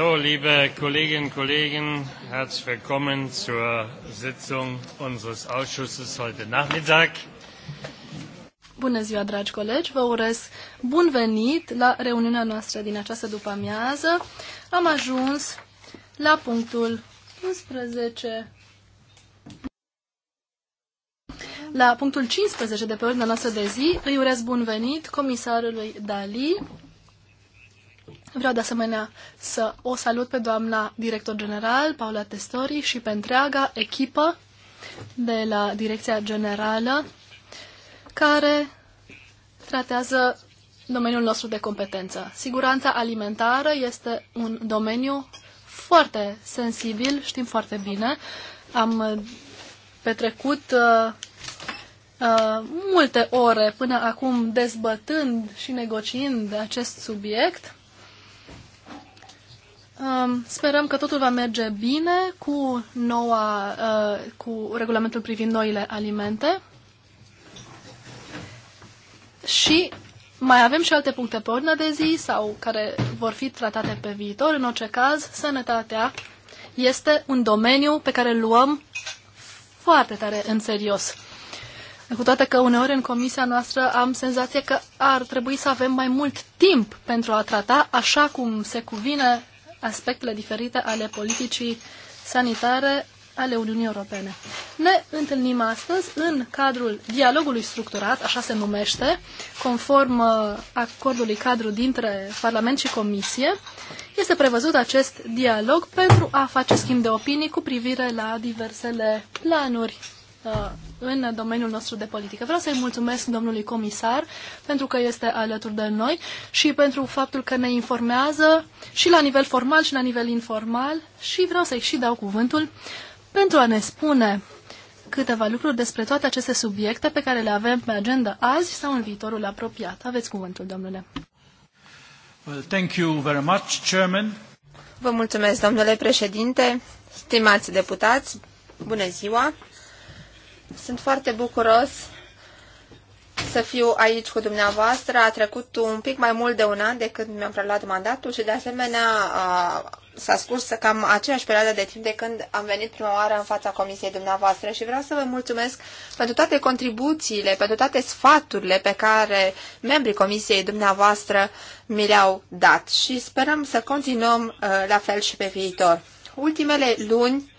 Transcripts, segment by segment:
So, liebe Kolleginnen und Kollegen, herzlich willkommen zur Sitzung unseres Ausschusses heute Nachmittag. Bună ziua, dragi colegi! Vă urez bun venit la reuniunea noastră din această după-amiază. Am ajuns la punctul 11 la punctul 15 de pe ordinea noastră de zi, îi urez bun venit comisarului Dali, Vreau de asemenea să o salut pe doamna director general, Paula Testori, și pe întreaga echipă de la Direcția Generală, care tratează domeniul nostru de competență. Siguranța alimentară este un domeniu foarte sensibil, știm foarte bine. Am petrecut uh, uh, multe ore până acum dezbătând și negociind acest subiect Um, sperăm că totul va merge bine cu, noua, uh, cu regulamentul privind noile alimente. Și mai avem și alte puncte pe ordine de zi sau care vor fi tratate pe viitor. În orice caz, sănătatea este un domeniu pe care îl luăm foarte tare în serios. Cu toate că uneori în comisia noastră am senzația că ar trebui să avem mai mult timp pentru a trata așa cum se cuvine aspectele diferite ale politicii sanitare ale Uniunii Europene. Ne întâlnim astăzi în cadrul dialogului structurat, așa se numește, conform uh, acordului cadru dintre Parlament și Comisie. Este prevăzut acest dialog pentru a face schimb de opinii cu privire la diversele planuri Uh, în domeniul nostru de politică. Vreau să-i mulțumesc domnului comisar pentru că este alături de noi și pentru faptul că ne informează și la nivel formal și la nivel informal și vreau să-i și dau cuvântul pentru a ne spune câteva lucruri despre toate aceste subiecte pe care le avem pe agenda azi sau în viitorul apropiat. Aveți cuvântul, domnule. Well, thank you very much, Chairman. Vă mulțumesc, domnule președinte, stimați deputați, bună ziua! Sunt foarte bucuros să fiu aici cu dumneavoastră. A trecut un pic mai mult de un an de când mi-am preluat mandatul și de asemenea s-a scurs cam aceeași perioadă de timp de când am venit prima oară în fața comisiei dumneavoastră și vreau să vă mulțumesc pentru toate contribuțiile, pentru toate sfaturile pe care membrii comisiei dumneavoastră mi le-au dat și sperăm să continuăm uh, la fel și pe viitor. Ultimele luni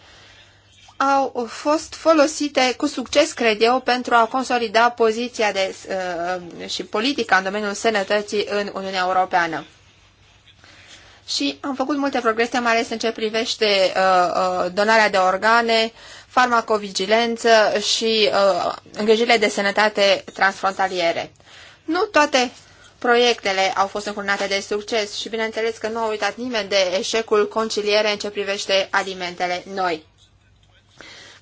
au fost folosite cu succes, cred eu, pentru a consolida poziția de, uh, și politica în domeniul sănătății în Uniunea Europeană. Și am făcut multe progrese, mai ales în ce privește uh, uh donarea de organe, farmacovigilență și uh, îngrijirile de sănătate transfrontaliere. Nu toate proiectele au fost încurnate de succes și bineînțeles că nu a uitat nimeni de eșecul conciliere în ce privește alimentele noi.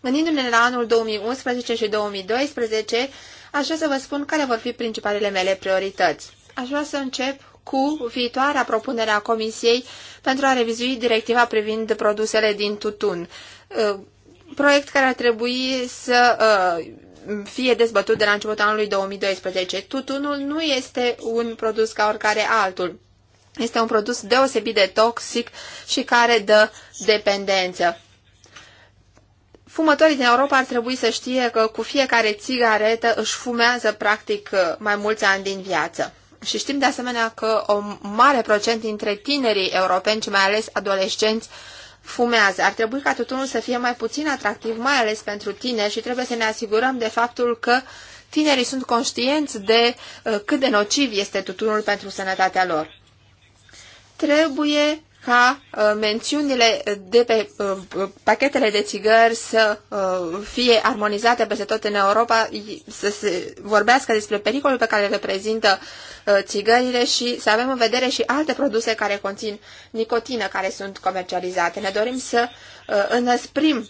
Gândindu-ne la anul 2011 și 2012, aș vrea să vă spun care vor fi principalele mele priorități. Aș vrea să încep cu viitoarea propunere a Comisiei pentru a revizui directiva privind produsele din tutun, uh, proiect care ar trebui să uh, fie dezbătut de la începutul anului 2012. Tutunul nu este un produs ca oricare altul. Este un produs deosebit de toxic și care dă dependență. Fumătorii din Europa ar trebui să știe că cu fiecare țigaretă își fumează practic mai mulți ani din viață. Și știm de asemenea că o mare procent dintre tinerii europeni și mai ales adolescenți fumează. Ar trebui ca tutunul să fie mai puțin atractiv, mai ales pentru tineri și trebuie să ne asigurăm de faptul că tinerii sunt conștienți de uh, cât de nociv este tutunul pentru sănătatea lor. Trebuie ca uh, mențiunile de pe uh, uh, pachetele de țigări să fie armonizate peste tot în Europa, să se vorbească despre pericolul pe care le reprezintă țigările și să avem în vedere și alte produse care conțin nicotină, care sunt comercializate. Ne dorim să înăsprim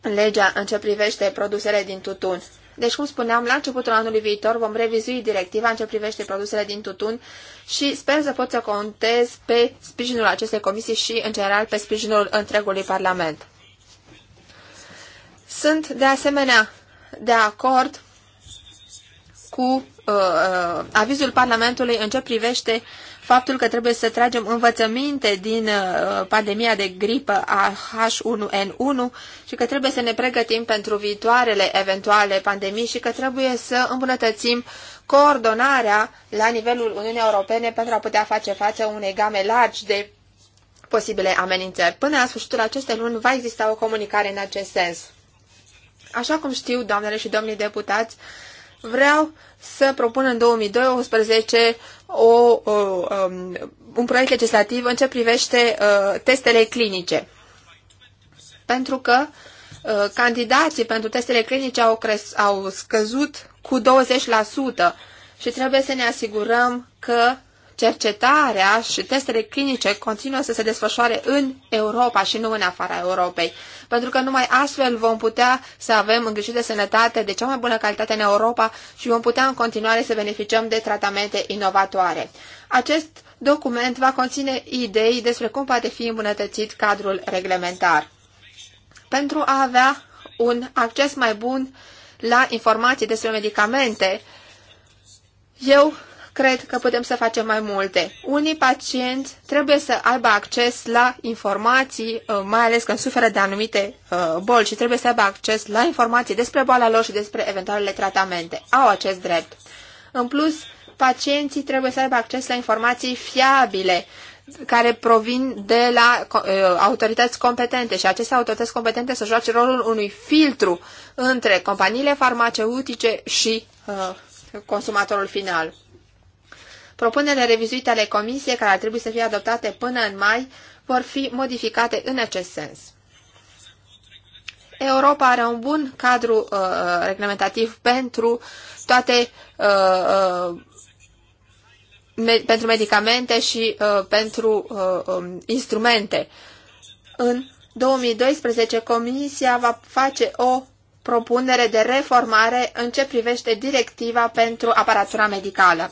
legea în ce privește produsele din tutun. Deci, cum spuneam, la începutul anului viitor vom revizui directiva în ce privește produsele din tutun și sper să pot să contez pe sprijinul acestei comisii și, în general, pe sprijinul întregului Parlament. Sunt, de asemenea, de acord cu uh, uh avizul Parlamentului în ce privește faptul că trebuie să tragem învățăminte din uh, pandemia de gripă a H1N1 și că trebuie să ne pregătim pentru viitoarele eventuale pandemii și că trebuie să îmbunătățim coordonarea la nivelul Uniunii Europene pentru a putea face față unei game largi de posibile amenințări. Până la sfârșitul acestei luni va exista o comunicare în acest sens. Așa cum știu, doamnele și domnii deputați, vreau să propun în 2012 o, o, um, un proiect legislativ în ce privește uh, testele clinice. Pentru că uh, candidații pentru testele clinice au, cres, au scăzut cu 20% și trebuie să ne asigurăm că cercetarea și testele clinice continuă să se desfășoare în Europa și nu în afara Europei, pentru că numai astfel vom putea să avem îngrijire de sănătate de cea mai bună calitate în Europa și vom putea în continuare să beneficiem de tratamente inovatoare. Acest document va conține idei despre cum poate fi îmbunătățit cadrul reglementar. Pentru a avea un acces mai bun la informații despre medicamente, eu cred că putem să facem mai multe. Unii pacienți trebuie să aibă acces la informații, uh, mai ales când suferă de anumite uh, boli și trebuie să aibă acces la informații despre boala lor și despre eventualele tratamente. Au acest drept. În plus, pacienții trebuie să aibă acces la informații fiabile care provin de la uh, autorități competente și aceste autorități competente să joace rolul unui filtru între companiile farmaceutice și uh, consumatorul final. Propunerile revizuite ale Comisiei, care ar trebui să fie adoptate până în mai, vor fi modificate în acest sens. Europa are un bun cadru uh, reglementativ pentru toate uh, uh, me pentru medicamente și uh, pentru uh, um, instrumente. În 2012 Comisia va face o propunere de reformare în ce privește directiva pentru aparatura medicală.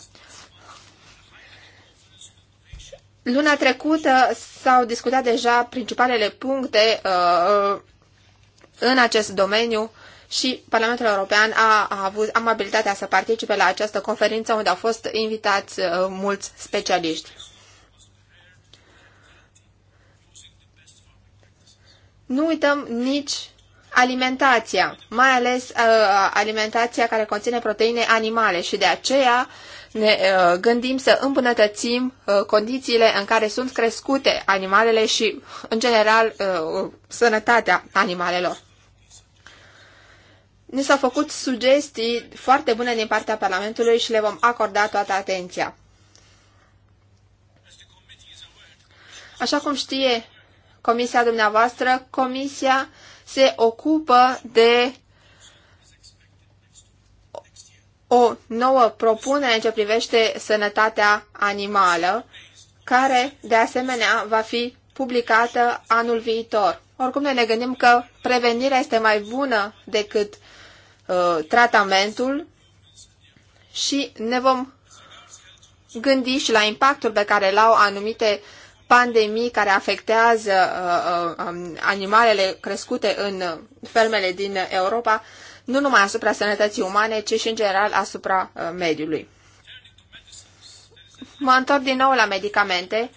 Luna trecută s-au discutat deja principalele puncte uh, în acest domeniu și Parlamentul European a, avut amabilitatea să participe la această conferință unde au fost invitați uh, mulți specialiști. Nu uităm nici alimentația, mai ales uh, alimentația care conține proteine animale și de aceea uh, ne uh, gândim să îmbunătățim uh, condițiile în care sunt crescute animalele și, în general, uh, sănătatea animalelor. Ni s-au făcut sugestii foarte bune din partea Parlamentului și le vom acorda toată atenția. Așa cum știe comisia dumneavoastră, comisia se ocupă de o nouă propunere în ce privește sănătatea animală, care, de asemenea, va fi publicată anul viitor. Oricum, noi ne gândim că prevenirea este mai bună decât uh, tratamentul și ne vom gândi și la impactul pe care l-au anumite pandemii care afectează uh, uh, um, animalele crescute în fermele din Europa nu numai asupra sănătății umane, ci și în general asupra uh, mediului. Mă întorc din nou la medicamente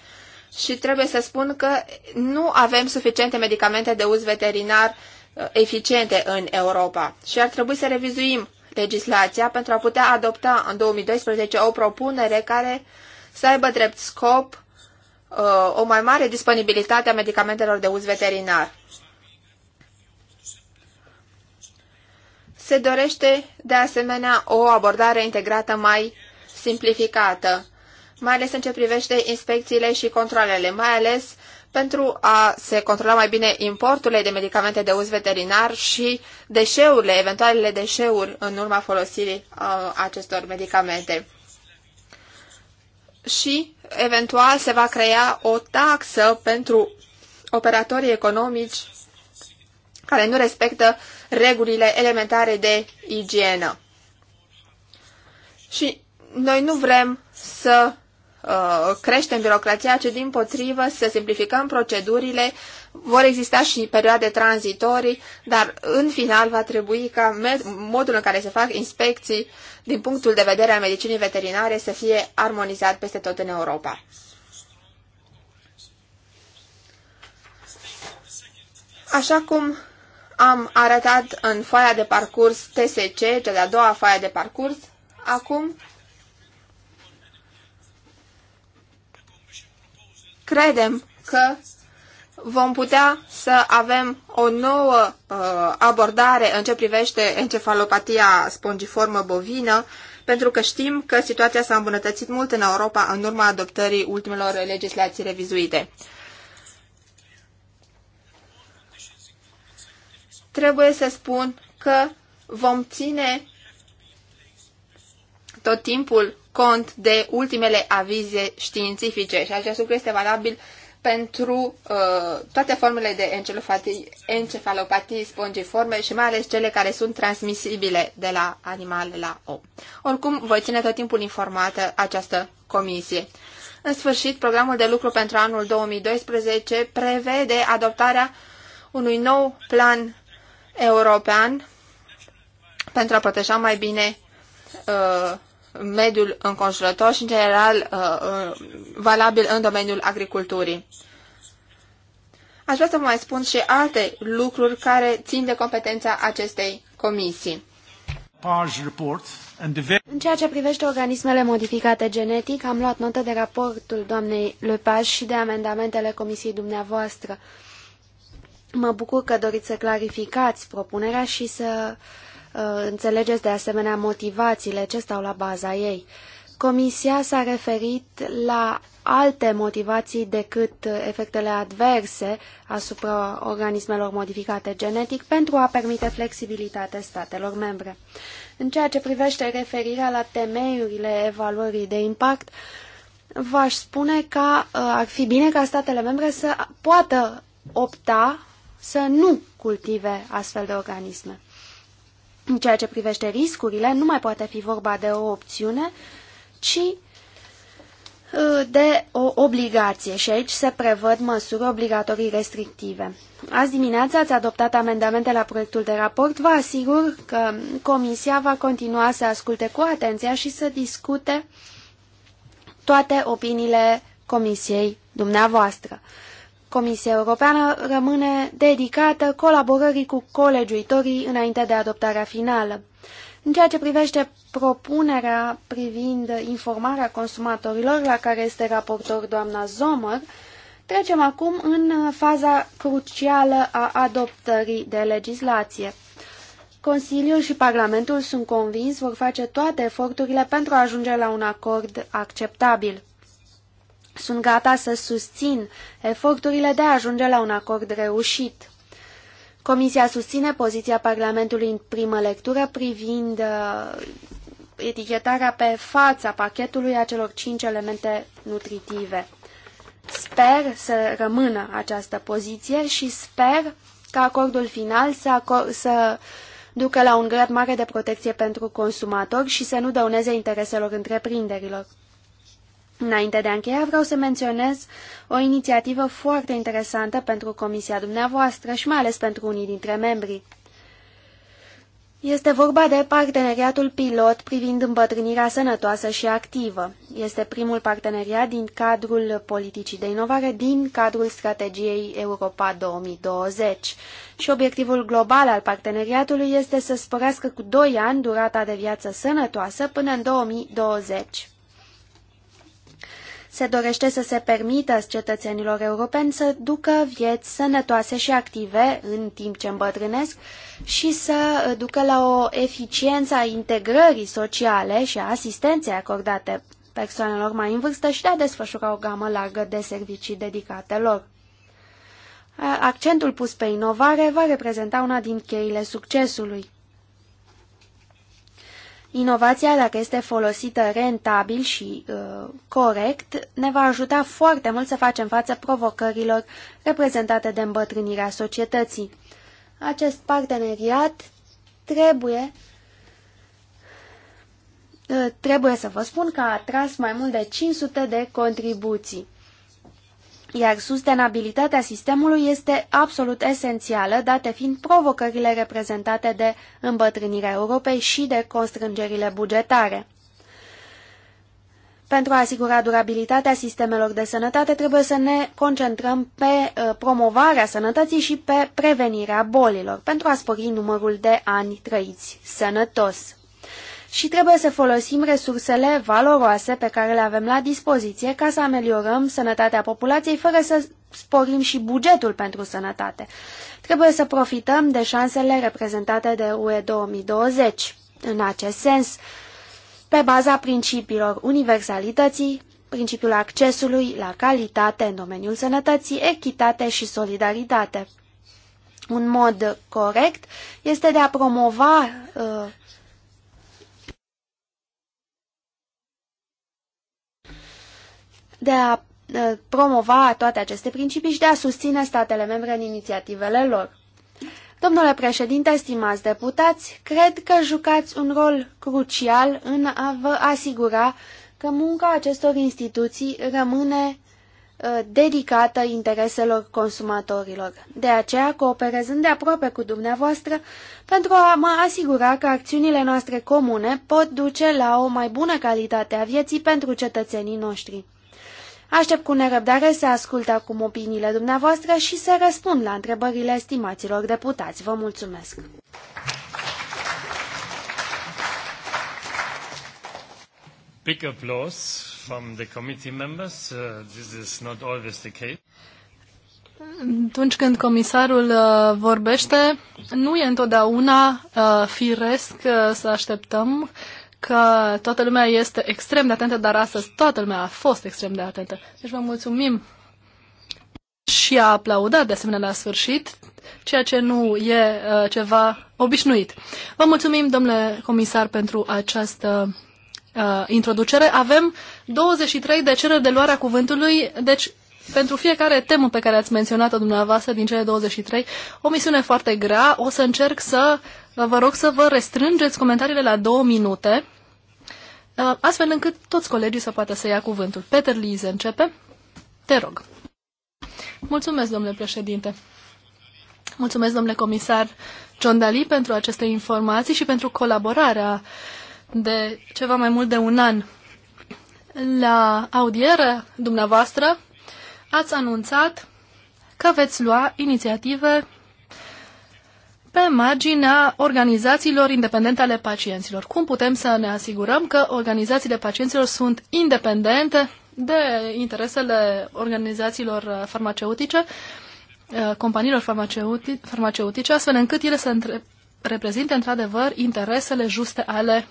și trebuie să spun că nu avem suficiente medicamente de uz veterinar uh, eficiente în Europa și ar trebui să revizuim legislația pentru a putea adopta în 2012 o propunere care să aibă drept scop uh, o mai mare disponibilitate a medicamentelor de uz veterinar. Se dorește de asemenea o abordare integrată mai simplificată, mai ales în ce privește inspecțiile și controlele, mai ales pentru a se controla mai bine importurile de medicamente de uz veterinar și deșeurile, eventualele deșeuri în urma folosirii uh, acestor medicamente. Și, eventual, se va crea o taxă pentru operatorii economici care nu respectă regulile elementare de igienă. Și noi nu vrem să uh, creștem birocrația, ci din potrivă să simplificăm procedurile. Vor exista și perioade tranzitorii, dar în final va trebui ca modul în care se fac inspecții din punctul de vedere al medicinii veterinare să fie armonizat peste tot în Europa. Așa cum am arătat în foaia de parcurs TSC, cea de-a doua foaia de parcurs. Acum credem că vom putea să avem o nouă uh, abordare în ce privește encefalopatia spongiformă bovină, pentru că știm că situația s-a îmbunătățit mult în Europa în urma adoptării ultimelor legislații revizuite. trebuie să spun că vom ține tot timpul cont de ultimele avize științifice și acest lucru este valabil pentru uh, toate formele de encefalopatii spongiforme și mai ales cele care sunt transmisibile de la animal la om. Oricum, voi ține tot timpul informată această comisie. În sfârșit, programul de lucru pentru anul 2012 prevede adoptarea unui nou plan european pentru a proteja mai bine uh, mediul înconjurător și, în general, uh, uh, valabil în domeniul agriculturii. Aș vrea să vă mai spun și alte lucruri care țin de competența acestei comisii. În ceea ce privește organismele modificate genetic, am luat notă de raportul doamnei Lepaj și de amendamentele comisiei dumneavoastră. Mă bucur că doriți să clarificați propunerea și să uh, înțelegeți de asemenea motivațiile ce stau la baza ei. Comisia s-a referit la alte motivații decât efectele adverse asupra organismelor modificate genetic pentru a permite flexibilitate statelor membre. În ceea ce privește referirea la temeiurile evaluării de impact, v-aș spune că uh, ar fi bine ca statele membre să poată opta să nu cultive astfel de organisme. În ceea ce privește riscurile, nu mai poate fi vorba de o opțiune, ci uh, de o obligație și aici se prevăd măsuri obligatorii restrictive. Azi dimineața ați adoptat amendamente la proiectul de raport. Vă asigur că Comisia va continua să asculte cu atenția și să discute toate opiniile Comisiei dumneavoastră. Comisia Europeană rămâne dedicată colaborării cu colegiuitorii înainte de adoptarea finală. În ceea ce privește propunerea privind informarea consumatorilor, la care este raportor doamna Zomăr, trecem acum în faza crucială a adoptării de legislație. Consiliul și Parlamentul, sunt convins, vor face toate eforturile pentru a ajunge la un acord acceptabil. Sunt gata să susțin eforturile de a ajunge la un acord reușit. Comisia susține poziția Parlamentului în primă lectură privind uh, etichetarea pe fața pachetului a celor cinci elemente nutritive. Sper să rămână această poziție și sper ca acordul final să, acord, să ducă la un grad mare de protecție pentru consumatori și să nu dăuneze intereselor întreprinderilor. Înainte de a încheia, vreau să menționez o inițiativă foarte interesantă pentru comisia dumneavoastră și mai ales pentru unii dintre membri. Este vorba de parteneriatul pilot privind îmbătrânirea sănătoasă și activă. Este primul parteneriat din cadrul politicii de inovare din cadrul strategiei Europa 2020. Și obiectivul global al parteneriatului este să sporească cu 2 ani durata de viață sănătoasă până în 2020. Se dorește să se permită cetățenilor europeni să ducă vieți sănătoase și active în timp ce îmbătrânesc și să ducă la o eficiență a integrării sociale și a asistenței acordate persoanelor mai în vârstă și de a desfășura o gamă largă de servicii dedicate lor. Accentul pus pe inovare va reprezenta una din cheile succesului. Inovația, dacă este folosită rentabil și uh, corect, ne va ajuta foarte mult să facem față provocărilor reprezentate de îmbătrânirea societății. Acest parteneriat trebuie uh, trebuie să vă spun că a atras mai mult de 500 de contribuții iar sustenabilitatea sistemului este absolut esențială, date fiind provocările reprezentate de îmbătrânirea Europei și de constrângerile bugetare. Pentru a asigura durabilitatea sistemelor de sănătate, trebuie să ne concentrăm pe uh, promovarea sănătății și pe prevenirea bolilor, pentru a spori numărul de ani trăiți sănătos și trebuie să folosim resursele valoroase pe care le avem la dispoziție ca să ameliorăm sănătatea populației fără să sporim și bugetul pentru sănătate. Trebuie să profităm de șansele reprezentate de UE 2020. În acest sens, pe baza principiilor universalității, principiul accesului la calitate în domeniul sănătății, echitate și solidaritate. Un mod corect este de a promova uh, de a uh, promova toate aceste principii și de a susține statele membre în inițiativele lor. Domnule președinte, stimați deputați, cred că jucați un rol crucial în a vă asigura că munca acestor instituții rămâne uh, dedicată intereselor consumatorilor. De aceea cooperez îndeaproape cu dumneavoastră pentru a mă asigura că acțiunile noastre comune pot duce la o mai bună calitate a vieții pentru cetățenii noștri. Aștept cu nerăbdare să ascult acum opiniile dumneavoastră și să răspund la întrebările estimaților deputați. Vă mulțumesc! Big applause from the committee members. Uh, this is not always the case. Atunci când comisarul uh, vorbește, nu e întotdeauna uh, firesc uh, să așteptăm uh, că toată lumea este extrem de atentă, dar astăzi toată lumea a fost extrem de atentă. Deci vă mulțumim și a aplaudat de asemenea la sfârșit, ceea ce nu e uh, ceva obișnuit. Vă mulțumim, domnule comisar, pentru această uh, introducere. Avem 23 de cereri de luare a cuvântului, deci pentru fiecare temă pe care ați menționat-o dumneavoastră din cele 23, o misiune foarte grea. O să încerc să uh, vă rog să vă restrângeți comentariile la două minute, uh, astfel încât toți colegii să poată să ia cuvântul. Peter Lize începe. Te rog. Mulțumesc, domnule președinte. Mulțumesc, domnule comisar John Daly, pentru aceste informații și pentru colaborarea de ceva mai mult de un an. La audiere dumneavoastră ați anunțat că veți lua inițiative pe marginea organizațiilor independente ale pacienților. Cum putem să ne asigurăm că organizațiile pacienților sunt independente de interesele organizațiilor farmaceutice, eh, companiilor farmaceutice, astfel încât ele să între reprezinte într-adevăr interesele juste ale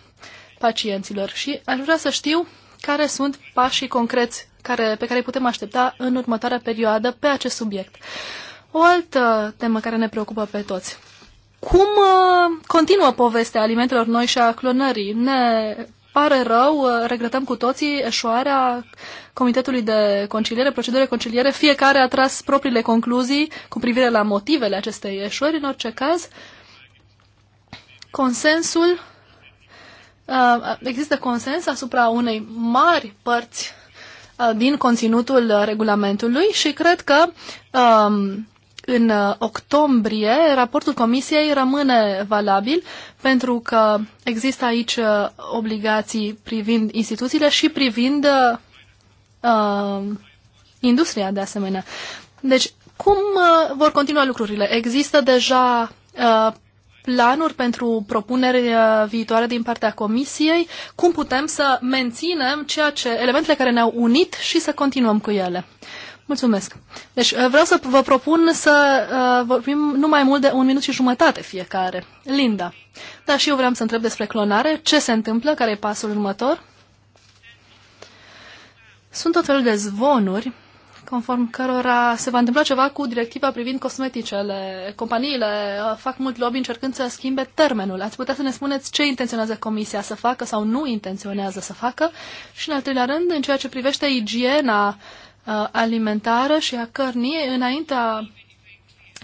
pacienților. Și aș vrea să știu care sunt pașii concreți care, pe care îi putem aștepta în următoarea perioadă pe acest subiect. O altă temă care ne preocupă pe toți. Cum uh, continuă povestea alimentelor noi și a clonării? Ne pare rău, uh, regretăm cu toții eșoarea Comitetului de Conciliere, procedură de conciliere. Fiecare a tras propriile concluzii cu privire la motivele acestei eșuări. În orice caz, consensul, uh, există consens asupra unei mari părți din conținutul regulamentului și cred că um, în uh, octombrie, raportul comisiei rămâne valabil pentru că există aici uh, obligații privind instituțiile și privind uh, uh, industria de asemenea. Deci, cum uh, vor continua lucrurile? Există deja uh, planuri pentru propuneri viitoare din partea Comisiei? Cum putem să menținem ceea ce, elementele care ne-au unit și să continuăm cu ele? Uh, Mulțumesc. Deci uh, vreau să vă propun să uh, vorbim nu mai mult de un minut și jumătate fiecare. Linda. Da, și eu vreau să întreb despre clonare. Ce se întâmplă? Care e pasul următor? Sunt tot felul de zvonuri conform cărora se va întâmpla ceva cu directiva privind cosmeticele. Companiile uh, fac mult lobby încercând să schimbe termenul. Ați putea să ne spuneți ce intenționează comisia să facă sau nu intenționează să facă? Și în al treilea rând, în ceea ce privește igiena Uh, alimentară și a cărnii, înaintea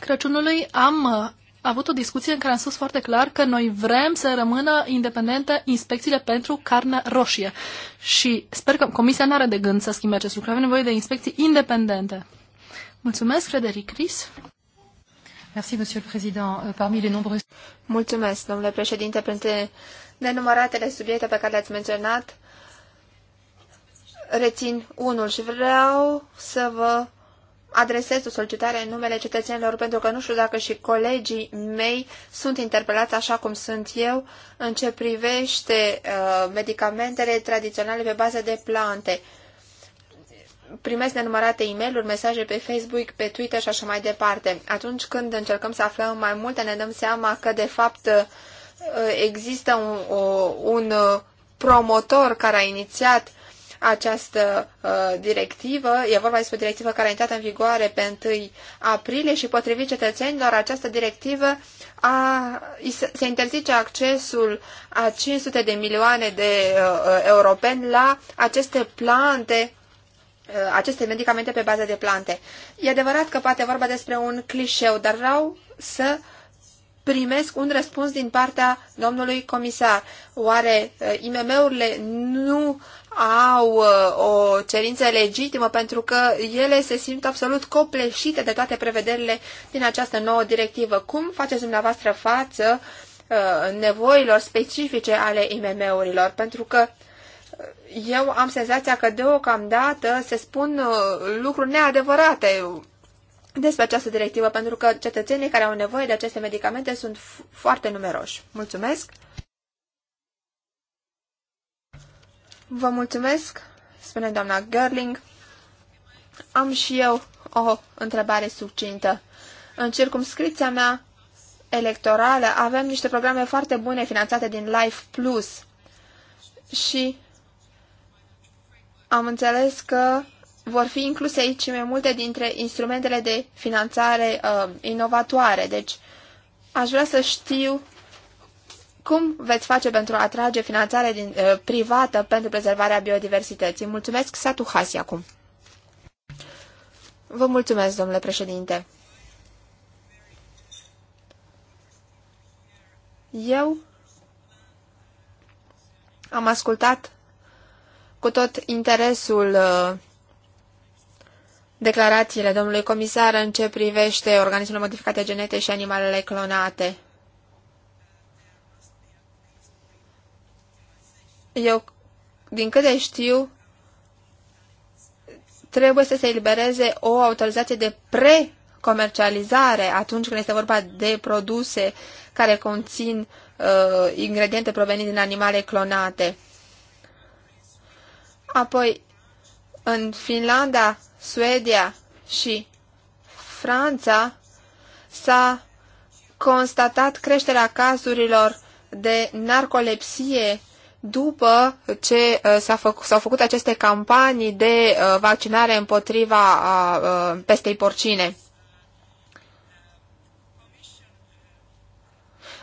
Crăciunului am uh, avut o discuție în care am spus foarte clar că noi vrem să rămână independente inspecțiile pentru carne roșie. Și sper că Comisia nu are de gând să schimbe acest lucru. Avem nevoie de inspecții independente. Mulțumesc, Frederic Cris. Merci, Monsieur le Président. Euh, parmi les nombreux... Mulțumesc, domnule președinte, pentru nenumăratele subiecte pe care le-ați menționat rețin unul și vreau să vă adresez o solicitare în numele cetățenilor pentru că nu știu dacă și colegii mei sunt interpelați așa cum sunt eu în ce privește uh, medicamentele tradiționale pe bază de plante. Primesc nenumărate e mail mesaje pe Facebook, pe Twitter și așa mai departe. Atunci când încercăm să aflăm mai multe, ne dăm seama că de fapt uh, există un, un uh, promotor care a inițiat uh, această uh, directivă. E vorba despre o directivă care a intrat în vigoare pe 1 aprilie și potrivit cetățenilor, această directivă a, se interzice accesul a 500 de milioane de uh, europeni la aceste plante uh, aceste medicamente pe bază de plante. E adevărat că poate vorba despre un clișeu, dar vreau să primesc un răspuns din partea domnului comisar. Oare uh, IMM-urile nu au uh, o cerință legitimă pentru că ele se simt absolut copleșite de toate prevederile din această nouă directivă. Cum faceți dumneavoastră față uh, nevoilor specifice ale IMM-urilor? Pentru că uh, eu am senzația că deocamdată se spun lucruri neadevărate despre această directivă, pentru că cetățenii care au nevoie de aceste medicamente sunt foarte numeroși. Mulțumesc! Vă mulțumesc, spune doamna Gerling. Am și eu o întrebare succintă. În circumscripția mea electorală avem niște programe foarte bune finanțate din Life Plus și am înțeles că vor fi incluse aici mai multe dintre instrumentele de finanțare uh, inovatoare. Deci, aș vrea să știu cum veți face pentru a atrage finanțare din, uh, privată pentru prezervarea biodiversității? Mulțumesc, Satu Hasi, acum. Vă mulțumesc, domnule președinte. Eu am ascultat cu tot interesul uh, declarațiile domnului comisar în ce privește organismele modificate genete și animalele clonate. eu, din câte știu, trebuie să se elibereze o autorizație de precomercializare atunci când este vorba de produse care conțin uh, ingrediente provenite din animale clonate. Apoi, în Finlanda, Suedia și Franța s-a constatat creșterea cazurilor de narcolepsie după ce uh, s-au făcut, făcut aceste campanii de uh, vaccinare împotriva uh, pestei porcine.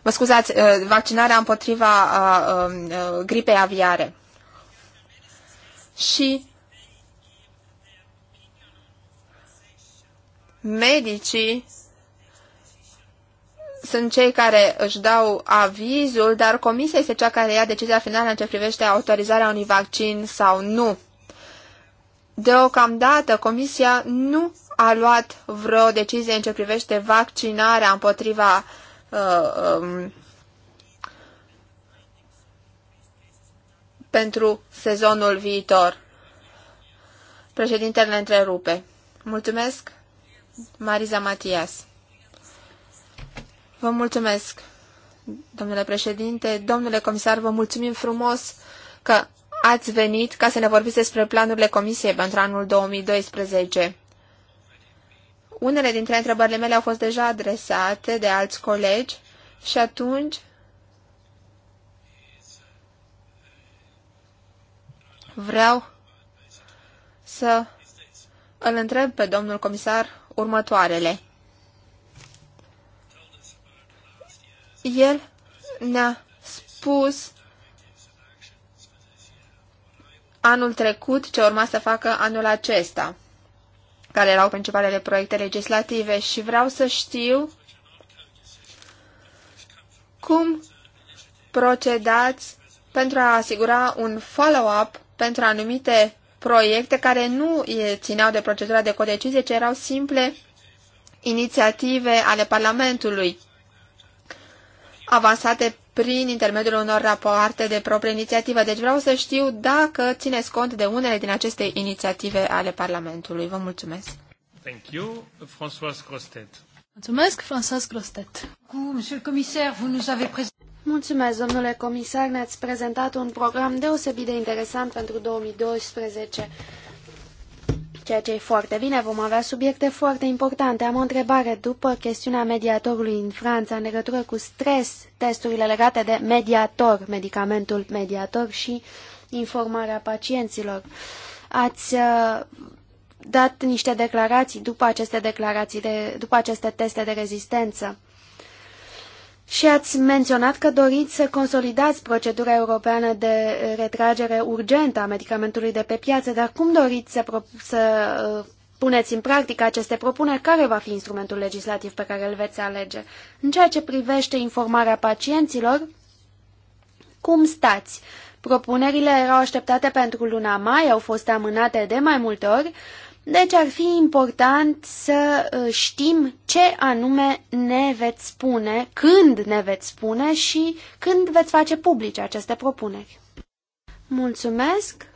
Mă scuzați, vaccinarea împotriva um, gripei aviare. Și medicii sunt cei care își dau avizul, dar comisia este cea care ia decizia finală în ce privește autorizarea unui vaccin sau nu. Deocamdată, comisia nu a luat vreo decizie în ce privește vaccinarea împotriva uh, um, pentru sezonul viitor. Președintele întrerupe. Mulțumesc, Mariza Matias. Vă mulțumesc, domnule președinte. Domnule comisar, vă mulțumim frumos că ați venit ca să ne vorbiți despre planurile Comisiei pentru anul 2012. Unele dintre întrebările mele au fost deja adresate de alți colegi și atunci vreau să îl întreb pe domnul comisar următoarele. el ne-a spus anul trecut ce urma să facă anul acesta, care erau principalele proiecte legislative și vreau să știu cum procedați pentru a asigura un follow-up pentru anumite proiecte care nu țineau de procedura de codecizie, ci erau simple inițiative ale Parlamentului avansate prin intermediul unor rapoarte de proprie inițiativă. Deci vreau să știu dacă țineți cont de unele din aceste inițiative ale Parlamentului. Vă mulțumesc. Thank you, François Grostet. Mulțumesc, François Grostet. Monsieur le commissaire, vous nous avez présenté... Mulțumesc, domnule comisar, ne-ați prezentat un program deosebit de interesant pentru 2012 ceea ce e foarte bine, vom avea subiecte foarte importante. Am o întrebare după chestiunea mediatorului în Franța în legătură cu stres, testurile legate de mediator, medicamentul mediator și informarea pacienților. Ați uh, dat niște declarații după aceste declarații, de, după aceste teste de rezistență. Și ați menționat că doriți să consolidați procedura europeană de retragere urgentă a medicamentului de pe piață, dar cum doriți să, să uh, puneți în practică aceste propuneri? Care va fi instrumentul legislativ pe care îl veți alege? În ceea ce privește informarea pacienților, cum stați? Propunerile erau așteptate pentru luna mai, au fost amânate de mai multe ori. Deci ar fi important să uh, știm ce anume ne veți spune, când ne veți spune și când veți face publice aceste propuneri. Mulțumesc!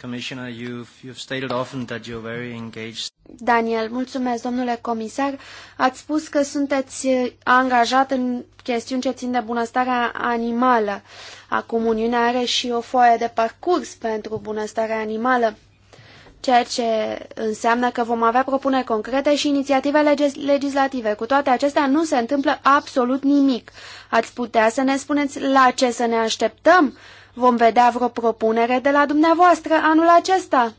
Commissioner, you've, you've stated often that you're very engaged. Daniel, mulțumesc, domnule comisar. Ați spus că sunteți uh, angajat în chestiuni ce țin de bunăstarea animală. Acum Uniunea are și o foaie de parcurs pentru bunăstarea animală ceea ce înseamnă că vom avea propuneri concrete și inițiative legislative. Cu toate acestea nu se întâmplă absolut nimic. Ați putea să ne spuneți la ce să ne așteptăm? Vom vedea vreo propunere de la dumneavoastră anul acesta?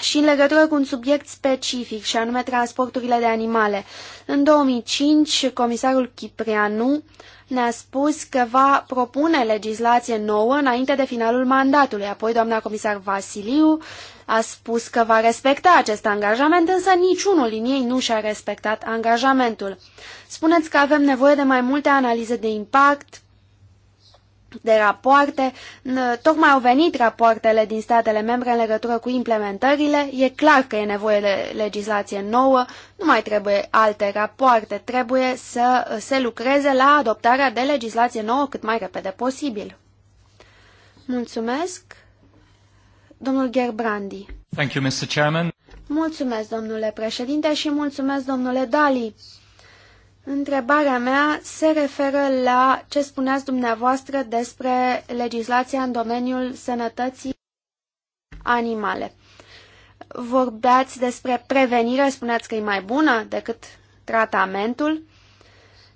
și în legătură cu un subiect specific, și anume transporturile de animale. În 2005, comisarul Chiprianu ne-a spus că va propune legislație nouă înainte de finalul mandatului. Apoi doamna comisar Vasiliu a spus că va respecta acest angajament, însă niciunul din ei nu și-a respectat angajamentul. Spuneți că avem nevoie de mai multe analize de impact de rapoarte. Tocmai au venit rapoartele din statele membre în legătură cu implementările. E clar că e nevoie de legislație nouă, nu mai trebuie alte rapoarte, trebuie să se lucreze la adoptarea de legislație nouă cât mai repede posibil. Mulțumesc. Domnul Gerbrandi. Thank you, Mr. Chairman. Mulțumesc, domnule președinte, și mulțumesc, domnule Dali Întrebarea mea se referă la ce spuneați dumneavoastră despre legislația în domeniul sănătății animale. Vorbeați despre prevenire, spuneați că e mai bună decât tratamentul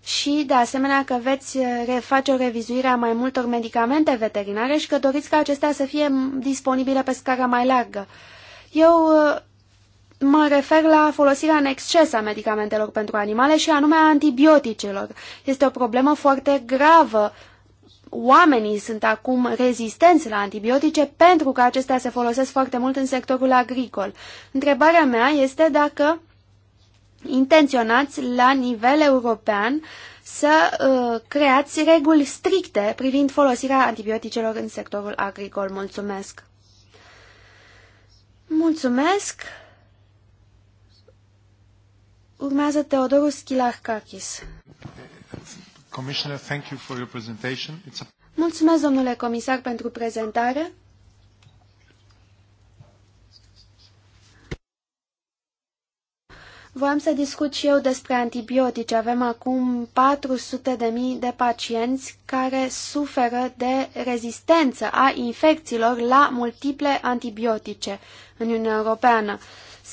și, de asemenea, că veți face o revizuire a mai multor medicamente veterinare și că doriți ca acestea să fie disponibile pe scară mai largă. Eu Mă refer la folosirea în exces a medicamentelor pentru animale și anume a antibioticelor. Este o problemă foarte gravă. Oamenii sunt acum rezistenți la antibiotice pentru că acestea se folosesc foarte mult în sectorul agricol. Întrebarea mea este dacă intenționați la nivel european să uh, creați reguli stricte privind folosirea antibioticelor în sectorul agricol. Mulțumesc! Mulțumesc! Urmează Teodorus Commissioner, thank you for your presentation. It's a... Mulțumesc, domnule comisar, pentru prezentare. Voiam să discut și eu despre antibiotice. Avem acum 400 de mii de pacienți care suferă de rezistență a infecțiilor la multiple antibiotice în Uniunea Europeană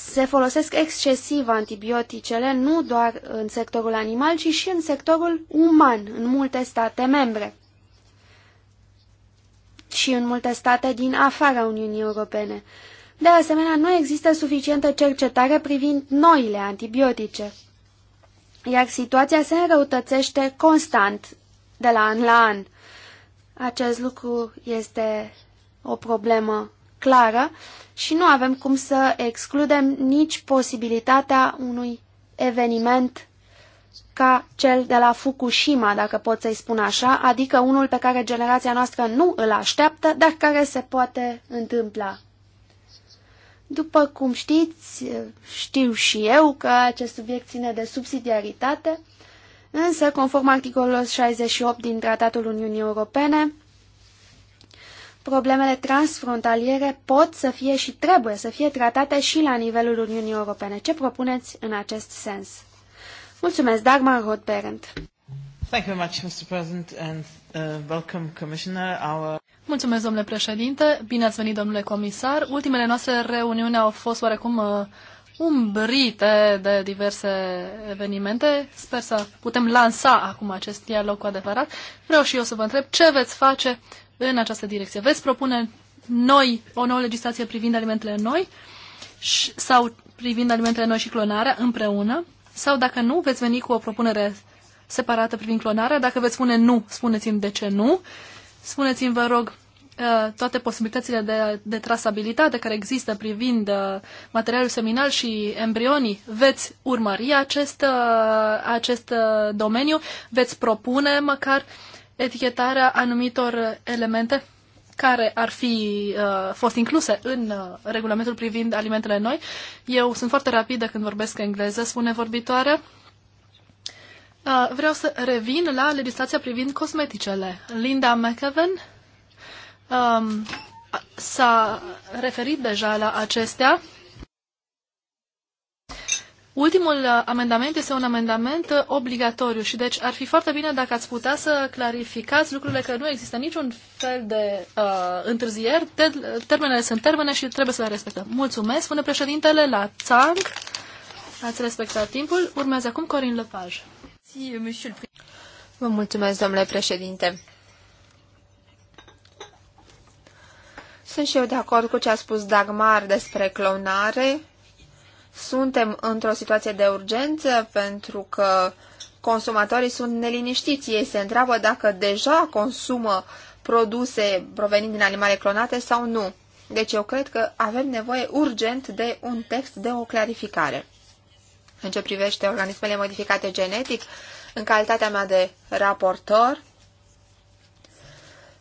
se folosesc excesiv antibioticele, nu doar în sectorul animal, ci și în sectorul uman, în multe state membre și în multe state din afara Uniunii Europene. De asemenea, nu există suficientă cercetare privind noile antibiotice, iar situația se înrăutățește constant de la an la an. Acest lucru este o problemă clară și nu avem cum să excludem nici posibilitatea unui eveniment ca cel de la Fukushima, dacă pot să-i spun așa, adică unul pe care generația noastră nu îl așteaptă, dar care se poate întâmpla. După cum știți, știu și eu că acest subiect ține de subsidiaritate, însă, conform articolului 68 din Tratatul Uniunii Europene, problemele transfrontaliere pot să fie și trebuie să fie tratate și la nivelul Uniunii Europene. Ce propuneți în acest sens? Mulțumesc, Dagmar roth Thank you much, Mr. President, and uh, welcome, Commissioner. Our... Mulțumesc, domnule președinte. Bine ați venit, domnule comisar. Ultimele noastre reuniuni au fost oarecum uh, umbrite de diverse evenimente. Sper să putem lansa acum acest dialog cu adevărat. Vreau și eu să vă întreb ce veți face în această direcție? Veți propune noi, o nouă legislație privind alimentele noi și, sau privind alimentele noi și clonarea împreună? Sau dacă nu, veți veni cu o propunere separată privind clonarea? Dacă veți spune nu, spuneți-mi de ce nu. Spuneți-mi, vă rog, uh, toate posibilitățile de, de trasabilitate care există privind uh, materialul seminal și embrionii, veți urmări acest, uh, acest domeniu, veți propune măcar uh, etichetarea anumitor elemente care ar fi uh, fost incluse în uh, regulamentul privind alimentele noi. Eu sunt foarte rapidă când vorbesc engleză, spune vorbitoarea. Uh, vreau să revin la legislația privind cosmeticele. Linda McEwen um, s-a referit deja la acestea Ultimul uh, amendament este un amendament uh, obligatoriu și deci ar fi foarte bine dacă ați putea să clarificați lucrurile că nu există niciun fel de uh, întârzieri, Te- termenele sunt termene și trebuie să le respectăm. Mulțumesc, spune președintele la țang. Ați respectat timpul. Urmează acum Corin Lepaj. Euh, Vă mulțumesc, domnule președinte. Sunt și eu de acord cu ce a spus Dagmar despre clonare suntem într-o situație de urgență pentru că consumatorii sunt neliniștiți. Ei se întreabă dacă deja consumă produse provenind din animale clonate sau nu. Deci eu cred că avem nevoie urgent de un text de o clarificare. În ce privește organismele modificate genetic, în calitatea mea de raportor,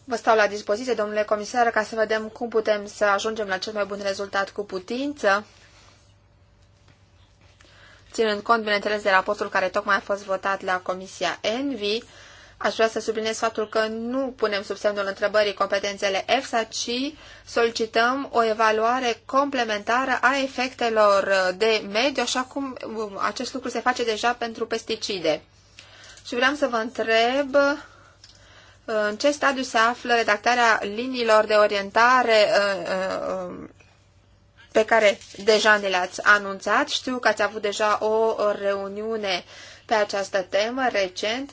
vă stau la dispoziție, domnule comisar, ca să vedem cum putem să ajungem la cel mai bun rezultat cu putință. Ținând cont, bineînțeles, de raportul care tocmai a fost votat la Comisia ENVI, aș vrea să subliniez faptul că nu punem sub semnul întrebării competențele EFSA, ci solicităm o evaluare complementară a efectelor de mediu, așa cum um, acest lucru se face deja pentru pesticide. Și vreau să vă întreb uh, în ce stadiu se află redactarea liniilor de orientare uh, uh, um, pe care deja ne le-ați anunțat. Știu că ați avut deja o reuniune pe această temă recent.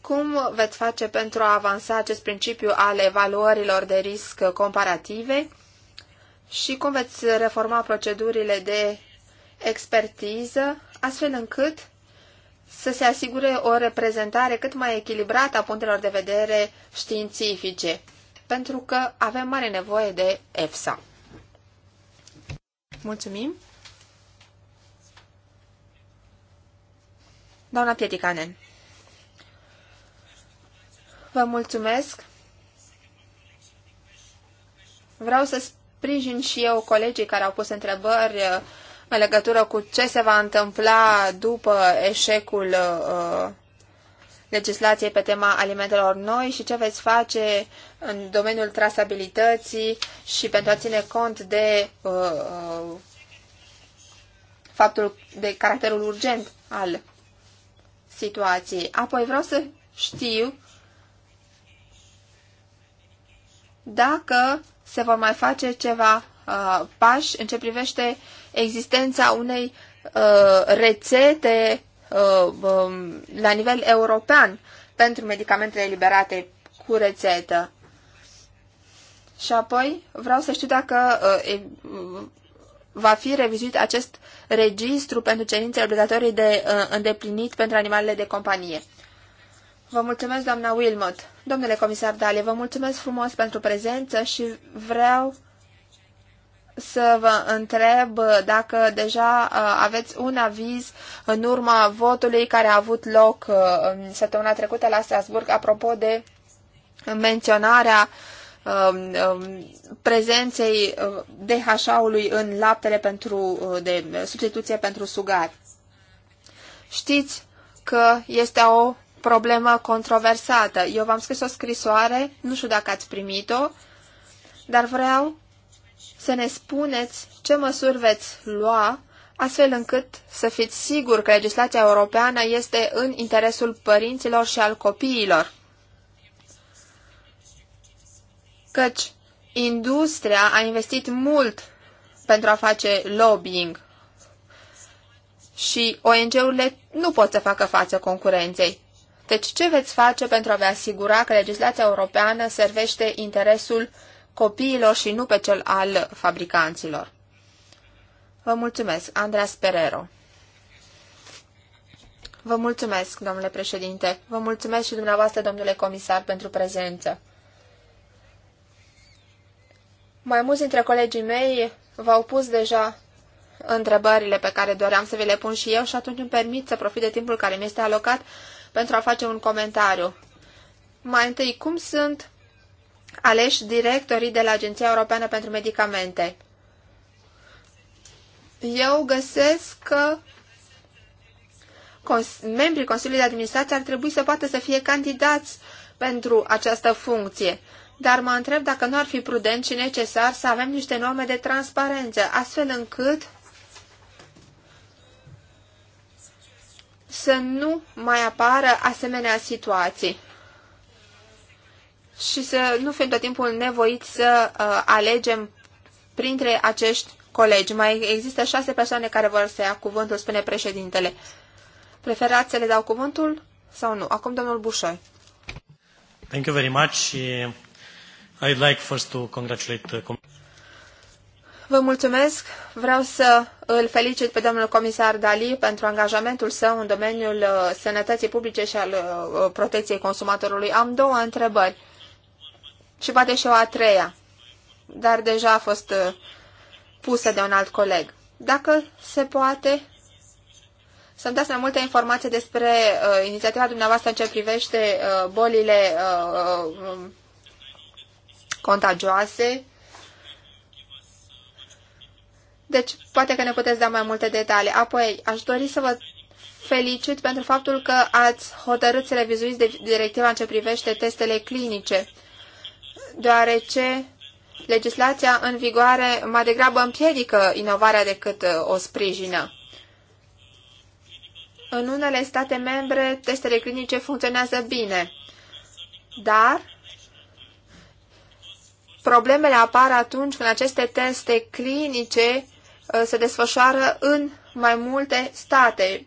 Cum veți face pentru a avansa acest principiu al evaluărilor de risc comparative și cum veți reforma procedurile de expertiză, astfel încât să se asigure o reprezentare cât mai echilibrată a punctelor de vedere științifice, pentru că avem mare nevoie de EFSA. Mulțumim. Doamna Pieticanen. Vă mulțumesc. Vreau să sprijin și eu colegii care au pus întrebări uh, în legătură cu ce se va întâmpla după eșecul uh, legislației pe tema alimentelor noi și ce veți face în domeniul trasabilității și pentru a ține cont de uh, uh, faptul de caracterul urgent al situației. Apoi vreau să știu dacă se vor mai face ceva uh, pași în ce privește existența unei uh, rețete Uh, um, la nivel european pentru medicamentele eliberate cu rețetă. Și apoi vreau să știu dacă uh, uh, va fi revizuit acest registru pentru cerințe obligatorii de îndeplinit pentru animalele de companie. Vă mulțumesc, doamna Wilmot. Domnule comisar Dale, vă mulțumesc frumos pentru prezență și vreau să vă întreb dacă deja uh, aveți un aviz în urma votului care a avut loc uh, săptămâna trecută la Strasburg apropo de menționarea um, um, prezenței uh, DHA-ului în laptele pentru, de substituție pentru sugari. Știți că este o problemă controversată. Eu v-am scris o scrisoare, nu știu dacă ați primit-o, dar vreau să ne spuneți ce măsuri veți lua astfel încât să fiți siguri că legislația europeană este în interesul părinților și al copiilor. Căci industria a investit mult pentru a face lobbying și ONG-urile nu pot să facă față concurenței. Deci ce veți face pentru a vă asigura că legislația europeană servește interesul copiilor și nu pe cel al fabricanților. Vă mulțumesc, Andreas Sperero. Vă mulțumesc, domnule președinte. Vă mulțumesc și dumneavoastră, domnule comisar, pentru prezență. Mai mulți dintre colegii mei v-au pus deja întrebările pe care doream să vi le pun și eu și atunci îmi permit să profit de timpul care mi este alocat pentru a face un comentariu. Mai întâi, cum sunt aleși directorii de la Agenția Europeană pentru Medicamente. Eu găsesc că cons- membrii Consiliului de Administrație ar trebui să poată să fie candidați pentru această funcție. Dar mă întreb dacă nu ar fi prudent și necesar să avem niște norme de transparență, astfel încât să nu mai apară asemenea situații și să nu fim tot timpul nevoiți să uh, alegem printre acești colegi. Mai există șase persoane care vor să ia cuvântul, spune președintele. Preferați să le dau cuvântul sau nu? Acum domnul Bușoi. Thank you very much. I'd like first to congratulate uh, Vă mulțumesc. Vreau să îl felicit pe domnul comisar Dali pentru angajamentul său în domeniul uh, sănătății publice și al uh, protecției consumatorului. Am două întrebări și poate și o a treia, dar deja a fost uh, pusă de un alt coleg. Dacă se poate, să-mi dați mai multe informații despre uh, inițiativa dumneavoastră în ce privește uh, bolile uh, uh um, contagioase. Deci, poate că ne puteți da mai multe detalii. Apoi, aș dori să vă felicit pentru faptul că ați hotărât să revizuiți directiva în ce privește testele clinice deoarece legislația în vigoare mai degrabă împiedică inovarea decât uh, o sprijină. În unele state membre, testele clinice funcționează bine, dar problemele apar atunci când aceste teste clinice uh, se desfășoară în mai multe state,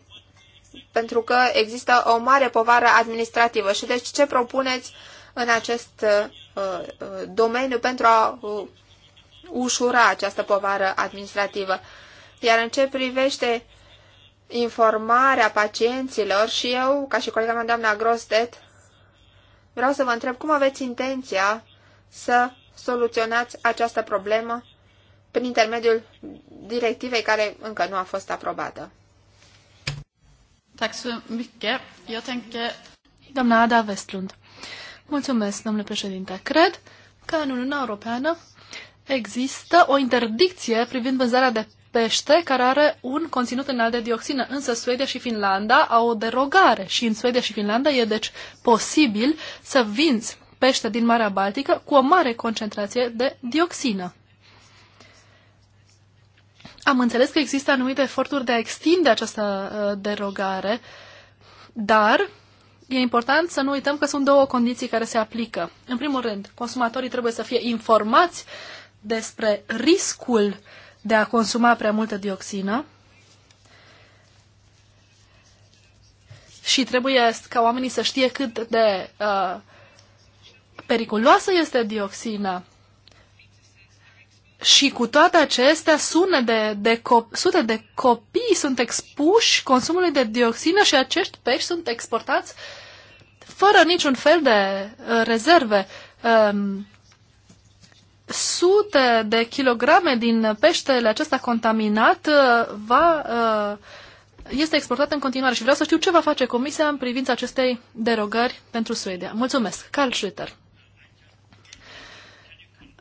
pentru că există o mare povară administrativă. Și deci ce propuneți în acest uh, uh, domeniu pentru a uh, ușura această povară administrativă. Iar în ce privește informarea pacienților și eu, ca și colega mea, doamna Grostet, vreau să vă întreb cum aveți intenția să soluționați această problemă prin intermediul directivei care încă nu a fost aprobată. Tack så mycket. Jag tänker... Doamna Ada Westlund. Mulțumesc, domnule președinte. Cred că în Uniunea Europeană există o interdicție privind vânzarea de pește care are un conținut înalt de dioxină, însă Suedia și Finlanda au o derogare și în Suedia și Finlanda e deci posibil să vinzi pește din Marea Baltică cu o mare concentrație de dioxină. Am înțeles că există anumite eforturi de a extinde această uh, derogare, dar e important să nu uităm că sunt două condiții care se aplică. În primul rând, consumatorii trebuie să fie informați despre riscul de a consuma prea multă dioxină și trebuie ca oamenii să știe cât de uh, periculoasă este dioxina. Și cu toate acestea, sute de, de co- sute de copii sunt expuși consumului de dioxină și acești pești sunt exportați fără niciun fel de uh, rezerve, um, sute de kilograme din peștele acesta contaminat uh, va, uh, este exportat în continuare și vreau să știu ce va face Comisia în privința acestei derogări pentru Suedia. Mulțumesc. Carl Schlitter.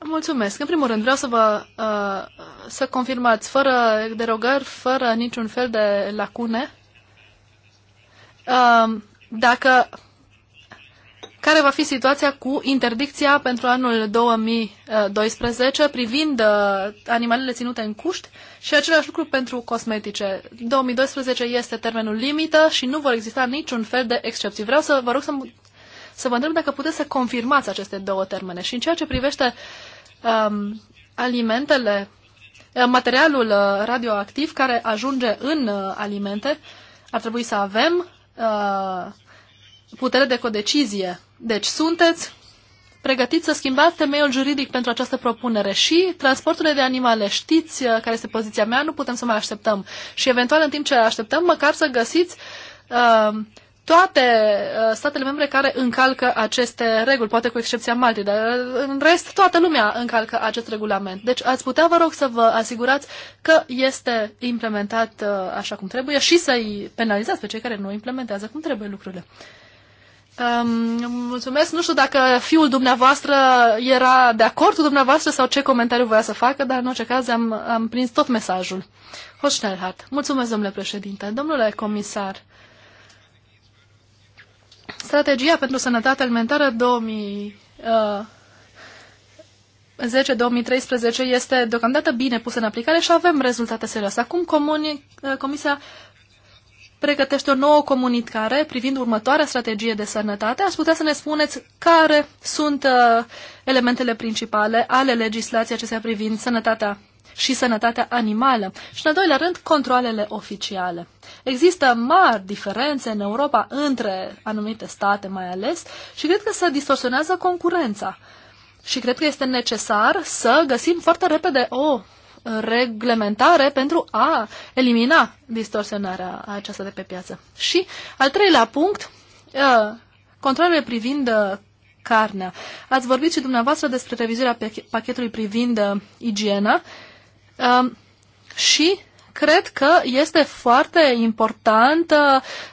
Mulțumesc. În primul rând, vreau să vă uh, să confirmați, fără derogări, fără niciun fel de lacune, uh, dacă care va fi situația cu interdicția pentru anul 2012 privind uh, animalele ținute în cuști și același lucru pentru cosmetice. 2012 este termenul limită și nu vor exista niciun fel de excepții. Vreau să vă rog să, să vă întreb dacă puteți să confirmați aceste două termene. Și în ceea ce privește um, alimentele, uh, materialul uh, radioactiv care ajunge în alimente, ar trebui să avem uh, putere de codecizie. Deci sunteți pregătiți să schimbați temeiul juridic pentru această propunere și transporturile de animale. Știți uh, care este poziția mea, nu putem să mai așteptăm. Și eventual în timp ce așteptăm, măcar să găsiți uh, toate uh, statele membre care încalcă aceste reguli, poate cu excepția Maltei, dar uh, în rest toată lumea încalcă acest regulament. Deci ați putea, vă rog, să vă asigurați că este implementat uh, așa cum trebuie și să-i penalizați pe cei care nu implementează cum trebuie lucrurile. Um, mulțumesc. Nu știu dacă fiul dumneavoastră era de acord cu dumneavoastră sau ce comentariu voia să facă, dar în orice caz am, am prins tot mesajul. Hoșnelhat. Mulțumesc, domnule președinte. Domnule comisar, strategia pentru sănătate alimentară 2010 2013 uh, este deocamdată bine pusă în aplicare și avem rezultate serioase. Acum comuni, uh, Comisia pregătește o nouă comunicare privind următoarea strategie de sănătate, ați putea să ne spuneți care sunt uh, elementele principale ale legislației acestea privind sănătatea și sănătatea animală și, în al doilea rând, controlele oficiale. Există mari diferențe în Europa între anumite state mai ales și cred că se distorsionează concurența. Și cred că este necesar să găsim foarte repede o reglementare pentru a elimina distorsionarea aceasta de pe piață. Și al treilea punct, uh, controlele privind uh, carnea. Ați vorbit și dumneavoastră despre revizuirea pachetului privind uh, igiena um, și cred că este foarte important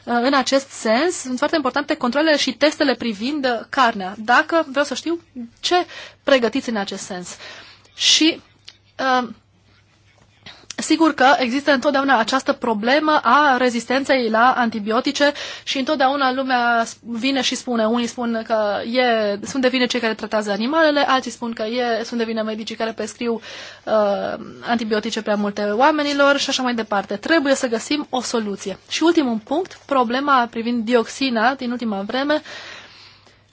în acest sens, sunt foarte importante controlele și testele privind carnea. Dacă vreau să știu ce pregătiți în acest sens. Și um, Sigur că există întotdeauna această problemă a rezistenței la antibiotice și întotdeauna lumea vine și spune, unii spun că e, sunt de vine cei care tratează animalele, alții spun că e, sunt de vine medicii care prescriu uh, antibiotice prea multe oamenilor și așa mai departe. Trebuie să găsim o soluție. Și ultimul punct, problema privind dioxina din ultima vreme, uh,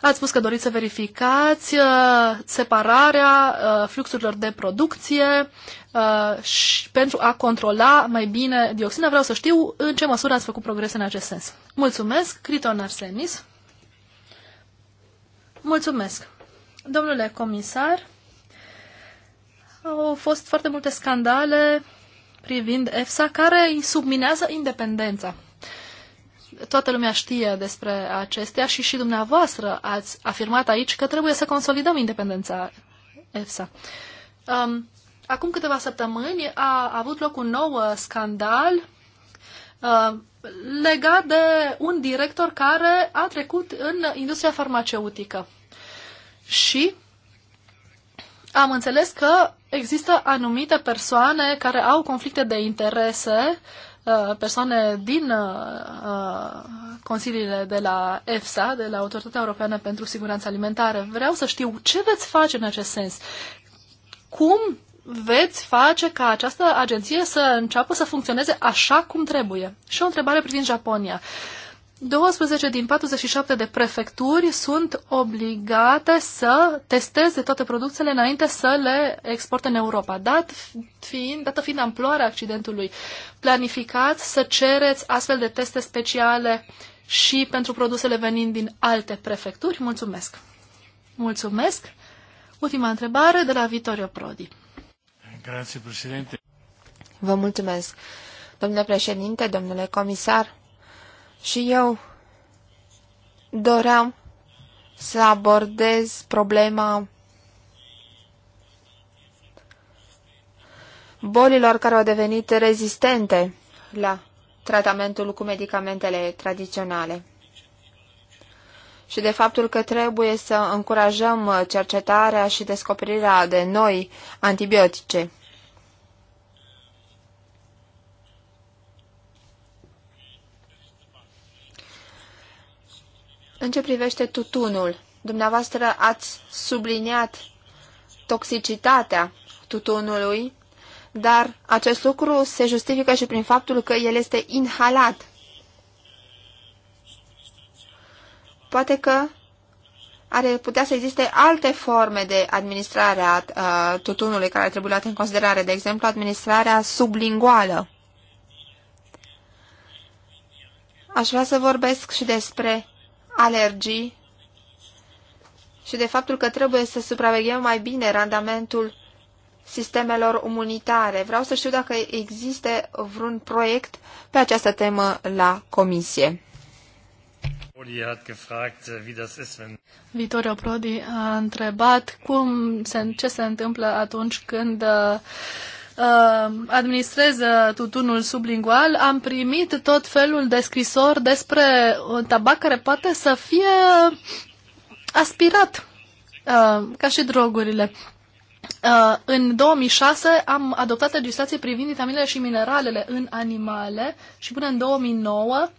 Ați spus că doriți să verificați uh, separarea uh, fluxurilor de producție uh, și pentru a controla mai bine dioxina. Vreau să știu în ce măsură ați făcut progrese în acest sens. Mulțumesc, Criton Arsenis. Mulțumesc. Domnule comisar, au fost foarte multe scandale privind EFSA care subminează independența toată lumea știe despre acestea și și dumneavoastră ați afirmat aici că trebuie să consolidăm independența EFSA. Um, acum câteva săptămâni a avut loc un nou uh, scandal uh, legat de un director care a trecut în industria farmaceutică. Și am înțeles că există anumite persoane care au conflicte de interese Uh, persoane din uh, uh, consiliile de la EFSA, de la Autoritatea Europeană pentru Siguranță Alimentară. Vreau să știu ce veți face în acest sens. Cum veți face ca această agenție să înceapă să funcționeze așa cum trebuie? Și o întrebare privind Japonia. Uh, 12 din 47 de prefecturi sunt obligate să testeze toate producțiile înainte să le exporte în Europa. Dat fiind, dată fiind amploarea accidentului, planificați să cereți astfel de teste speciale și pentru produsele venind din alte prefecturi? Mulțumesc! Mulțumesc! Ultima întrebare de la Vittorio Prodi. Grazie, președinte. Vă mulțumesc. Domnule președinte, domnule comisar, și eu doream să abordez problema bolilor care au devenit rezistente la tratamentul cu medicamentele tradiționale și de faptul că trebuie să încurajăm cercetarea și descoperirea de noi antibiotice. În ce privește tutunul, dumneavoastră ați subliniat toxicitatea tutunului, dar acest lucru se justifică și prin faptul că el este inhalat. Poate că ar putea să existe alte forme de administrare a uh, tutunului care ar trebui luat în considerare, de exemplu, administrarea sublinguală. Aș vrea să vorbesc și despre alergii și de faptul că trebuie să supraveghem mai bine randamentul sistemelor imunitare. Vreau să știu dacă există vreun proiect pe această temă la comisie. Uh, Vitorio Prodi a întrebat cum se, ce se întâmplă atunci când uh, Uh, administrez tutunul sublingual, am primit tot felul de scrisori despre un tabac care poate să fie aspirat, uh, ca și drogurile. Uh, în 2006 am adoptat legislație privind vitaminele și mineralele în animale și până în 2009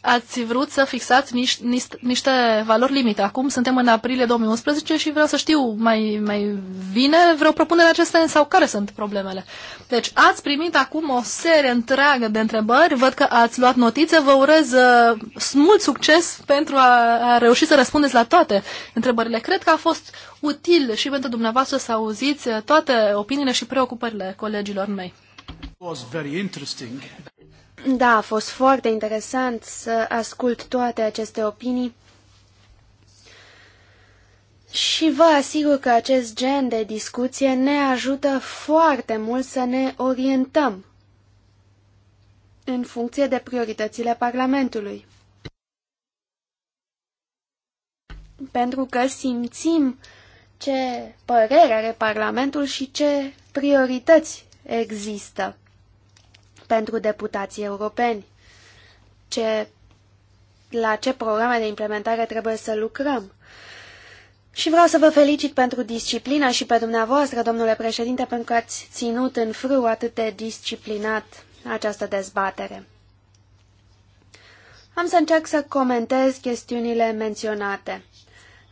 ați vrut să fixați niște, niște, niște valori limite. Acum suntem în aprilie 2011 și vreau să știu, mai, mai vine vreo propunere acestea sau care sunt problemele. Deci ați primit acum o serie întreagă de întrebări, văd că ați luat notițe, vă urez uh, mult succes pentru a, a reuși să răspundeți la toate întrebările. Cred că a fost util și pentru dumneavoastră să auziți toate opiniile și preocupările colegilor mei. Da, a fost foarte interesant să ascult toate aceste opinii și vă asigur că acest gen de discuție ne ajută foarte mult să ne orientăm în funcție de prioritățile Parlamentului. Pentru că simțim ce părere are Parlamentul și ce priorități există pentru deputații europeni. Ce, la ce programe de implementare trebuie să lucrăm? Și vreau să vă felicit pentru disciplina și pe dumneavoastră, domnule președinte, pentru că ați ținut în frâu atât de disciplinat această dezbatere. Am să încerc să comentez chestiunile menționate.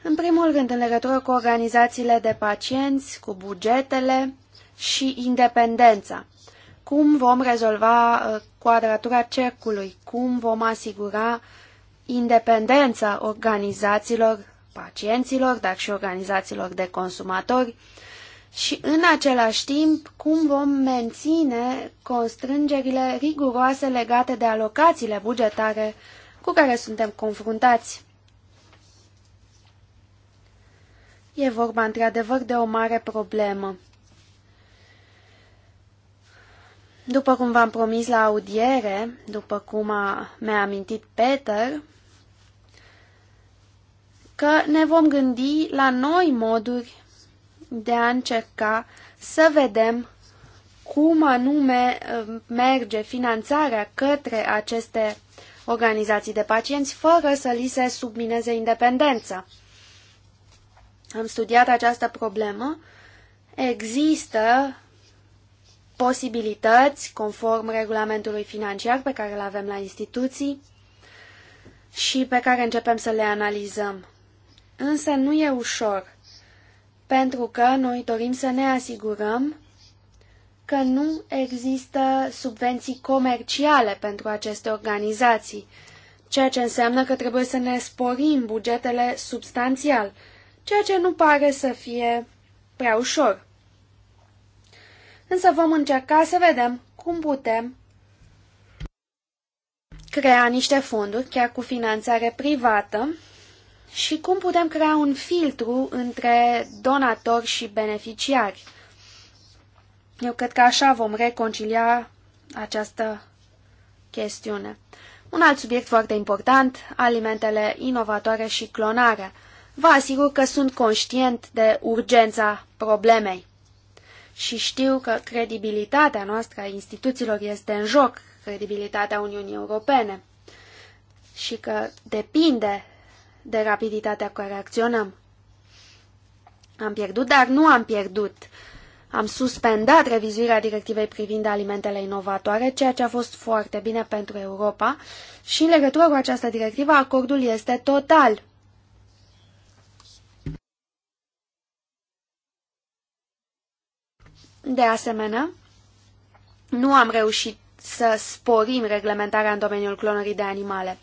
În primul rând, în legătură cu organizațiile de pacienți, cu bugetele și independența cum vom rezolva uh, quadratura cercului, cum vom asigura independența organizațiilor pacienților, dar și organizațiilor de consumatori și în același timp cum vom menține constrângerile riguroase legate de alocațiile bugetare cu care suntem confruntați. E vorba într-adevăr de o mare problemă. După cum v-am promis la audiere, după cum a, mi-a amintit Peter, că ne vom gândi la noi moduri de a încerca să vedem cum anume ă, merge finanțarea către aceste organizații de pacienți fără să li se submineze independența. Am studiat această problemă. Există posibilități conform regulamentului financiar pe care îl avem la instituții și pe care începem să le analizăm. Însă nu e ușor, pentru că noi dorim să ne asigurăm că nu există subvenții comerciale pentru aceste organizații, ceea ce înseamnă că trebuie să ne sporim bugetele substanțial, ceea ce nu pare să fie prea ușor însă vom încerca să vedem cum putem crea niște fonduri, chiar cu finanțare privată, și cum putem crea un filtru între donatori și beneficiari. Eu cred că așa vom reconcilia această chestiune. Un alt subiect foarte important, alimentele inovatoare și clonarea. Vă asigur că sunt conștient de urgența problemei și știu că credibilitatea noastră a instituțiilor este în joc, credibilitatea Uniunii Europene și că depinde de rapiditatea cu care acționăm. Am pierdut, dar nu am pierdut. Am suspendat revizuirea directivei privind alimentele inovatoare, ceea ce a fost foarte bine pentru Europa și în legătură cu această directivă acordul este total. De asemenea, nu am reușit să sporim reglementarea în domeniul clonării de animale.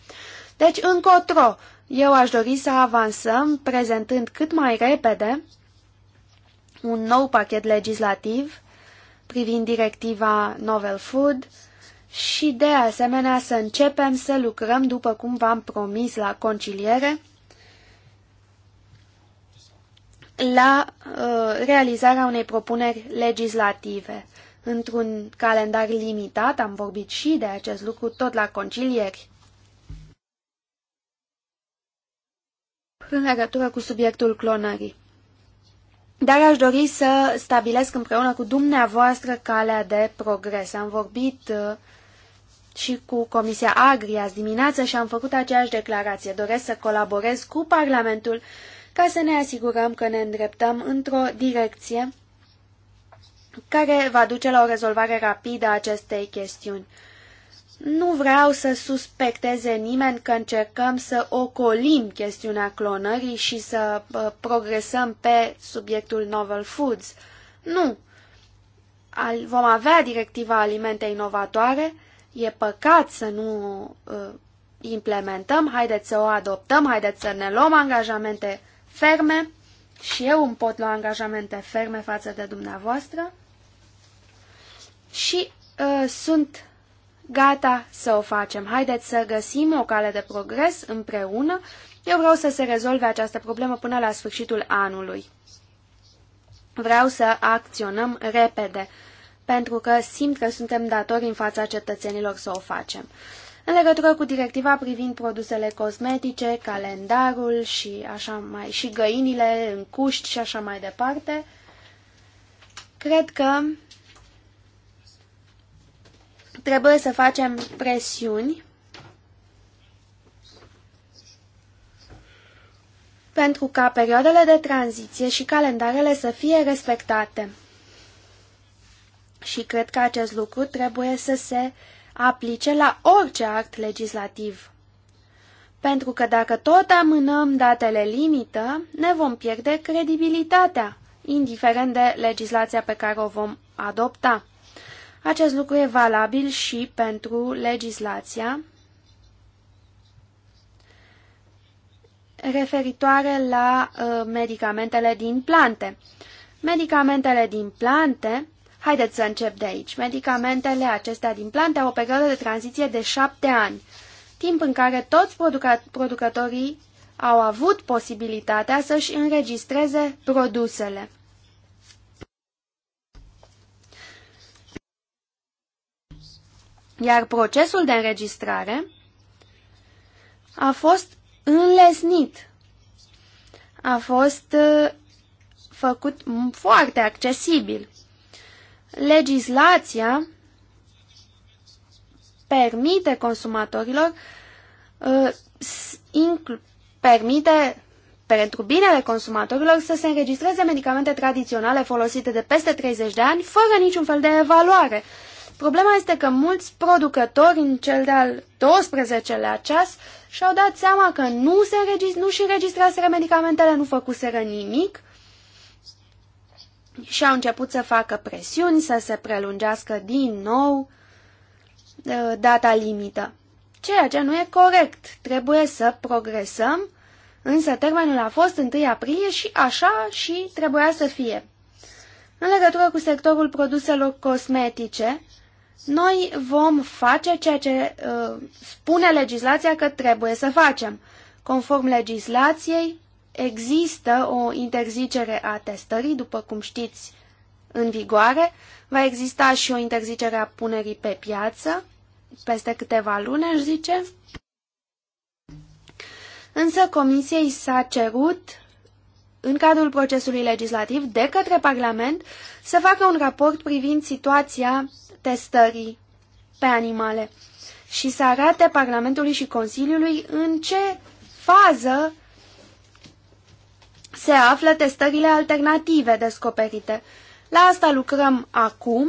Deci, încotro, eu aș dori să avansăm prezentând cât mai repede un nou pachet legislativ privind directiva Novel Food și, de asemenea, să începem să lucrăm după cum v-am promis la conciliere la uh, realizarea unei propuneri legislative. Într-un calendar limitat, am vorbit și de acest lucru tot la concilieri. În legătură cu subiectul clonării. Dar aș dori să stabilesc împreună cu dumneavoastră calea de progres. Am vorbit uh, și cu Comisia Agri azi dimineață și am făcut aceeași declarație. Doresc să colaborez cu Parlamentul uh, ca să ne asigurăm că ne îndreptăm într-o direcție care va duce la o rezolvare rapidă a acestei chestiuni. Nu vreau să suspecteze nimeni că încercăm să ocolim chestiunea clonării și să progresăm pe subiectul novel foods. Nu. vom avea directiva alimente inovatoare. E păcat să nu ă, implementăm. Haideți să o adoptăm, haideți să ne luăm angajamente ferme și eu îmi pot lua angajamente ferme față de dumneavoastră și uh, sunt gata să o facem. Haideți să găsim o cale de progres împreună. Eu vreau să se rezolve această problemă până la sfârșitul anului. Vreau să acționăm repede, pentru că simt că suntem datori în fața cetățenilor să o facem în legătură cu directiva privind produsele cosmetice, calendarul și, așa mai, și găinile în cuști și așa mai departe. Cred că trebuie să facem presiuni pentru ca perioadele de tranziție și calendarele să fie respectate. Și cred că acest lucru trebuie să se aplice la orice act legislativ. Pentru că dacă tot amânăm datele limită, ne vom pierde credibilitatea, indiferent de legislația pe care o vom adopta. Acest lucru e valabil și pentru legislația referitoare la uh, medicamentele din plante. Medicamentele din plante Haideți să încep de aici. Medicamentele acestea din plante au o perioadă de tranziție de șapte ani, timp în care toți producă producătorii au avut posibilitatea să-și înregistreze produsele. Iar procesul de înregistrare a fost înlesnit, a fost uh, făcut foarte accesibil legislația permite consumatorilor uh, permite pentru binele consumatorilor să se înregistreze medicamente tradiționale folosite de peste 30 de ani fără niciun fel de evaluare. Problema este că mulți producători în cel de-al 12-lea ceas și-au dat seama că nu, se nu și înregistraseră medicamentele, nu făcuseră nimic și au început să facă presiuni să se prelungească din nou uh, data limită. Ceea ce nu e corect. Trebuie să progresăm, însă termenul a fost 1 aprilie și așa și trebuia să fie. În legătură cu sectorul produselor cosmetice, noi vom face ceea ce uh, spune legislația că trebuie să facem. Conform legislației, Există o interzicere a testării, după cum știți, în vigoare. Va exista și o interzicere a punerii pe piață, peste câteva luni, aș zice. Însă Comisiei s-a cerut, în cadrul procesului legislativ, de către Parlament, să facă un raport privind situația testării pe animale și să arate Parlamentului și Consiliului în ce fază se află testările alternative descoperite. La asta lucrăm acum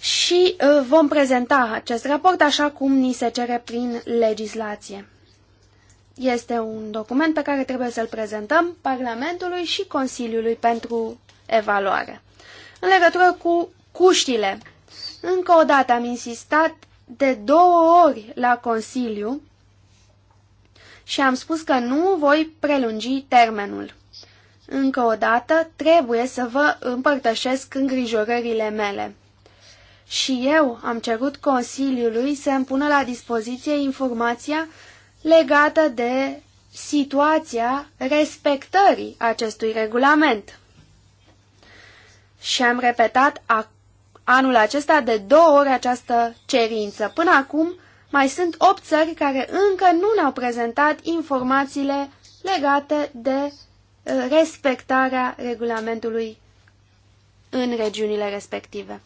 și uh, vom prezenta acest raport așa cum ni se cere prin legislație. Este un document pe care trebuie să-l prezentăm Parlamentului și Consiliului pentru evaluare. În legătură cu cuștile, încă o dată am insistat de două ori la Consiliu și am spus că nu voi prelungi termenul. Încă o dată, trebuie să vă împărtășesc îngrijorările mele. Și eu am cerut Consiliului să îmi pună la dispoziție informația legată de situația respectării acestui regulament. Și am repetat anul acesta de două ori această cerință. Până acum mai sunt 8 țări care încă nu ne-au prezentat informațiile legate de uh, respectarea regulamentului în regiunile respective.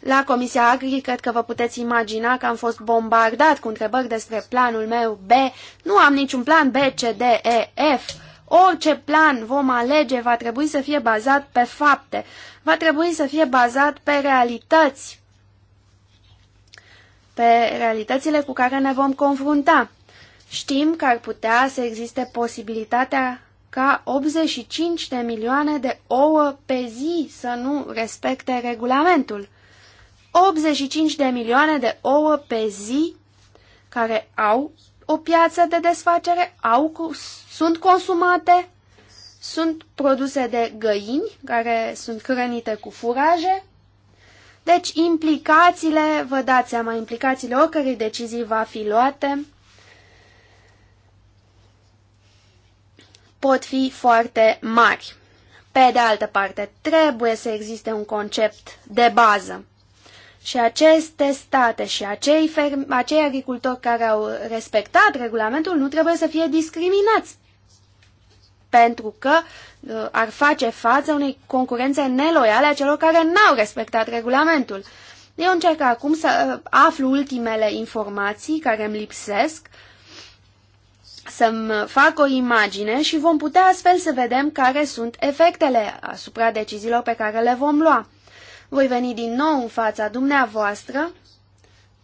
La Comisia Agri, cred că vă puteți imagina că am fost bombardat cu întrebări despre planul meu B. Nu am niciun plan B, C, D, E, F. Orice plan vom alege va trebui să fie bazat pe fapte, va trebui să fie bazat pe realități pe realitățile cu care ne vom confrunta. Știm că ar putea să existe posibilitatea ca 85 de milioane de ouă pe zi să nu respecte regulamentul. 85 de milioane de ouă pe zi care au o piață de desfacere, au, sunt consumate, sunt produse de găini care sunt hrănite cu furaje deci, implicațiile, vă dați seama, implicațiile oricărei decizii va fi luate pot fi foarte mari. Pe de altă parte, trebuie să existe un concept de bază. Și aceste state și acei, acei agricultori care au respectat regulamentul nu trebuie să fie discriminați pentru că uh, ar face față unei concurențe neloiale a celor care n-au respectat regulamentul. Eu încerc acum să uh, aflu ultimele informații care îmi lipsesc, să-mi uh, fac o imagine și vom putea astfel să vedem care sunt efectele asupra deciziilor pe care le vom lua. Voi veni din nou în fața dumneavoastră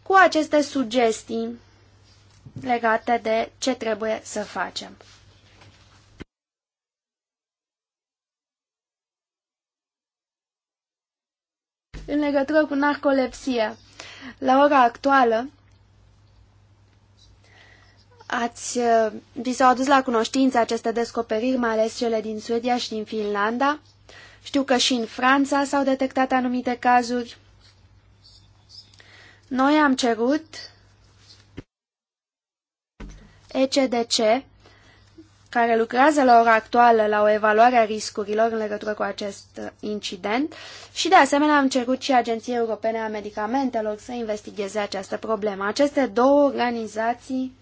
cu aceste sugestii legate de ce trebuie să facem. în legătură cu narcolepsia. La ora actuală, ați, uh, vi s-au adus la cunoștință aceste descoperiri, mai ales cele din Suedia și din Finlanda. Știu că și în Franța s-au detectat anumite cazuri. Noi am cerut ECDC care lucrează la ora actuală la o evaluare a riscurilor în legătură cu acest uh, incident și de asemenea am cerut și Agenției Europene a Medicamentelor să investigheze această problemă. Aceste două organizații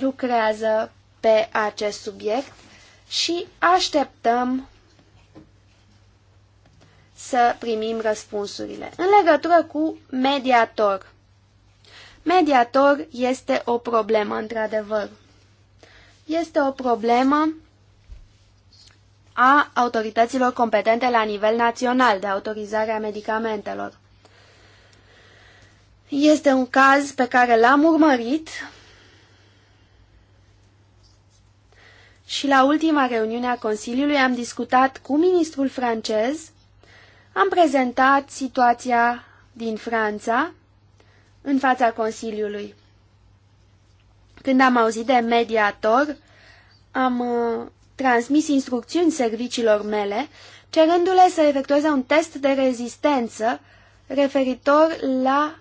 lucrează pe acest subiect și așteptăm să primim răspunsurile. În legătură cu mediator. Mediator este o problemă, într-adevăr. Este o problemă a autorităților competente la nivel național de autorizare a medicamentelor. Este un caz pe care l-am urmărit și la ultima reuniune a Consiliului am discutat cu ministrul francez, am prezentat situația din Franța în fața Consiliului. Când am auzit de mediator, am uh, transmis instrucțiuni serviciilor mele, cerându-le să efectueze un test de rezistență referitor la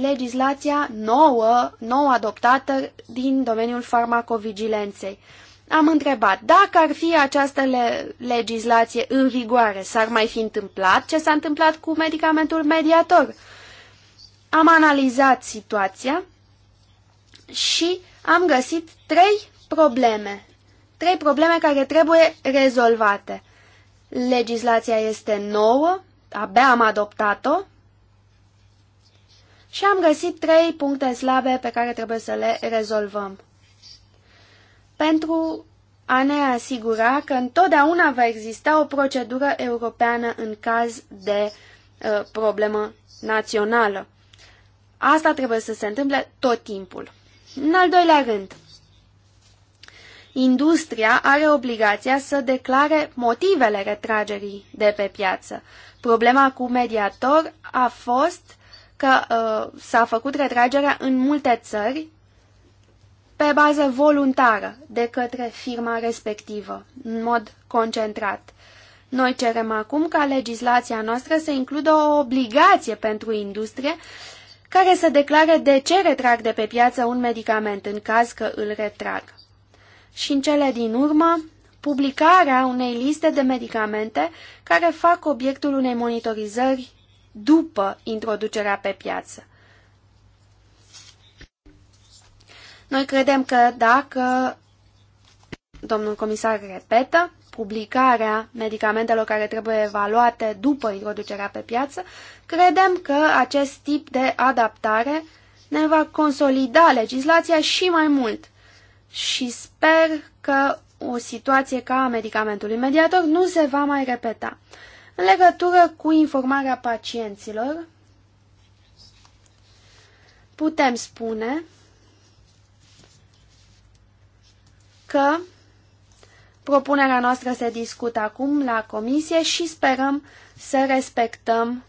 legislația nouă, nou adoptată din domeniul farmacovigilenței. Am întrebat, dacă ar fi această le legislație în vigoare, s-ar mai fi întâmplat ce s-a întâmplat cu medicamentul mediator? Am analizat situația și am găsit trei probleme. Trei probleme care trebuie rezolvate. Legislația este nouă, abia am adoptat-o și am găsit trei puncte slabe pe care trebuie să le rezolvăm. Pentru a ne asigura că întotdeauna va exista o procedură europeană în caz de uh, problemă națională. Asta trebuie să se întâmple tot timpul. În al doilea rând, industria are obligația să declare motivele retragerii de pe piață. Problema cu mediator a fost că uh, s-a făcut retragerea în multe țări pe bază voluntară de către firma respectivă, în mod concentrat. Noi cerem acum ca legislația noastră să includă o obligație pentru industrie care să declare de ce retrag de pe piață un medicament în caz că îl retrag. Și în cele din urmă, publicarea unei liste de medicamente care fac obiectul unei monitorizări după introducerea pe piață. Noi credem că dacă, domnul comisar repetă, publicarea medicamentelor care trebuie evaluate după introducerea pe piață, credem că acest tip de adaptare ne va consolida legislația și mai mult. Și sper că o situație ca a medicamentului mediator nu se va mai repeta. În legătură cu informarea pacienților, putem spune că Propunerea noastră se discută acum la comisie și sperăm să respectăm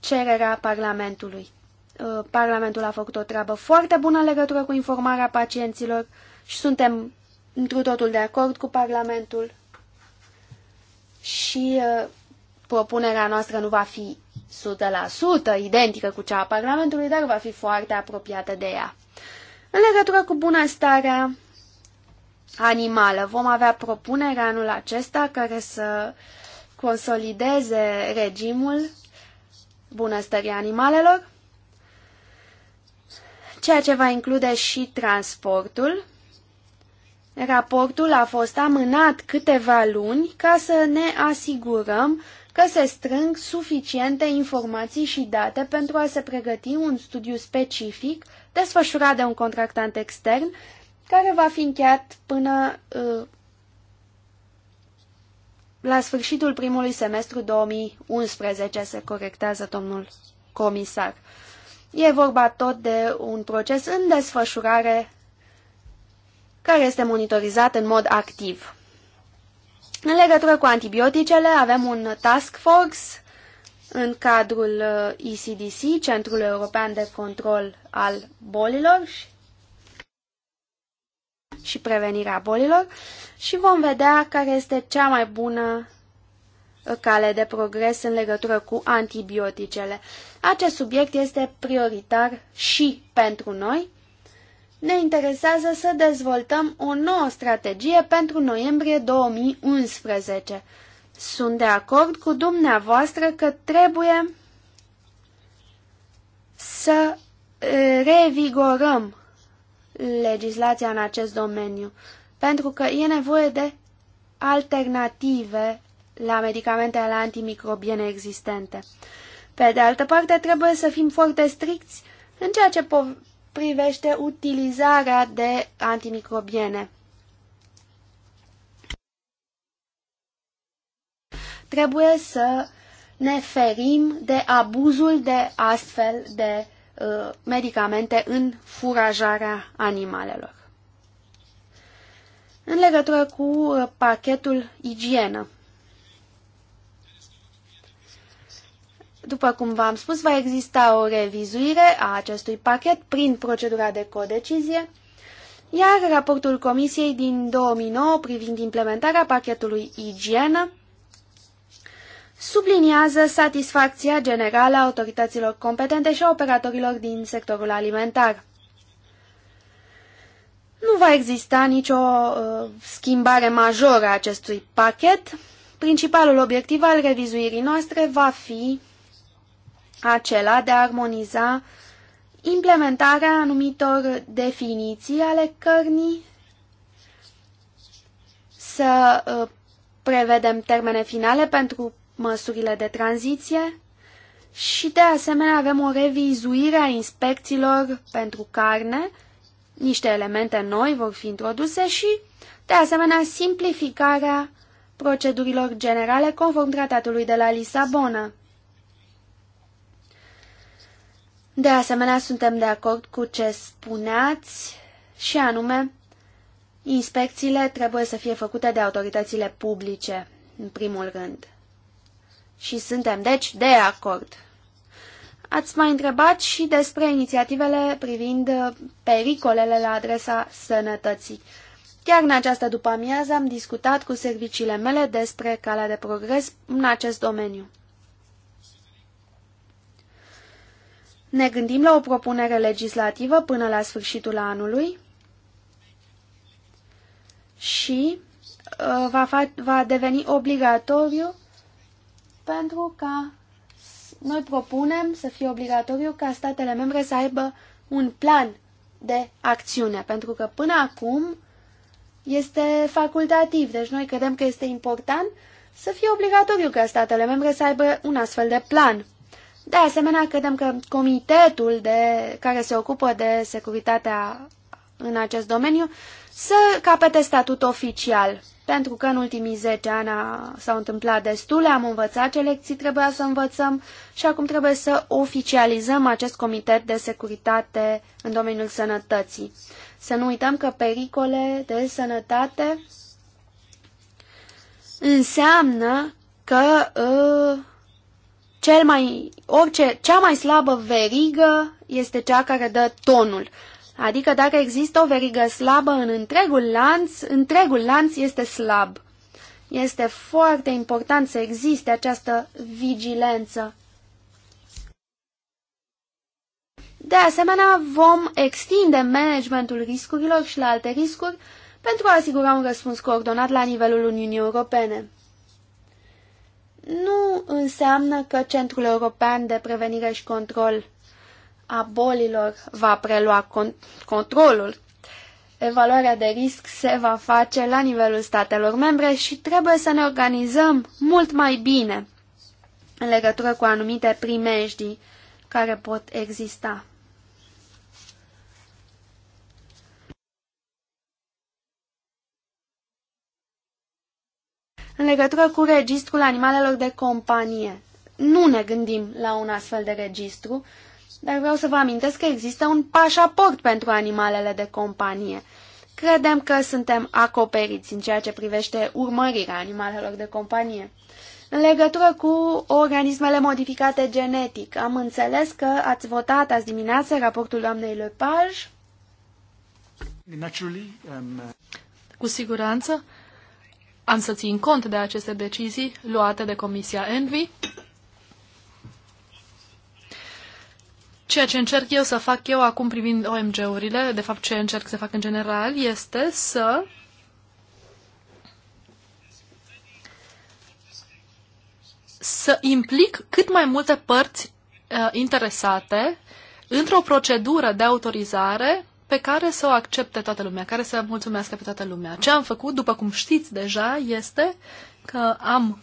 cererea Parlamentului. Uh, Parlamentul a făcut o treabă foarte bună în legătură cu informarea pacienților și suntem întru totul de acord cu Parlamentul și uh, propunerea noastră nu va fi 100% identică cu cea a Parlamentului, dar va fi foarte apropiată de ea. În legătură cu bunăstarea animală, vom avea propunerea anul acesta care să consolideze regimul bunăstării animalelor, ceea ce va include și transportul. Raportul a fost amânat câteva luni ca să ne asigurăm că se strâng suficiente informații și date pentru a se pregăti un studiu specific desfășurat de un contractant extern care va fi încheiat până uh, la sfârșitul primului semestru 2011, se corectează domnul comisar. E vorba tot de un proces în desfășurare care este monitorizat în mod activ. În legătură cu antibioticele, avem un task force în cadrul uh, ECDC, Centrul European de Control al Bolilor și Prevenirea Bolilor și vom vedea care este cea mai bună uh, cale de progres în legătură cu antibioticele. Acest subiect este prioritar și pentru noi. Ne interesează să dezvoltăm o nouă strategie pentru noiembrie 2011 sunt de acord cu dumneavoastră că trebuie să revigorăm legislația în acest domeniu, pentru că e nevoie de alternative la medicamentele antimicrobiene existente. Pe de altă parte, trebuie să fim foarte stricți în ceea ce privește utilizarea de antimicrobiene. Trebuie să ne ferim de abuzul de astfel de uh, medicamente în furajarea animalelor. În legătură cu uh, pachetul igienă, După cum v-am spus, va exista o revizuire a acestui pachet prin procedura de codecizie, iar raportul Comisiei din 2009 privind implementarea pachetului igienă subliniază satisfacția generală a autorităților competente și a operatorilor din sectorul alimentar. Nu va exista nicio uh, schimbare majoră a acestui pachet. Principalul obiectiv al revizuirii noastre va fi acela de a armoniza implementarea anumitor definiții ale cărnii, să uh, prevedem termene finale pentru măsurile de tranziție și de asemenea avem o revizuire a inspecțiilor pentru carne, niște elemente noi vor fi introduse și de asemenea simplificarea procedurilor generale conform tratatului de la Lisabona. De asemenea, suntem de acord cu ce spuneați și anume, inspecțiile trebuie să fie făcute de autoritățile publice, în primul rând. Și suntem, deci, de acord. Ați mai întrebat și despre inițiativele privind pericolele la adresa sănătății. Chiar în această după-amiază am discutat cu serviciile mele despre calea de progres în acest domeniu. Ne gândim la o propunere legislativă până la sfârșitul anului și uh, va, va deveni obligatoriu pentru ca noi propunem să fie obligatoriu ca statele membre să aibă un plan de acțiune, pentru că până acum este facultativ, deci noi credem că este important să fie obligatoriu ca statele membre să aibă un astfel de plan. De asemenea, credem că comitetul de, care se ocupă de securitatea în acest domeniu să capete statut oficial pentru că în ultimii 10 ani s-au întâmplat destule, am învățat ce lecții trebuia să învățăm și acum trebuie să oficializăm acest comitet de securitate în domeniul sănătății. Să nu uităm că pericole de sănătate înseamnă că uh, cel mai, orice, cea mai slabă verigă este cea care dă tonul. Adică dacă există o verigă slabă în întregul lanț, întregul lanț este slab. Este foarte important să existe această vigilență. De asemenea, vom extinde managementul riscurilor și la alte riscuri pentru a asigura un răspuns coordonat la nivelul Uniunii Europene. Nu înseamnă că Centrul European de Prevenire și Control a bolilor va prelua controlul. Evaluarea de risc se va face la nivelul statelor membre și trebuie să ne organizăm mult mai bine în legătură cu anumite primejdii care pot exista. În legătură cu registrul animalelor de companie, nu ne gândim la un astfel de registru, dar vreau să vă amintesc că există un pașaport pentru animalele de companie. Credem că suntem acoperiți în ceea ce privește urmărirea animalelor de companie. În legătură cu organismele modificate genetic, am înțeles că ați votat azi dimineață raportul doamnei Lepage. Um, cu siguranță am să țin cont de aceste decizii luate de Comisia Envi Ceea ce încerc eu să fac eu acum privind OMG-urile, de fapt ce încerc să fac în general, este să să implic cât mai multe părți uh, interesate într-o procedură de autorizare pe care să o accepte toată lumea, care să mulțumească pe toată lumea. Ce am făcut, după cum știți deja, este că am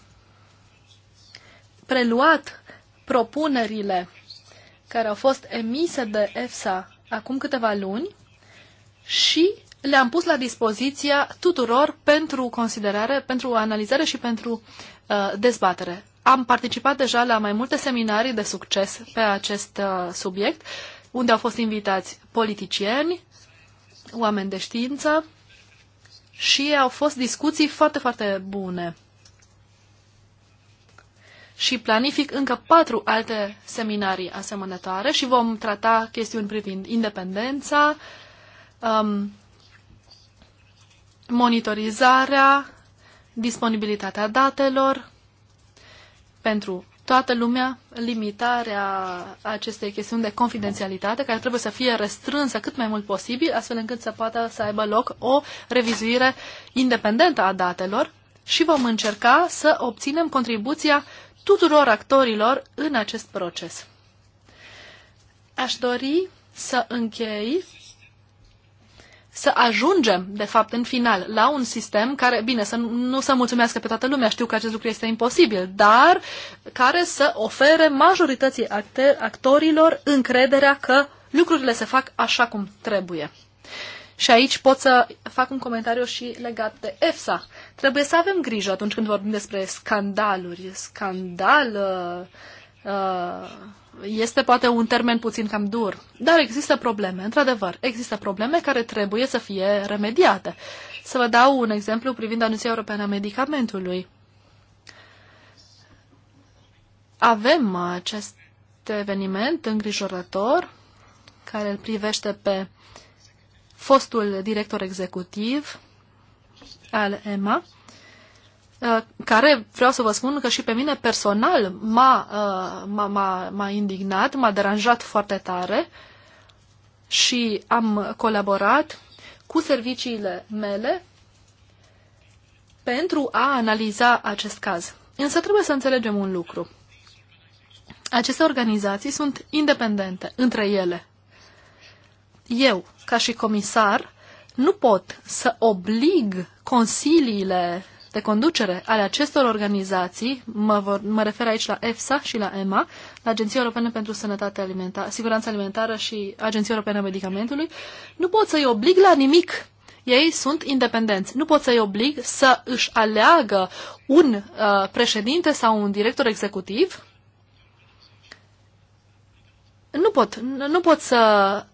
preluat propunerile care au fost emise de EFSA acum câteva luni și le-am pus la dispoziția tuturor pentru considerare, pentru analizare și pentru uh, dezbatere. Am participat deja la mai multe seminarii de succes pe acest uh, subiect, unde au fost invitați politicieni, oameni de știință și au fost discuții foarte, foarte bune și planific încă patru alte seminarii asemănătoare și vom trata chestiuni privind independența, um, monitorizarea, disponibilitatea datelor pentru toată lumea, limitarea acestei chestiuni de confidențialitate, care trebuie să fie restrânsă cât mai mult posibil, astfel încât să poată să aibă loc o revizuire independentă a datelor și vom încerca să obținem contribuția tuturor actorilor în acest proces. Aș dori să închei, să ajungem, de fapt, în final, la un sistem care, bine, să nu să mulțumească pe toată lumea, știu că acest lucru este imposibil, dar care să ofere majorității actorilor încrederea că lucrurile se fac așa cum trebuie. Și aici pot să fac un comentariu și legat de EFSA. Trebuie să avem grijă atunci când vorbim despre scandaluri. Scandal uh, uh, este poate un termen puțin cam dur, dar există probleme, într-adevăr. Există probleme care trebuie să fie remediate. Să vă dau un exemplu privind Anunția Europeană a Medicamentului. Avem acest eveniment îngrijorător care îl privește pe fostul director executiv al EMA, uh, care vreau să vă spun că și pe mine personal uh, m-a, m-a, m-a indignat, m-a deranjat foarte tare și am colaborat cu serviciile mele pentru a analiza acest caz. Însă trebuie să înțelegem un lucru. Aceste organizații sunt independente între ele. Eu, ca și comisar, nu pot să oblig consiliile de conducere ale acestor organizații, mă, vor, mă refer aici la EFSA și la EMA, la Agenția Europeană pentru Sănătate Alimentară, Siguranță Alimentară și Agenția Europeană a Medicamentului, nu pot să-i oblig la nimic. Ei sunt independenți. Nu pot să-i oblig să își aleagă un uh, președinte sau un director executiv nu pot, nu pot să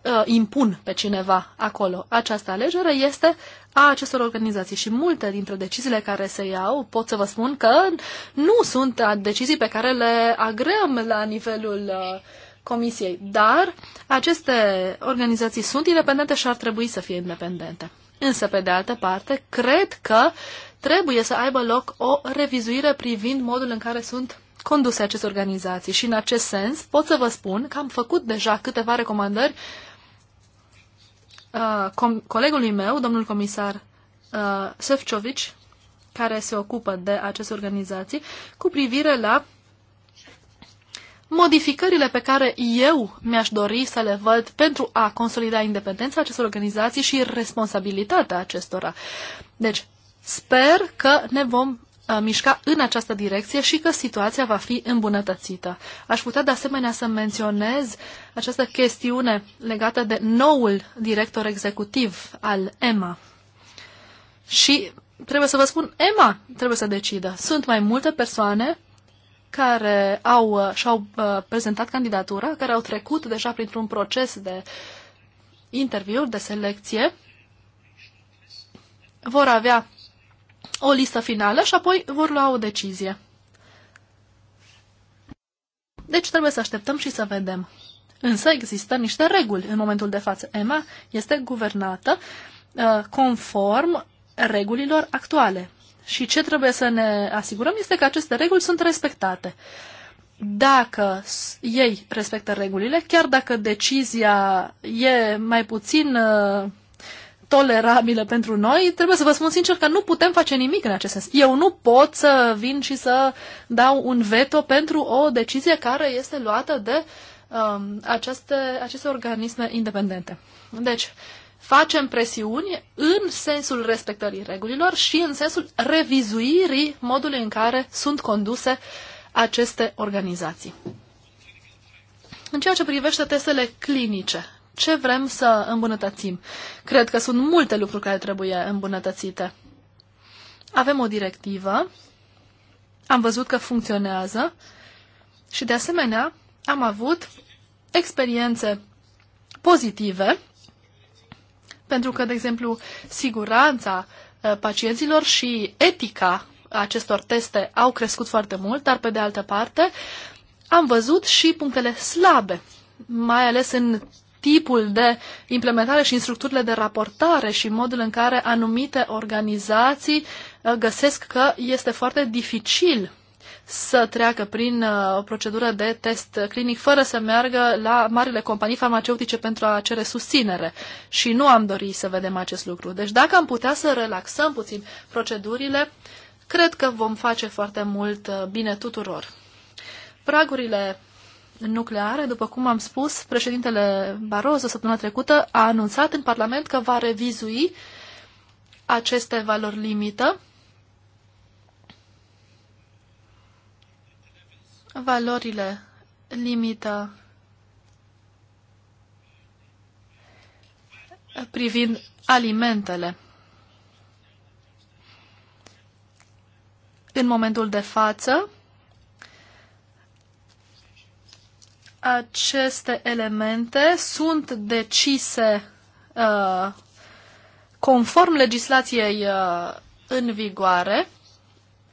uh, impun pe cineva acolo. Această alegere este a acestor organizații și multe dintre deciziile care se iau, pot să vă spun că nu sunt decizii pe care le agream la nivelul uh, comisiei, dar aceste organizații sunt independente și ar trebui să fie independente. Însă, pe de altă parte, cred că trebuie să aibă loc o revizuire privind modul în care sunt conduse aceste organizații. Și în acest sens pot să vă spun că am făcut deja câteva recomandări uh, com- colegului meu, domnul comisar uh, Sefcovic, care se ocupă de aceste organizații, cu privire la modificările pe care eu mi-aș dori să le văd pentru a consolida independența acestor organizații și responsabilitatea acestora. Deci, sper că ne vom mișca în această direcție și că situația va fi îmbunătățită. Aș putea de asemenea să menționez această chestiune legată de noul director executiv al EMA. Și trebuie să vă spun, EMA trebuie să decidă. Sunt mai multe persoane care au, uh, și-au uh, prezentat candidatura, care au trecut deja printr-un proces de interviuri, de selecție, vor avea o listă finală și apoi vor lua o decizie. Deci trebuie să așteptăm și să vedem. Însă există niște reguli în momentul de față. Emma este guvernată uh, conform regulilor actuale. Și ce trebuie să ne asigurăm este că aceste reguli sunt respectate. Dacă ei respectă regulile, chiar dacă decizia e mai puțin uh, tolerabile pentru noi, trebuie să vă spun sincer că nu putem face nimic în acest sens. Eu nu pot să vin și să dau un veto pentru o decizie care este luată de um, aceste, aceste organisme independente. Deci, facem presiuni în sensul respectării regulilor și în sensul revizuirii modului în care sunt conduse aceste organizații. În ceea ce privește testele clinice, ce vrem să îmbunătățim. Cred că sunt multe lucruri care trebuie îmbunătățite. Avem o directivă, am văzut că funcționează și de asemenea am avut experiențe pozitive, pentru că, de exemplu, siguranța uh, pacienților și etica acestor teste au crescut foarte mult, dar pe de altă parte am văzut și punctele slabe, mai ales în tipul de implementare și în structurile de raportare și modul în care anumite organizații uh, găsesc că este foarte dificil să treacă prin uh, o procedură de test clinic fără să meargă la marile companii farmaceutice pentru a cere susținere. Și nu am dorit să vedem acest lucru. Deci dacă am putea să relaxăm puțin procedurile, cred că vom face foarte mult uh, bine tuturor. Pragurile nucleare, după cum am spus, președintele Barroso săptămâna trecută a anunțat în Parlament că va revizui aceste valori limită, valorile limită privind alimentele. În momentul de față, aceste elemente sunt decise uh, conform legislației uh, în vigoare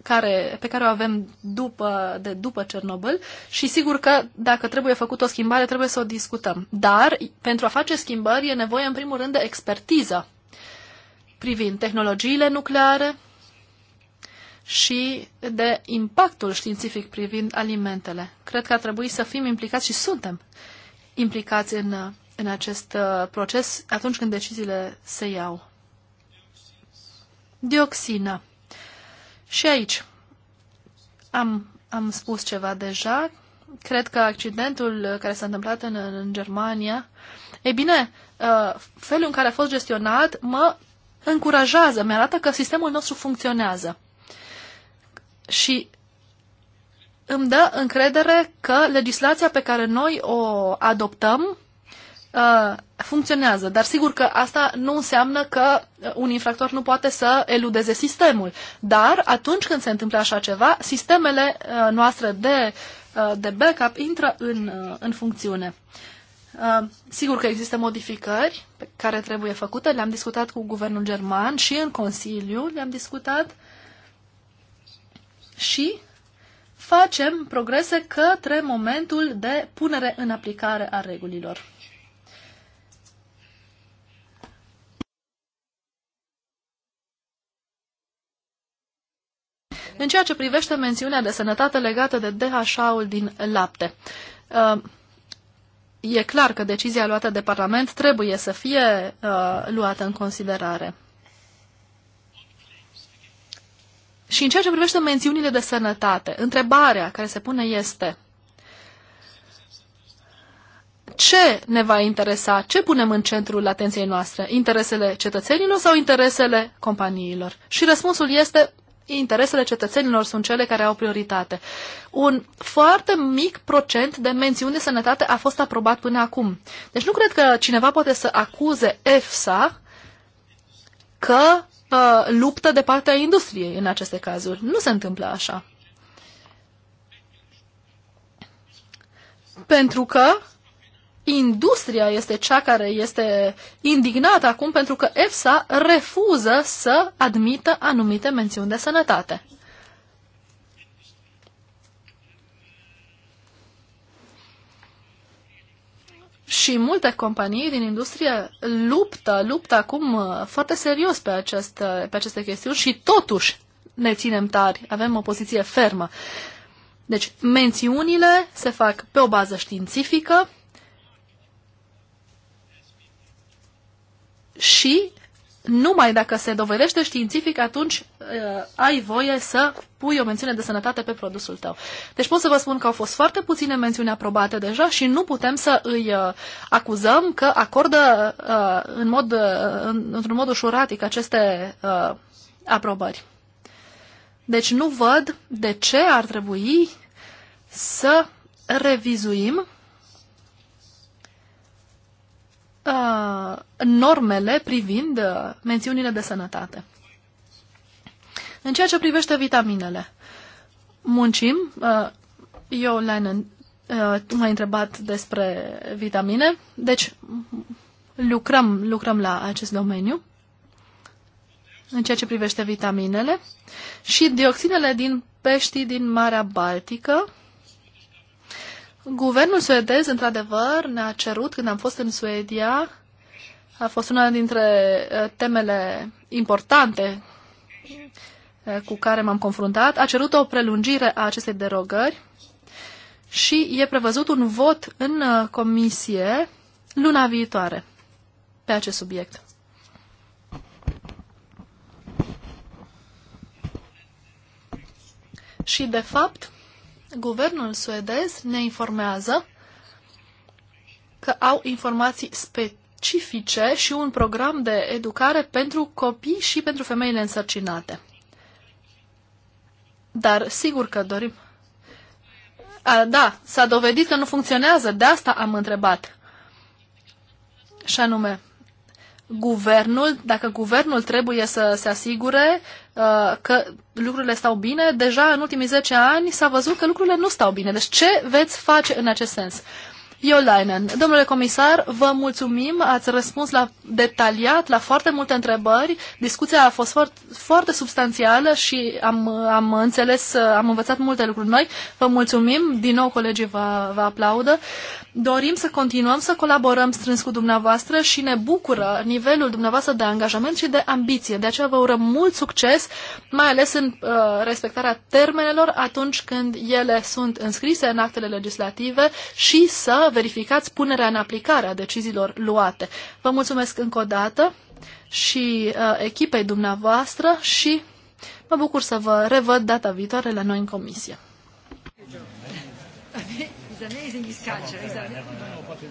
care, pe care o avem după, de după Cernobâl și sigur că dacă trebuie făcut o schimbare, trebuie să o discutăm. Dar pentru a face schimbări e nevoie în primul rând de expertiză privind tehnologiile nucleare, și de impactul științific privind alimentele. Cred că ar trebui să fim implicați și suntem implicați în, în acest uh, proces atunci când deciziile se iau. Dioxina. Și aici am, am spus ceva deja. Cred că accidentul care s-a întâmplat în, în Germania, e bine, uh, felul în care a fost gestionat mă încurajează, mi arată că sistemul nostru funcționează și îmi dă încredere că legislația pe care noi o adoptăm uh, funcționează. Dar sigur că asta nu înseamnă că uh, un infractor nu poate să eludeze sistemul. Dar atunci când se întâmplă așa ceva, sistemele uh, noastre de, de backup intră în, în funcțiune. sigur că există modificări pe care trebuie făcute, le-am discutat cu guvernul german și în Consiliu le-am discutat și facem progrese către momentul de punere în aplicare a regulilor. În ceea ce privește mențiunea de sănătate legată de DHA-ul din lapte, uh, e clar că decizia luată de Parlament trebuie să fie uh, luată în considerare. Și în ceea ce privește mențiunile de sănătate, întrebarea care se pune este ce ne va interesa, ce punem în centrul atenției noastre, interesele cetățenilor sau interesele companiilor? Și răspunsul este interesele cetățenilor sunt cele care au prioritate. Un foarte mic procent de mențiuni de sănătate a fost aprobat până acum. Deci nu cred că cineva poate să acuze EFSA că uh, luptă de partea industriei în aceste cazuri. Nu se întâmplă așa. Pentru că industria este cea care este indignată acum pentru că EFSA refuză să admită anumite mențiuni de sănătate. Și multe companii din industrie luptă, luptă acum uh, foarte serios pe aceste, pe aceste chestiuni și totuși ne ținem tari, avem o poziție fermă. Deci, mențiunile se fac pe o bază științifică și numai dacă se dovedește științific, atunci uh, ai voie să pui o mențiune de sănătate pe produsul tău. Deci pot să vă spun că au fost foarte puține mențiuni aprobate deja și nu putem să îi uh, acuzăm că acordă uh, în mod, uh, într-un mod ușuratic aceste uh, aprobări. Deci nu văd de ce ar trebui să revizuim uh, normele privind uh, mențiunile de sănătate. În ceea ce privește vitaminele, muncim. Uh, Eu, Lennon, tu uh, m-ai întrebat despre vitamine. Deci, lucrăm, lucrăm la acest domeniu în ceea ce privește vitaminele și dioxinele din peștii din Marea Baltică. Guvernul suedez, într-adevăr, ne-a cerut, când am fost în Suedia, a fost una dintre uh, temele importante Eh, cu care m-am confruntat a cerut o prelungire a acestei derogări și e prevăzut un vot în eh, comisie luna viitoare pe acest subiect. Și, de fapt, guvernul suedez ne informează că au informații specifice și un program de educare pentru copii și pentru femeile însărcinate dar sigur că dorim. A, da, s-a dovedit că nu funcționează, de asta am întrebat. Și anume, guvernul, dacă guvernul trebuie să se asigure uh, că lucrurile stau bine, deja în ultimii 10 ani s-a văzut că lucrurile nu stau bine. Deci ce veți face în acest sens? Iolainen. Domnule comisar, vă mulțumim, ați răspuns la, detaliat la foarte multe întrebări. Discuția a fost foarte, foarte substanțială și am, am înțeles, am învățat multe lucruri noi. Vă mulțumim, din nou colegii vă, vă aplaudă. Dorim să continuăm să colaborăm strâns cu dumneavoastră și ne bucură nivelul dumneavoastră de angajament și de ambiție. De aceea vă urăm mult succes, mai ales în uh, respectarea termenelor atunci când ele sunt înscrise în actele legislative și să verificați punerea în aplicare a deciziilor luate. Vă mulțumesc încă o dată și uh, echipei dumneavoastră și mă bucur să vă revăd data viitoare la noi în comisie. It's amazing culture.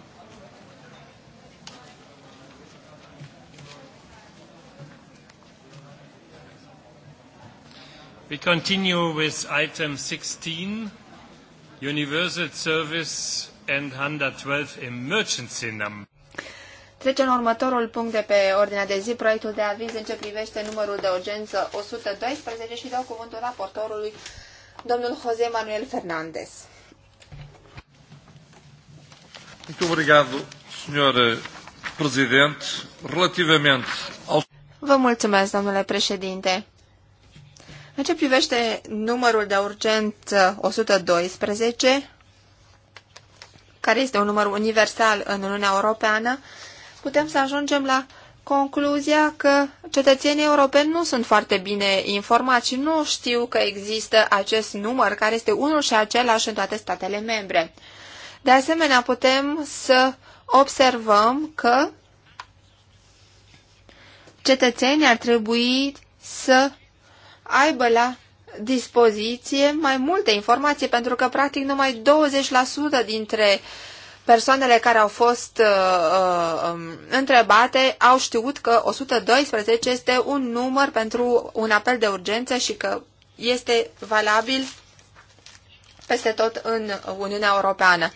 We continue with item 16, Universal Service and 112 Emergency Number. Trecem la următorul punct de pe ordinea de zi, proiectul de aviz în ce privește numărul de urgență 112 și dau cuvântul raportorului domnul José Manuel Fernández. Muito obrigado, senhora eh, Presidente. Relativamente ao... Vă mulțumesc, domnule președinte. În ce privește numărul de urgență uh, 112, care este un număr universal în Uniunea Europeană, putem să ajungem la concluzia că cetățenii europeni nu sunt foarte bine informați și nu știu că există acest număr care este unul și același în toate statele membre. De asemenea, putem să observăm că cetățenii ar trebui să aibă la dispoziție mai multe informații, pentru că practic numai 20% dintre persoanele care au fost uh, uh, um, întrebate au știut că 112 este un număr pentru un apel de urgență și că este valabil peste tot în Uniunea Europeană.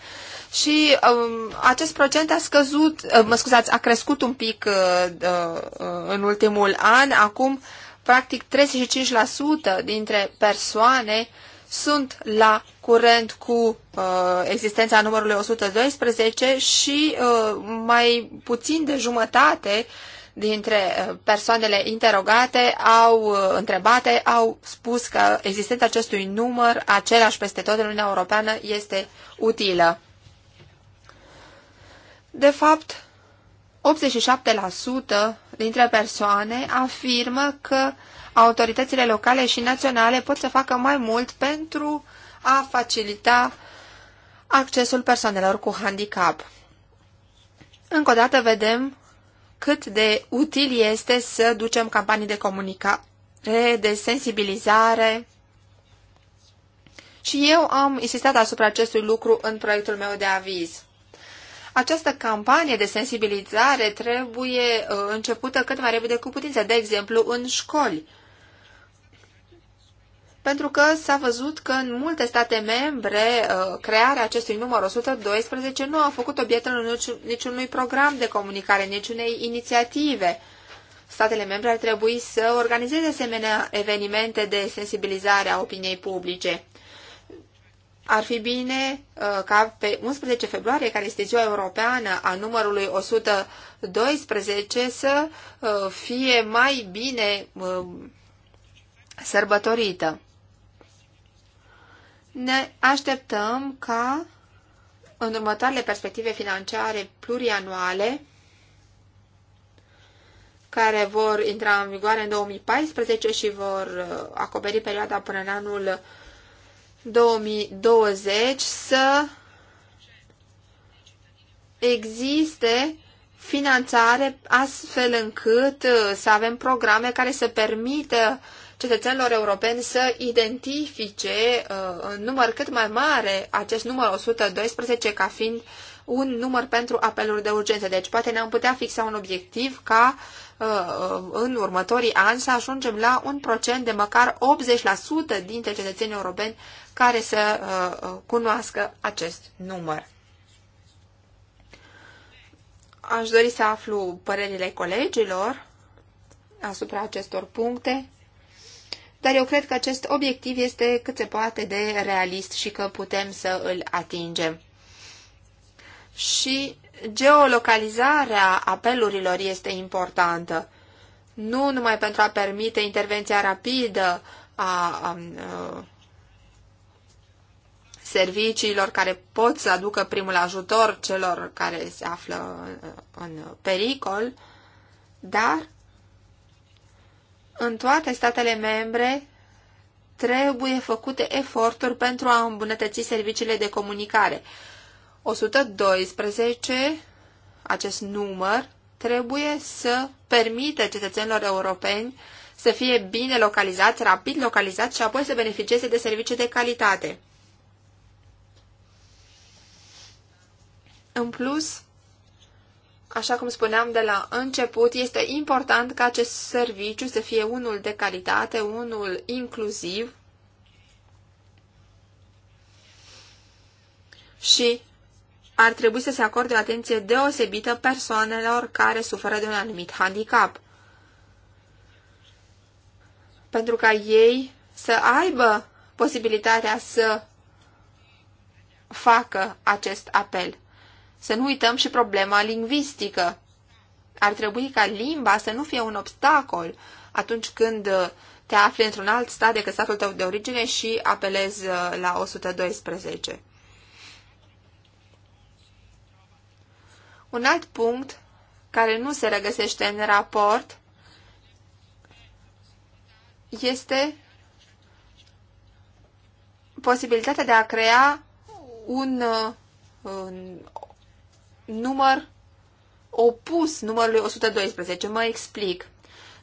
Și um, acest procent a scăzut, uh, mă scuzați, a crescut un pic uh, uh, în ultimul an, acum uh, practic 35% dintre persoane sunt la curent cu uh, existența numărului 112 și uh, mai puțin de jumătate dintre uh, persoanele interogate au uh, întrebate, au spus că existența acestui număr, același peste tot în Uniunea Europeană, este utilă. De fapt, 87% dintre persoane afirmă că autoritățile locale și naționale pot să facă mai mult pentru a facilita accesul persoanelor cu handicap. Încă o dată vedem cât de util este să ducem campanii de comunicare, de sensibilizare. Și eu am insistat asupra acestui lucru în proiectul meu de aviz. Această campanie de sensibilizare trebuie uh, începută cât mai repede cu putință, de exemplu în școli. Pentru că s-a văzut că în multe state membre uh, crearea acestui număr 112 nu a făcut obiectul niciunui program de comunicare, niciunei inițiative. Statele membre ar trebui să organizeze asemenea evenimente de sensibilizare a opiniei publice ar fi bine uh, ca pe 11 februarie, care este ziua europeană a numărului 112, să uh, fie mai bine uh, sărbătorită. Ne așteptăm ca în următoarele perspective financiare plurianuale, care vor intra în vigoare în 2014 și vor acoperi perioada până în anul 2020 să existe finanțare astfel încât uh, să avem programe care să permită cetățenilor europeni să identifice uh, în număr cât mai mare acest număr 112 ca fiind un număr pentru apeluri de urgență. Deci poate ne-am putea fixa un obiectiv ca uh, în următorii ani să ajungem la un procent de măcar 80% dintre cetățenii europeni care să uh, uh, cunoască acest număr. Aș dori să aflu părerile colegilor asupra acestor puncte, dar eu cred că acest obiectiv este cât se poate de realist și că putem să îl atingem. Și geolocalizarea apelurilor este importantă, nu numai pentru a permite intervenția rapidă a, a, a serviciilor care pot să aducă primul ajutor celor care se află uh, în pericol, dar în toate statele membre trebuie făcute eforturi pentru a îmbunătăți serviciile de comunicare. 112, acest număr, trebuie să permită cetățenilor europeni să fie bine localizați, rapid localizați și apoi să beneficieze de servicii de calitate. În plus, așa cum spuneam de la început, este important ca acest serviciu să fie unul de calitate, unul inclusiv și ar trebui să se acorde o atenție deosebită persoanelor care suferă de un anumit handicap. Pentru ca ei să aibă posibilitatea să facă acest apel. Să nu uităm și problema lingvistică. Ar trebui ca limba să nu fie un obstacol atunci când uh, te afli într-un alt stat decât statul tău de origine și apelezi uh, la 112. Un alt punct care nu se regăsește în raport este posibilitatea de a crea un, uh, un număr opus numărului 112. Mă explic.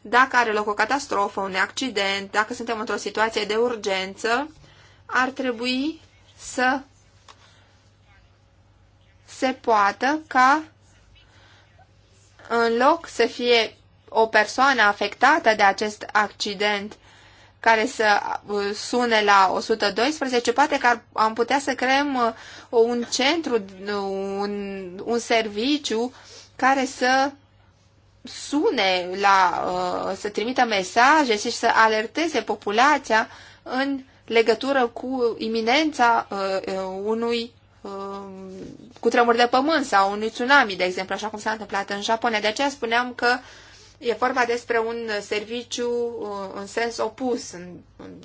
Dacă are loc o catastrofă, un accident, dacă suntem într-o situație de urgență, ar trebui să se poată ca în loc să fie o persoană afectată de acest accident care să uh, sune la 112, poate că am putea să creăm uh, un centru, uh, un, un serviciu care să sune la, să trimită mesaje și să alerteze populația în legătură cu iminența unui cu tremur de pământ sau unui tsunami, de exemplu, așa cum s-a întâmplat în Japonia. De aceea spuneam că E vorba despre un serviciu uh, în sens opus, în, în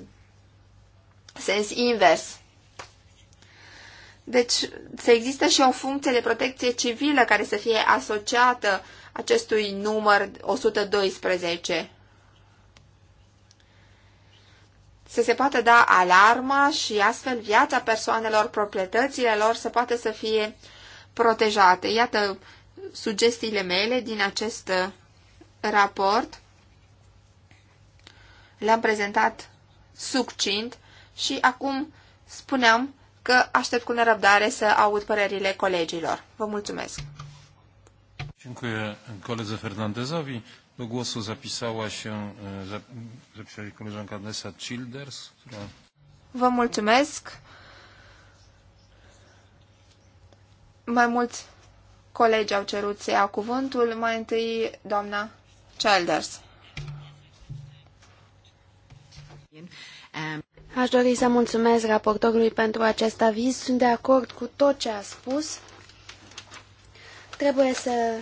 sens invers. Deci să există și o funcție de protecție civilă care să fie asociată acestui număr 112. Să se poată da alarma și astfel viața persoanelor, proprietățile lor să poată să fie protejate. Iată sugestiile mele din acest uh, raport. L-am prezentat succint și acum spuneam că aștept cu nerăbdare să aud părerile colegilor. Vă mulțumesc! Dziękuję koledze Fernandezowi. Do głosu zapisała się, zapisała się koleżanka Nessa Childers, która... Vă mulțumesc! Mai mulți colegi au cerut să ia cuvântul. Mai întâi, doamna Childers. Aș dori să mulțumesc raportorului pentru acest aviz. Sunt de acord cu tot ce a spus. Trebuie să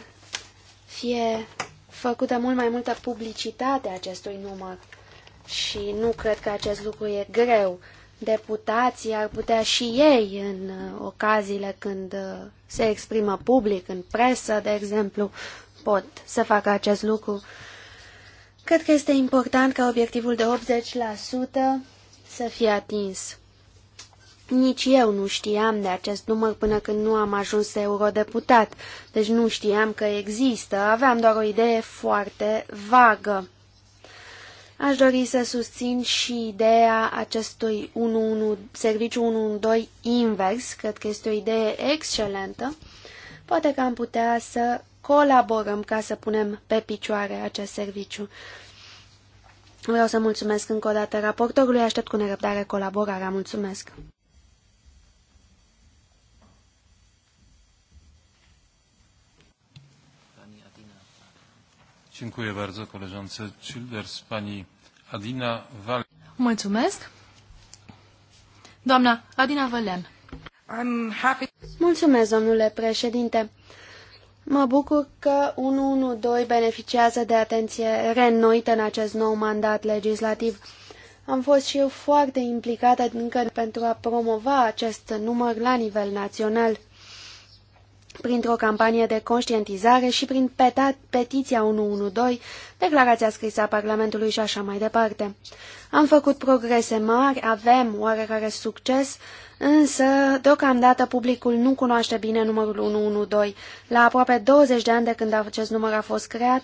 fie făcută mult mai multă publicitate acestui număr și nu cred că acest lucru e greu. Deputații ar putea și ei, în uh, ocaziile când uh, se exprimă public, în presă, de exemplu, pot să facă acest lucru. Cred că este important ca obiectivul de 80% să fie atins. Nici eu nu știam de acest număr până când nu am ajuns eurodeputat, deci nu știam că există, aveam doar o idee foarte vagă. Aș dori să susțin și ideea acestui 11, serviciu 112 invers, cred că este o idee excelentă. Poate că am putea să colaborăm ca să punem pe picioare acest serviciu. Vreau să mulțumesc încă o dată raportorului, aștept cu nerăbdare colaborarea. Mulțumesc! Dziękuję bardzo koleżance Childers, pani Adina Val. Mulțumesc. Doamna Adina Valen. Mulțumesc, domnule președinte. Mă bucur că 112 beneficiază de atenție reînnoită în acest nou mandat legislativ. Am fost și eu foarte implicată încă pentru a promova acest număr la nivel național printr-o campanie de conștientizare și prin petiția 112, declarația scrisă a Parlamentului și așa mai departe. Am făcut progrese mari, avem oarecare succes, însă deocamdată publicul nu cunoaște bine numărul 112. La aproape 20 de ani de când acest număr a fost creat,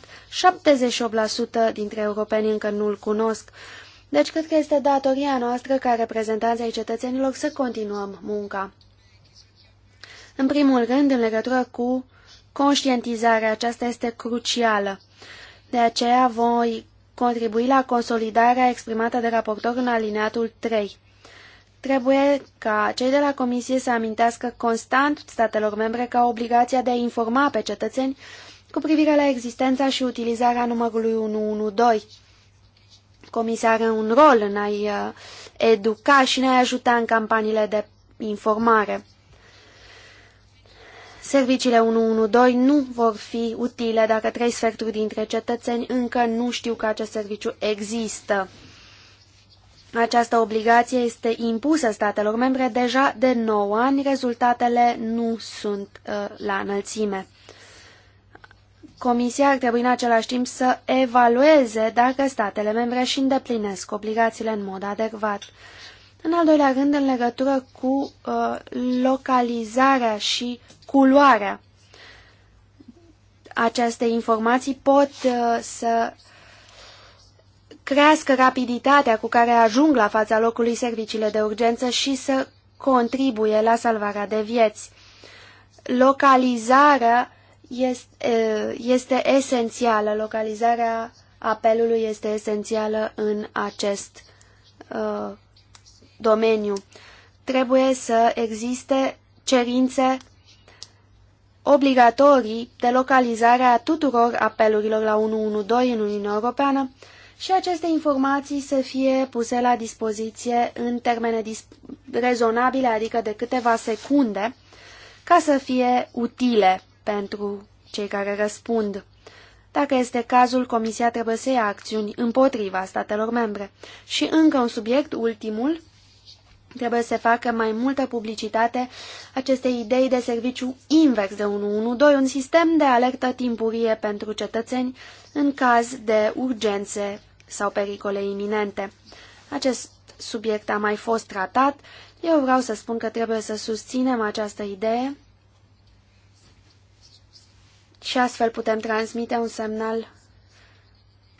78% dintre europeni încă nu-l cunosc. Deci cred că este datoria noastră ca reprezentanții cetățenilor să continuăm munca. În primul rând, în legătură cu conștientizarea, aceasta este crucială. De aceea voi contribui la consolidarea exprimată de raportor în alineatul 3. Trebuie ca cei de la Comisie să amintească constant statelor membre ca obligația de a informa pe cetățeni cu privire la existența și utilizarea numărului 112. Comisia are un rol în a-i uh, educa și în a-i ajuta în campaniile de informare. Serviciile 112 nu vor fi utile dacă trei sferturi dintre cetățeni încă nu știu că acest serviciu există. Această obligație este impusă statelor membre deja de 9 ani, rezultatele nu sunt uh, la înălțime. Comisia ar trebui în același timp să evalueze dacă statele membre își îndeplinesc obligațiile în mod adecvat. În al doilea rând, în legătură cu uh, localizarea și culoarea. Aceste informații pot uh, să crească rapiditatea cu care ajung la fața locului serviciile de urgență și să contribuie la salvarea de vieți. Localizarea este, uh, este esențială, localizarea apelului este esențială în acest uh, domeniu. Trebuie să existe cerințe obligatorii de localizare a tuturor apelurilor la 112 în Uniunea Europeană și aceste informații să fie puse la dispoziție în termene rezonabile, adică de câteva secunde, ca să fie utile pentru cei care răspund. Dacă este cazul, Comisia trebuie să ia acțiuni împotriva statelor membre. Și încă un subiect, ultimul, Trebuie să facă mai multă publicitate acestei idei de serviciu invers de 112, un sistem de alertă timpurie pentru cetățeni în caz de urgențe sau pericole iminente. Acest subiect a mai fost tratat. Eu vreau să spun că trebuie să susținem această idee și astfel putem transmite un semnal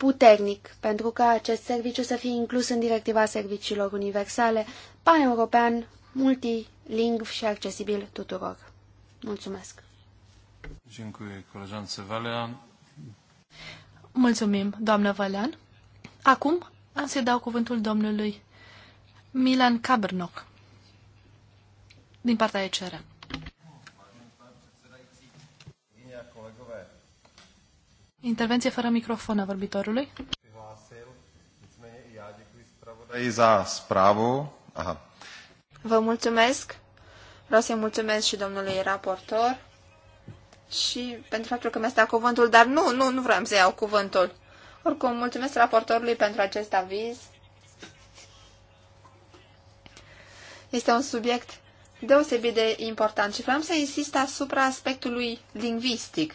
puternic pentru ca acest serviciu să fie inclus în directiva serviciilor universale, pan-european, multilingv și accesibil tuturor. Mulțumesc! Mulțumim, doamnă Valean. Acum am să dau cuvântul domnului Milan Cabernoc din partea ECR. Intervenție fără microfon a vorbitorului. Vă mulțumesc. Vreau să-i mulțumesc și domnului raportor și pentru faptul că mi-a stat cuvântul, dar nu, nu, nu vreau să iau cuvântul. Oricum, mulțumesc raportorului pentru acest aviz. Este un subiect deosebit de important și vreau să insist asupra aspectului lingvistic.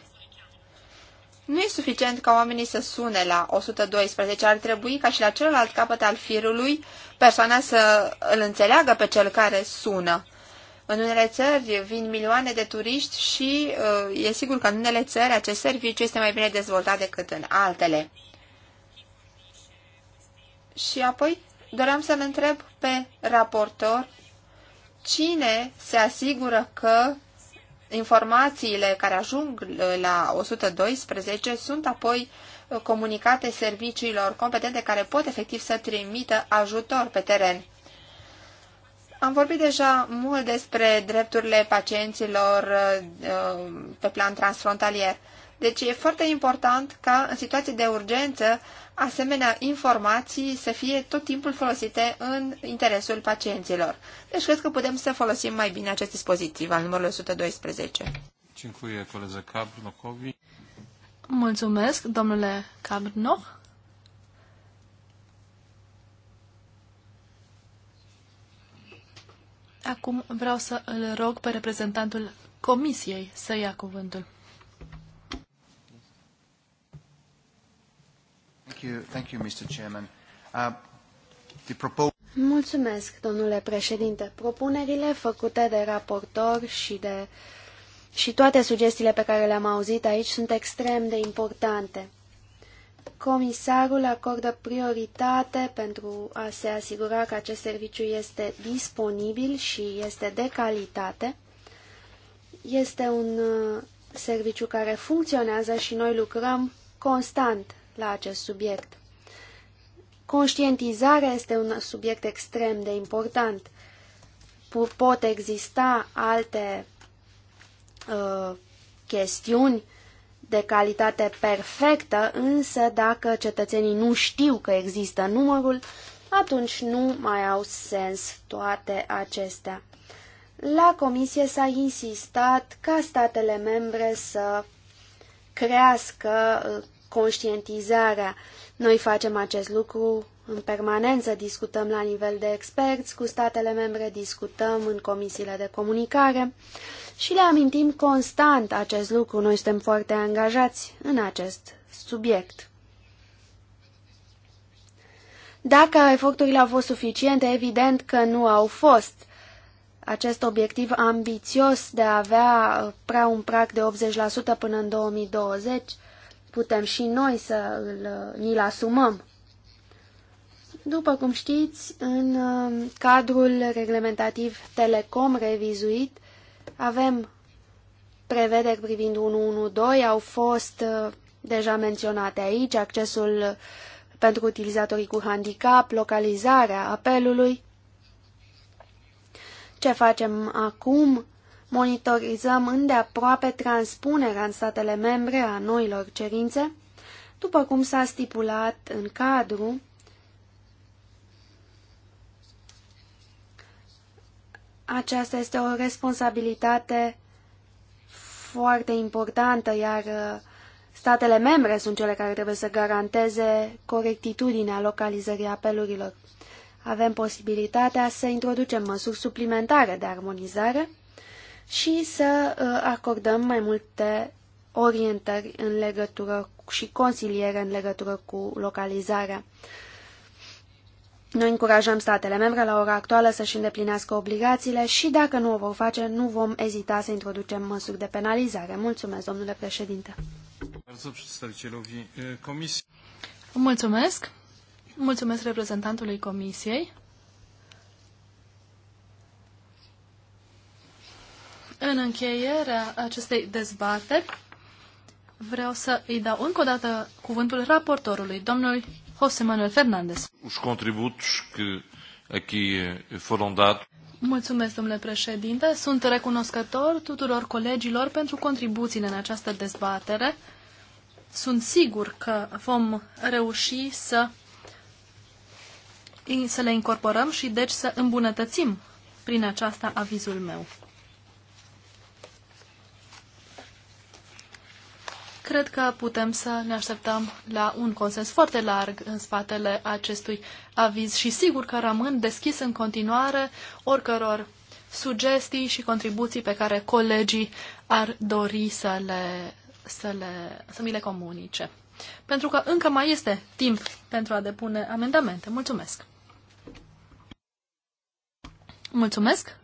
Nu e suficient ca oamenii să sune la 112, ar trebui ca și la celălalt capăt al firului persoana să îl înțeleagă pe cel care sună. În unele țări vin milioane de turiști și uh, e sigur că în unele țări acest serviciu este mai bine dezvoltat decât în altele. Și apoi doream să-l întreb pe raportor cine se asigură că Informațiile care ajung la 112 sunt apoi comunicate serviciilor competente care pot efectiv să trimită ajutor pe teren. Am vorbit deja mult despre drepturile pacienților uh, pe plan transfrontalier. Deci e foarte important ca în situații de urgență asemenea informații să fie tot timpul folosite în interesul pacienților. Deci cred că putem să folosim mai bine acest dispozitiv al numărului 112. Cincuie, coleză Cabrnocovi. Mulțumesc, domnule Cabrnoch. Acum vreau să îl rog pe reprezentantul Comisiei să ia cuvântul. Thank you, thank you, Mr. Chairman. Uh, Mulțumesc, domnule președinte. Propunerile făcute de raportor și de și toate sugestiile pe care le-am auzit aici sunt extrem de importante. Comisarul acordă prioritate pentru a se asigura că acest serviciu este disponibil și este de calitate. Este un uh, serviciu care funcționează și noi lucrăm constant la acest subiect. Conștientizarea este un subiect extrem de important. Pot exista alte uh, chestiuni de calitate perfectă, însă dacă cetățenii nu știu că există numărul, atunci nu mai au sens toate acestea. La comisie s-a insistat ca statele membre să crească uh, conștientizarea. Noi facem acest lucru în permanență, discutăm la nivel de experți, cu statele membre discutăm în comisiile de comunicare și le amintim constant acest lucru. Noi suntem foarte angajați în acest subiect. Dacă eforturile au fost suficiente, evident că nu au fost. Acest obiectiv ambițios de a avea uh, prea un prag de 80% până în 2020 putem și noi să îl, uh, ni-l asumăm. După cum știți, în uh, cadrul reglementativ Telecom revizuit, avem prevederi privind 112, au fost uh, deja menționate aici, accesul pentru utilizatorii cu handicap, localizarea apelului. Ce facem acum Monitorizăm îndeaproape transpunerea în statele membre a noilor cerințe, după cum s-a stipulat în cadru aceasta este o responsabilitate foarte importantă, iar uh, statele membre sunt cele care trebuie să garanteze corectitudinea localizării apelurilor. Avem posibilitatea să introducem măsuri suplimentare de armonizare și să uh, acordăm mai multe orientări în legătură și consiliere în legătură cu localizarea. Noi încurajăm statele membre la ora actuală să-și îndeplinească obligațiile și, dacă nu o vor face, nu vom ezita să introducem măsuri de penalizare. Mulțumesc, domnule președinte. Mulțumesc. Mulțumesc reprezentantului Comisiei. În încheierea acestei dezbateri, vreau să îi dau încă o dată cuvântul raportorului, domnul José Manuel Fernández. Os contributos que aqui eh, foram dados. Mulțumesc, domnule președinte. Sunt recunoscător tuturor colegilor pentru contribuțiile în această dezbatere. Sunt sigur că vom reuși să, să le incorporăm și deci să îmbunătățim prin aceasta avizul meu. cred că putem să ne așteptăm la un consens foarte larg în spatele acestui aviz și sigur că rămân deschis în continuare oricăror sugestii și contribuții pe care colegii ar dori să, le, să, le, să mi le comunice. Pentru că încă mai este timp pentru a depune amendamente. Mulțumesc! Mulțumesc!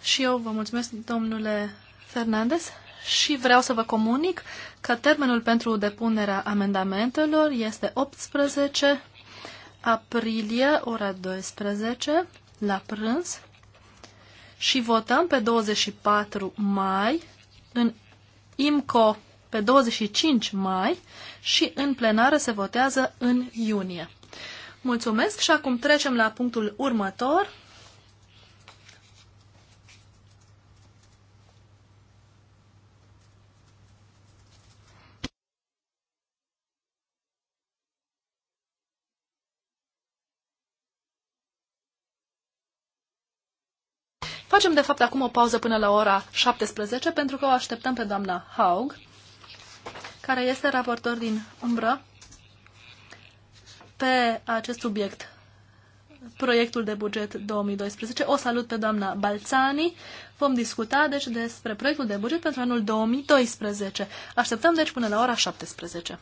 Și eu vă mulțumesc, domnule Fernandez și vreau să vă comunic că termenul pentru depunerea amendamentelor este 18 aprilie, ora 12, la prânz și votăm pe 24 mai, în IMCO pe 25 mai și în plenară se votează în iunie. Mulțumesc și acum trecem la punctul următor, Facem, de fapt, acum o pauză până la ora 17, pentru că o așteptăm pe doamna Haug, care este raportor din umbră pe acest subiect, proiectul de buget 2012. O salut pe doamna Balțani. Vom discuta, deci, despre proiectul de buget pentru anul 2012. Așteptăm, deci, până la ora 17.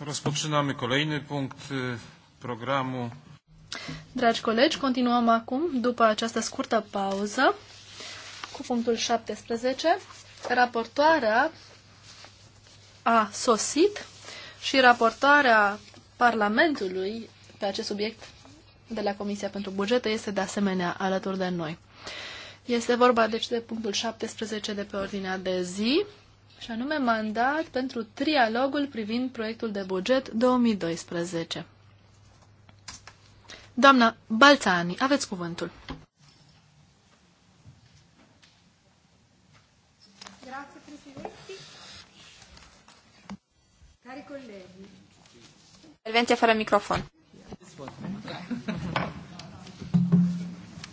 Rozpoczynamy kolejny punkt programu. Dragi colegi, continuăm acum, după această scurtă pauză, cu punctul 17. Raportoarea a sosit și raportoarea Parlamentului pe acest subiect de la Comisia pentru Bugete este de asemenea alături de noi. Este vorba deci de punctul 17 de pe ordinea de zi, și anume mandat pentru trialogul privind proiectul de buget 2012. Doamna Balțani, aveți cuvântul. Grazie, Presidente. Cari colleghi. Interventi fără microfon.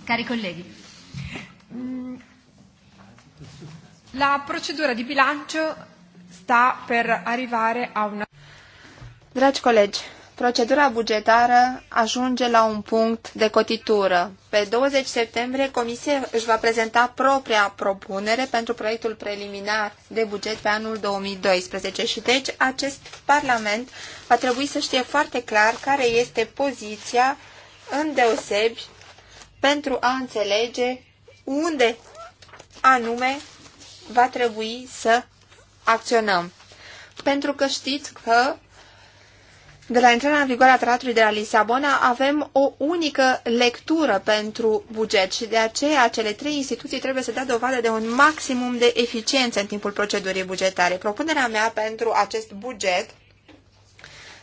Cari colleghi, mm. La procedura di bilancio sta per arrivare a una... Dragi colegi, procedura bugetară ajunge la un punct de cotitură. Pe 20 septembrie, Comisia își va prezenta propria propunere pentru proiectul preliminar de buget pe anul 2012 și deci acest Parlament va trebui să știe foarte clar care este poziția deosebi pentru a înțelege unde anume va trebui să acționăm. Pentru că știți că de la intrarea în vigoare a tratului de la Lisabona avem o unică lectură pentru buget și de aceea cele trei instituții trebuie să dea dovadă de un maximum de eficiență în timpul procedurii bugetare. Propunerea mea pentru acest buget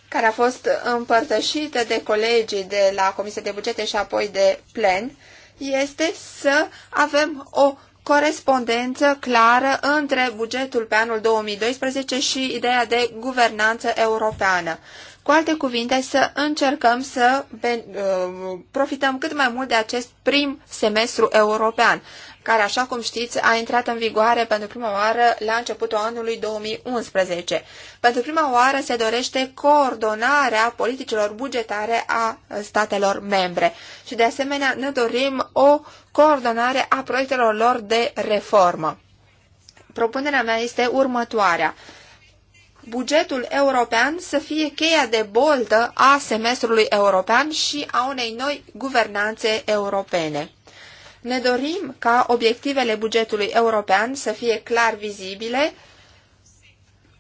care a fost împărtășită de colegii de la Comisia de Bugete și apoi de plen, este să avem o corespondență clară între bugetul pe anul 2012 și ideea de guvernanță europeană. Cu alte cuvinte, să încercăm să ben, uh, profităm cât mai mult de acest prim semestru european, care, așa cum știți, a intrat în vigoare pentru prima oară la începutul anului 2011. Pentru prima oară se dorește coordonarea politicilor bugetare a statelor membre și, de asemenea, ne dorim o coordonare a proiectelor lor de reformă. Propunerea mea este următoarea bugetul european să fie cheia de boltă a semestrului european și a unei noi guvernanțe europene. Ne dorim ca obiectivele bugetului european să fie clar vizibile,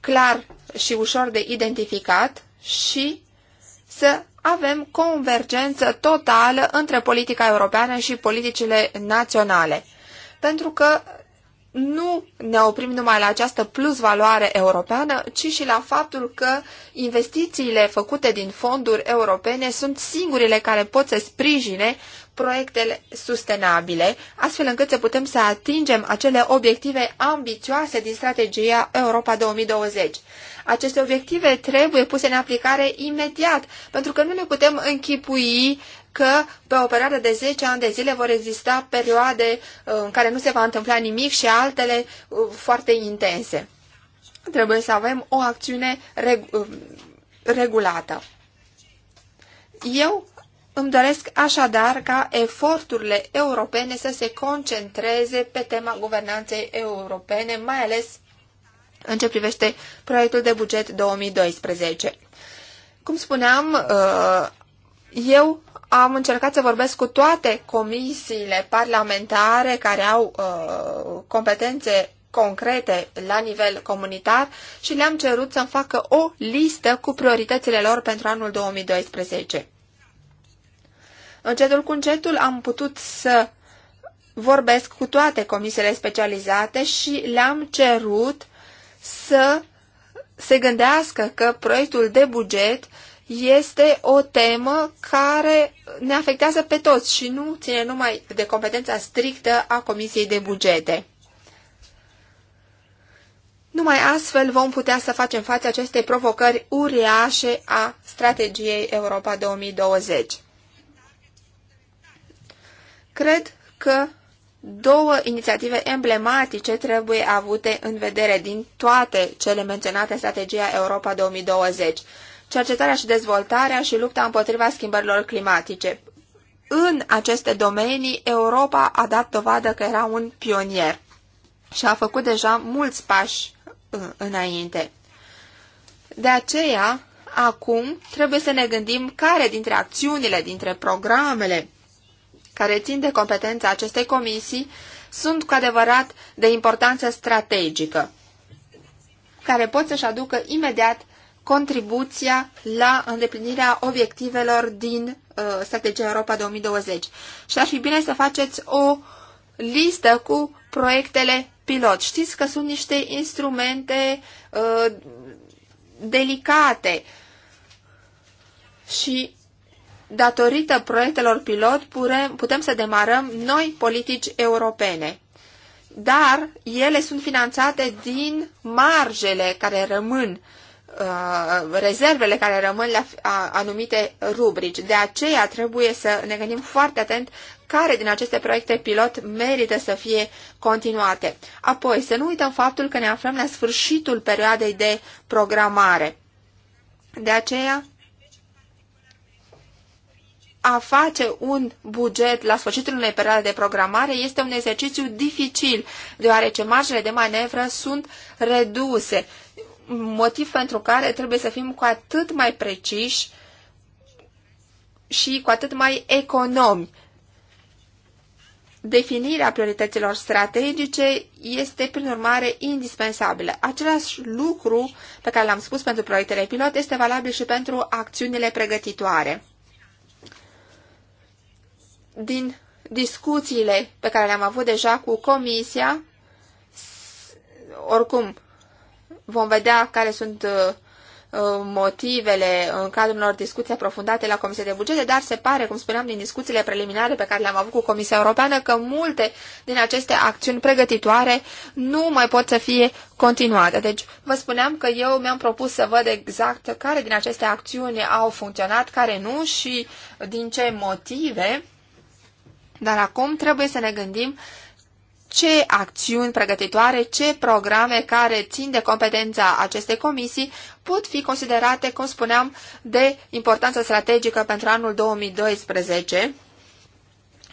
clar și ușor de identificat și să avem convergență totală între politica europeană și politicile naționale. Pentru că nu ne oprim numai la această plus valoare europeană, ci și la faptul că investițiile făcute din fonduri europene sunt singurile care pot să sprijine proiectele sustenabile, astfel încât să putem să atingem acele obiective ambițioase din strategia Europa 2020. Aceste obiective trebuie puse în aplicare imediat, pentru că nu ne putem închipui că pe o perioadă de 10 ani de zile vor exista perioade uh, în care nu se va întâmpla nimic și altele uh, foarte intense. Trebuie să avem o acțiune reg uh, regulată. Eu îmi doresc așadar ca eforturile europene să se concentreze pe tema guvernanței europene, mai ales în ce privește proiectul de buget 2012. Cum spuneam, eu am încercat să vorbesc cu toate comisiile parlamentare care au uh, competențe concrete la nivel comunitar și le-am cerut să-mi facă o listă cu prioritățile lor pentru anul 2012. Încetul cu încetul am putut să vorbesc cu toate comisiile specializate și le-am cerut să se gândească că proiectul de buget uh, este o temă care ne afectează pe toți și nu ține numai de competența strictă a Comisiei de Bugete. Numai astfel vom putea să facem față acestei provocări uriașe a strategiei Europa 2020. Cred că două inițiative emblematice trebuie avute în vedere din toate cele menționate strategia Europa 2020 cercetarea și dezvoltarea și lupta împotriva schimbărilor climatice. În aceste domenii, Europa a dat dovadă că era un pionier și a făcut deja mulți pași uh, înainte. De aceea, acum trebuie să ne gândim care dintre acțiunile, dintre programele care țin de competența acestei comisii sunt cu adevărat de importanță strategică, care pot să-și aducă imediat contribuția la îndeplinirea obiectivelor din uh, Strategia Europa 2020. Și ar fi bine să faceți o listă cu proiectele pilot. Știți că sunt niște instrumente uh, delicate și datorită proiectelor pilot putem, putem să demarăm noi politici europene. Dar ele sunt finanțate din marjele care rămân uh, Uh, rezervele care rămân la anumite rubrici. De aceea trebuie să ne gândim foarte atent care din aceste proiecte pilot merită să fie continuate. Apoi, să nu uităm faptul că ne aflăm la sfârșitul perioadei de programare. De aceea, a face un buget la sfârșitul unei perioade de programare este un exercițiu dificil, deoarece marjele de manevră sunt reduse motiv pentru care trebuie să fim cu atât mai preciși și cu atât mai economi. Definirea priorităților strategice este, prin urmare, indispensabilă. Același lucru pe care l-am spus pentru proiectele pilot este valabil și pentru acțiunile pregătitoare. Din discuțiile pe care le-am avut deja cu Comisia, oricum, vom vedea care sunt uh, uh, motivele în cadrul unor discuții aprofundate la Comisia de Bugete, dar se pare, cum spuneam din discuțiile preliminare pe care le-am avut cu Comisia Europeană, că multe din aceste acțiuni pregătitoare nu mai pot să fie continuate. Deci vă spuneam că eu mi-am propus să văd exact care din aceste acțiuni au funcționat, care nu și din ce motive, dar acum trebuie să ne gândim ce acțiuni pregătitoare, ce programe care țin de competența acestei comisii pot fi considerate, cum spuneam, de importanță strategică pentru anul 2012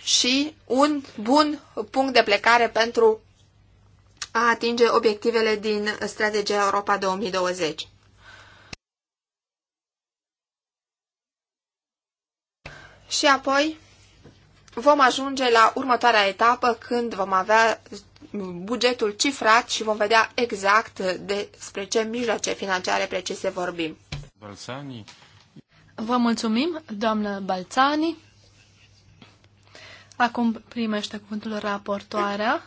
și un bun punct de plecare pentru a atinge obiectivele din strategia Europa 2020. Și apoi, vom ajunge la următoarea etapă când vom avea bugetul cifrat și vom vedea exact despre ce mijloace financiare precise vorbim. Balzani. Vă mulțumim, doamnă Balțani. Acum primește cuvântul raportoarea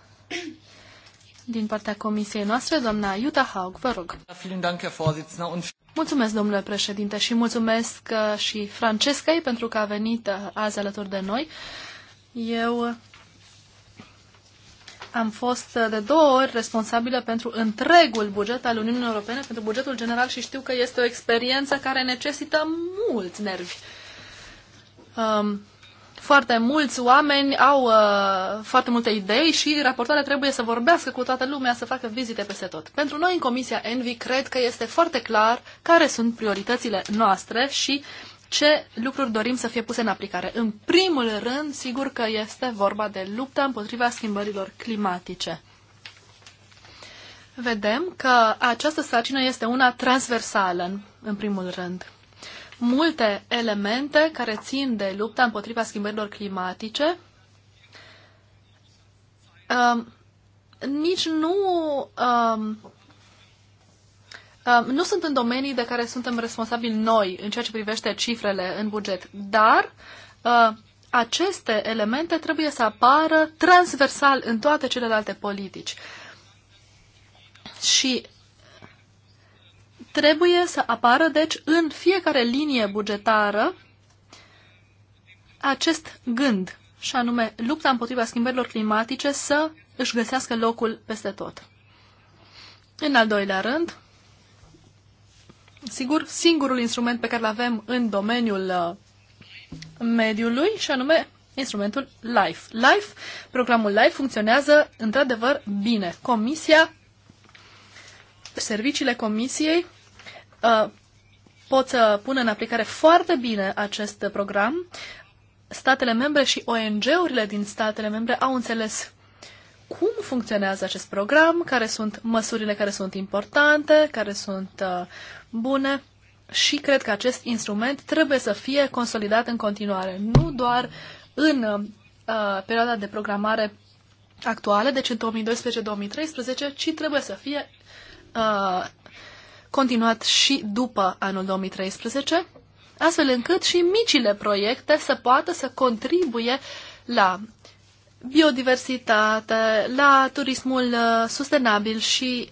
din partea comisiei noastre, doamna Iuta Haug, vă rog. Mulțumesc, domnule președinte, și mulțumesc uh, și Francescai pentru că a venit uh, azi alături de noi. Eu am fost de două ori responsabilă pentru întregul buget al Uniunii Europene, pentru bugetul general și știu că este o experiență care necesită mulți nervi. Um, foarte mulți oameni au uh, foarte multe idei și raportoarea trebuie să vorbească cu toată lumea, să facă vizite peste tot. Pentru noi în Comisia Envi cred că este foarte clar care sunt prioritățile noastre și ce lucruri dorim să fie puse în aplicare. În primul rând, sigur că este vorba de lupta împotriva schimbărilor climatice. Vedem că această sarcină este una transversală, în primul rând. Multe elemente care țin de lupta împotriva schimbărilor climatice uh, nici nu uh, Um, nu sunt în domenii de care suntem responsabili noi în ceea ce privește cifrele în buget, dar uh, aceste elemente trebuie să apară transversal în toate celelalte politici. Și trebuie să apară, deci, în fiecare linie bugetară acest gând, și anume lupta împotriva schimbărilor climatice să își găsească locul peste tot. În al doilea rând, sigur, singurul instrument pe care îl avem în domeniul uh, mediului și anume instrumentul LIFE. LIFE, programul LIFE funcționează într-adevăr bine. Comisia, serviciile comisiei uh, pot să pună în aplicare foarte bine acest program. Statele membre și ONG-urile din statele membre au înțeles cum funcționează acest program, care sunt măsurile care sunt importante, care sunt uh, bune și cred că acest instrument trebuie să fie consolidat în continuare, nu doar în uh, perioada de programare actuală, deci în 2012-2013, ci trebuie să fie uh, continuat și după anul 2013, astfel încât și micile proiecte să poată să contribuie la biodiversitate, la turismul uh, sustenabil și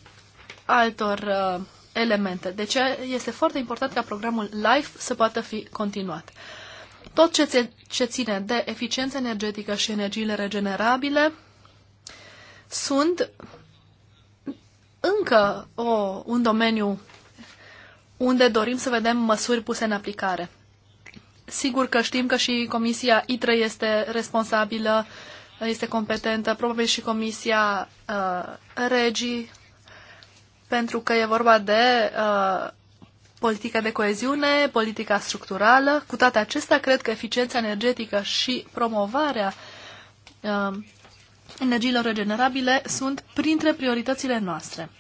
altor uh, elemente. De deci ce este foarte important ca programul LIFE să poată fi continuat. Tot ce, ce ține de eficiență energetică și energiile regenerabile sunt încă o, un domeniu unde dorim să vedem măsuri puse în aplicare. Sigur că știm că și Comisia ITRE este responsabilă, este competentă, probabil și Comisia uh, Regii pentru că e vorba de uh, politica de coeziune, politica structurală. Cu toate acestea, cred că eficiența energetică și promovarea uh, energiilor regenerabile sunt printre prioritățile noastre.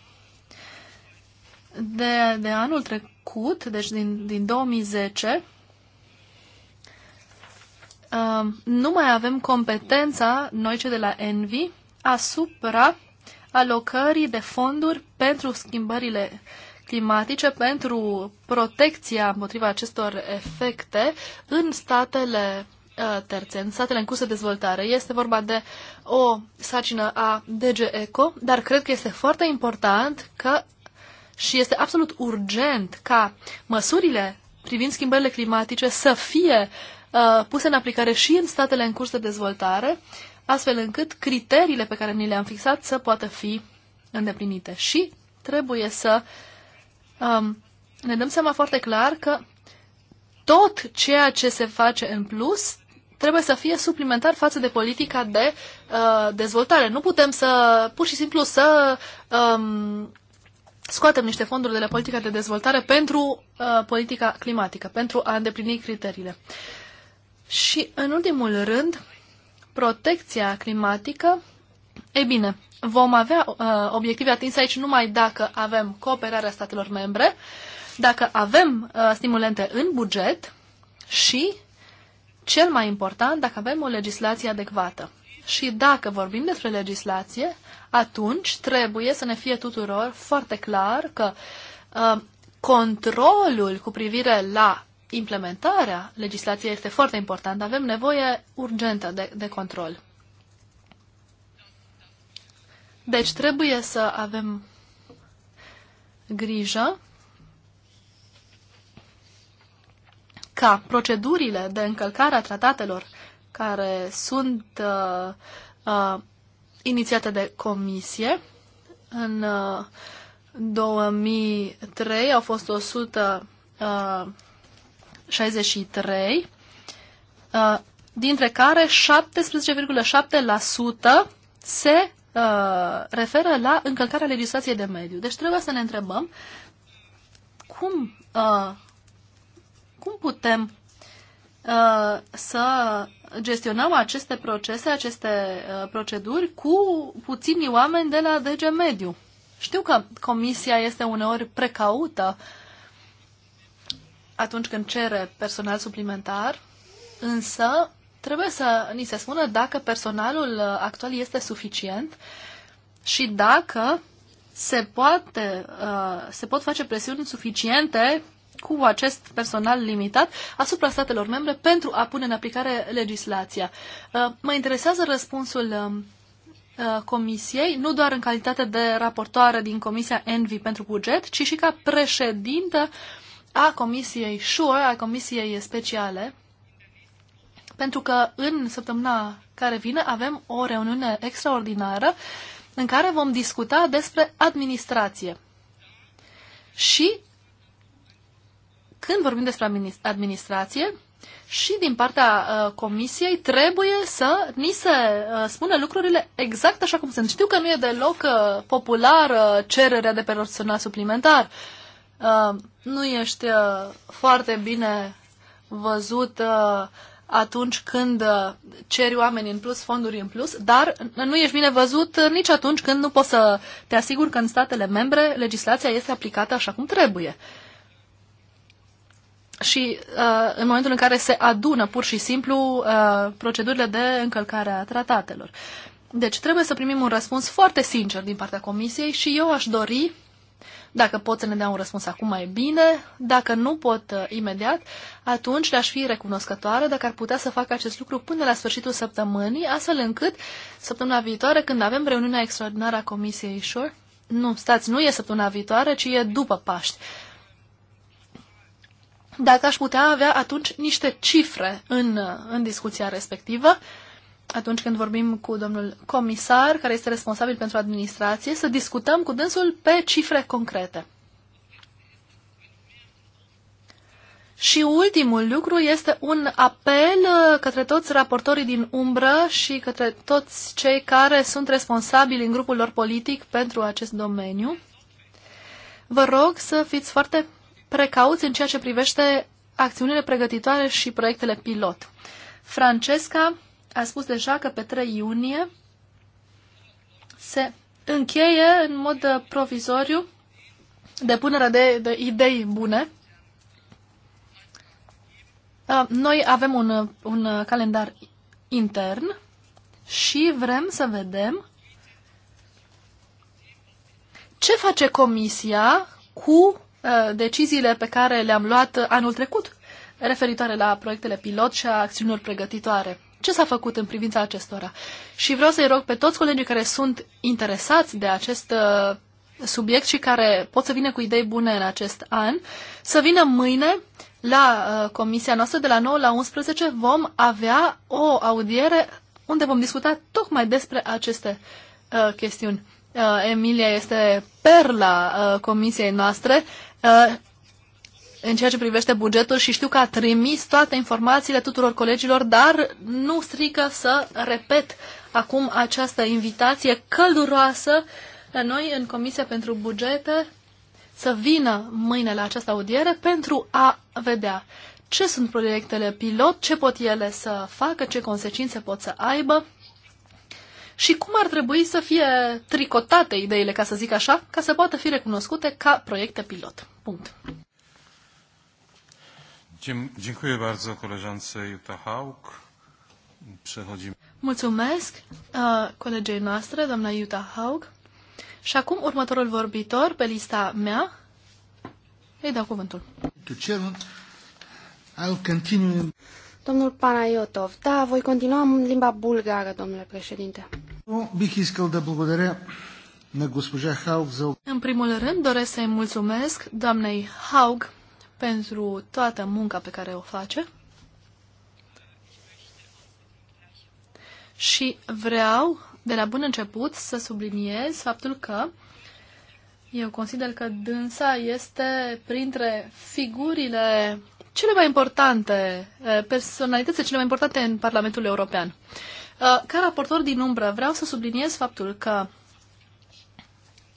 De, de anul trecut, deci din, din 2010, uh, nu mai avem competența, noi cei de la Envi, asupra alocării de fonduri pentru schimbările climatice, pentru protecția împotriva acestor efecte în statele uh, terțe, în statele în curs de dezvoltare. Este vorba de o sacină a DG ECO, dar cred că este foarte important că și este absolut urgent ca măsurile privind schimbările climatice să fie uh, puse în aplicare și în statele în curs de dezvoltare, astfel încât criteriile pe care ni le-am fixat să poată fi îndeplinite și trebuie să um, ne dăm seama foarte clar că tot ceea ce se face în plus trebuie să fie suplimentar față de politica de uh, dezvoltare. Nu putem să, pur și simplu, să um, scoatem niște fonduri de la politica de dezvoltare pentru uh, politica climatică, pentru a îndeplini criteriile. Și, în ultimul rând, protecția climatică E bine, vom avea uh, obiective atinse aici numai dacă avem cooperarea statelor membre, dacă avem uh, stimulente în buget și, cel mai important, dacă avem o legislație adecvată. Și dacă vorbim despre legislație, atunci trebuie să ne fie tuturor foarte clar că uh, controlul cu privire la implementarea legislației este foarte important. Avem nevoie urgentă de, de control. Deci trebuie să avem grijă ca procedurile de încălcare a tratatelor care sunt uh, uh, inițiate de comisie în uh, 2003 au fost 163 uh, uh, dintre care 17,7% se Uh, referă la încălcarea legislației de mediu. Deci trebuie să ne întrebăm cum, uh, cum putem uh, să gestionăm aceste procese, aceste uh, proceduri cu puțini oameni de la DG Mediu. Știu că comisia este uneori precaută atunci când cere personal suplimentar, însă Trebuie să ni se spună dacă personalul uh, actual este suficient și dacă se, poate, uh, se pot face presiuni suficiente cu acest personal limitat asupra statelor membre pentru a pune în aplicare legislația. Uh, mă interesează răspunsul um, Comisiei, nu doar în calitate de raportoare din Comisia Envi pentru buget, ci și ca președintă a Comisiei SURE, a Comisiei Speciale, pentru că în săptămâna care vine avem o reuniune extraordinară în care vom discuta despre administrație. Și când vorbim despre administrație, și din partea uh, comisiei trebuie să ni se uh, spună lucrurile exact așa cum sunt. Știu că nu e deloc uh, populară uh, cererea de personal suplimentar. Uh, nu ești uh, foarte bine văzut uh, atunci când uh, ceri oameni în plus, fonduri în plus, dar uh, nu ești bine văzut uh, nici atunci când nu poți să te asiguri că în statele membre legislația este aplicată așa cum trebuie. Și uh, în momentul în care se adună pur și simplu uh, procedurile de încălcare a tratatelor. Deci trebuie să primim un răspuns foarte sincer din partea Comisiei și eu aș dori dacă pot să ne dea un răspuns acum, mai bine. Dacă nu pot uh, imediat, atunci le-aș fi recunoscătoare dacă ar putea să facă acest lucru până la sfârșitul săptămânii, astfel încât săptămâna viitoare, când avem reuniunea extraordinară a Comisiei Shore, nu, stați, nu e săptămâna viitoare, ci e după Paști dacă aș putea avea atunci niște cifre în, uh, în discuția respectivă, atunci când vorbim cu domnul comisar, care este responsabil pentru administrație, să discutăm cu dânsul pe cifre concrete. Și ultimul lucru este un apel uh, către toți raportorii din umbră și către toți cei care sunt responsabili în grupul lor politic pentru acest domeniu. Vă rog să fiți foarte precauți în ceea ce privește acțiunile pregătitoare și proiectele pilot. Francesca a spus deja că pe 3 iunie se încheie în mod uh, provizoriu depunerea de, de idei bune. Uh, noi avem un, uh, un calendar intern și vrem să vedem ce face Comisia cu deciziile pe care le-am luat anul trecut referitoare la proiectele pilot și a acțiunilor pregătitoare ce s-a făcut în privința acestora. Și vreau să-i rog pe toți colegii care sunt interesați de acest uh, subiect și care pot să vină cu idei bune în acest an, să vină mâine la uh, comisia noastră de la 9 la 11 vom avea o audiere unde vom discuta tocmai despre aceste uh, chestiuni. Emilia este perla comisiei noastre în ceea ce privește bugetul și știu că a trimis toate informațiile tuturor colegilor, dar nu strică să repet acum această invitație călduroasă la noi în Comisia pentru Bugete să vină mâine la această audiere pentru a vedea ce sunt proiectele pilot, ce pot ele să facă, ce consecințe pot să aibă și cum ar trebui să fie tricotate ideile, ca să zic așa, ca să poată fi recunoscute ca proiecte pilot. Punct. Dziękuję bardzo koleżance Jutta Haug. Przechodzimy. Mulțumesc colegei noastre, doamna Jutta Haug. Și acum următorul vorbitor pe lista mea. Îi dau cuvântul. Domnul Panayotov, da, voi continua în limba bulgară, domnule președinte. Da în primul rând doresc să-i mulțumesc doamnei Haug pentru toată munca pe care o face. Și vreau, de la bun început, să subliniez faptul că eu consider că dânsa este printre figurile cele mai importante, eh, personalitățile cele mai importante în Parlamentul European. Eh, ca raportor din umbră, vreau să subliniez faptul că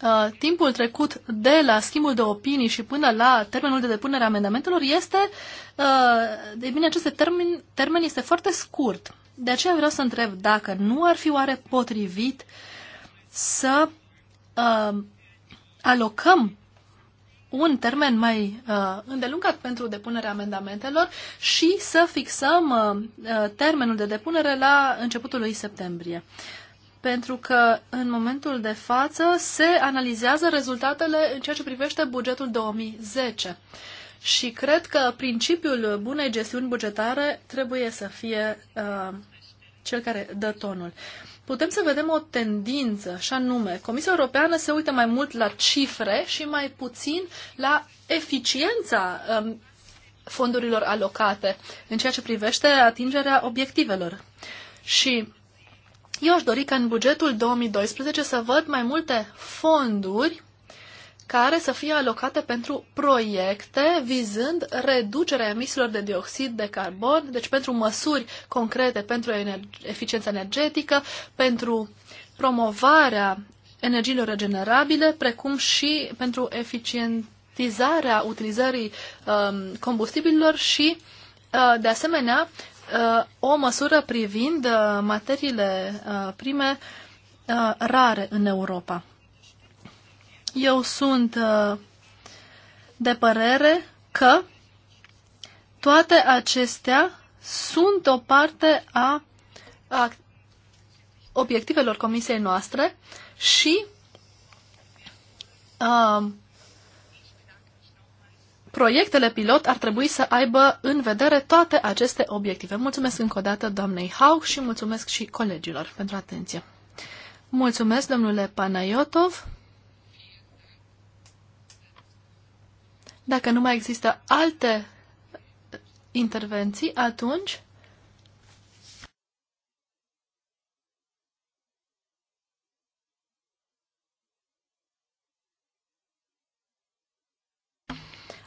Uh, timpul trecut de la schimbul de opinii și până la termenul de depunere a amendamentelor este, uh, de bine, acest termen, termen este foarte scurt. De aceea vreau să întreb dacă nu ar fi oare potrivit să uh, alocăm un termen mai uh, îndelungat pentru depunerea amendamentelor și să fixăm uh, uh termenul de depunere la începutul lui septembrie pentru că în momentul de față se analizează rezultatele în ceea ce privește bugetul 2010. Și cred că principiul bunei gestiuni bugetare trebuie să fie uh, cel care dă tonul. Putem să vedem o tendință, și anume, Comisia Europeană se uită mai mult la cifre și mai puțin la eficiența um, fondurilor alocate în ceea ce privește atingerea obiectivelor. Și eu aș dori ca în bugetul 2012 să văd mai multe fonduri care să fie alocate pentru proiecte vizând reducerea emisiilor de dioxid de carbon, deci pentru măsuri concrete pentru eficiența energetică, pentru promovarea energiilor regenerabile, precum și pentru eficientizarea utilizării um, combustibililor și, uh, de asemenea, o măsură privind uh, materiile uh, prime uh, rare în Europa. Eu sunt de părere că toate acestea sunt o parte a, obiectivelor comisiei noastre și proiectele pilot ar trebui să aibă în vedere toate aceste obiective. Mulțumesc încă o dată doamnei Hau și mulțumesc și colegilor pentru atenție. Mulțumesc, domnule Panayotov. Dacă nu mai există alte intervenții, atunci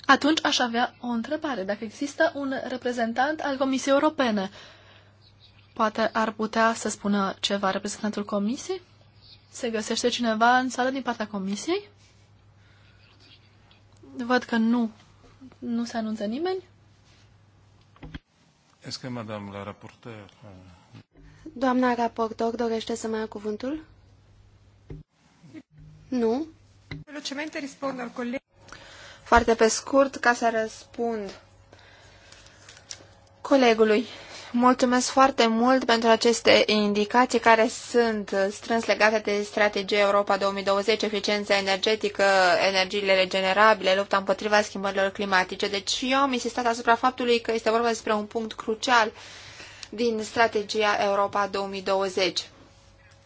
atunci aș avea o întrebare. Dacă există un reprezentant al Comisiei Europene, poate ar putea să spună ceva reprezentantul Comisiei? Se găsește cineva în sală din partea Comisiei? Văd că nu. Nu se anunță nimeni. Este că, madame, la raporteur... Doamna raportor dorește să mai ia cuvântul? Nu. Velocemente răspund al coleg foarte pe scurt ca să răspund colegului. Mulțumesc foarte mult pentru aceste indicații care sunt strâns legate de strategia Europa 2020, eficiența energetică, energiile regenerabile, lupta împotriva schimbărilor climatice. Deci eu am insistat asupra faptului că este vorba despre un punct crucial din strategia Europa 2020.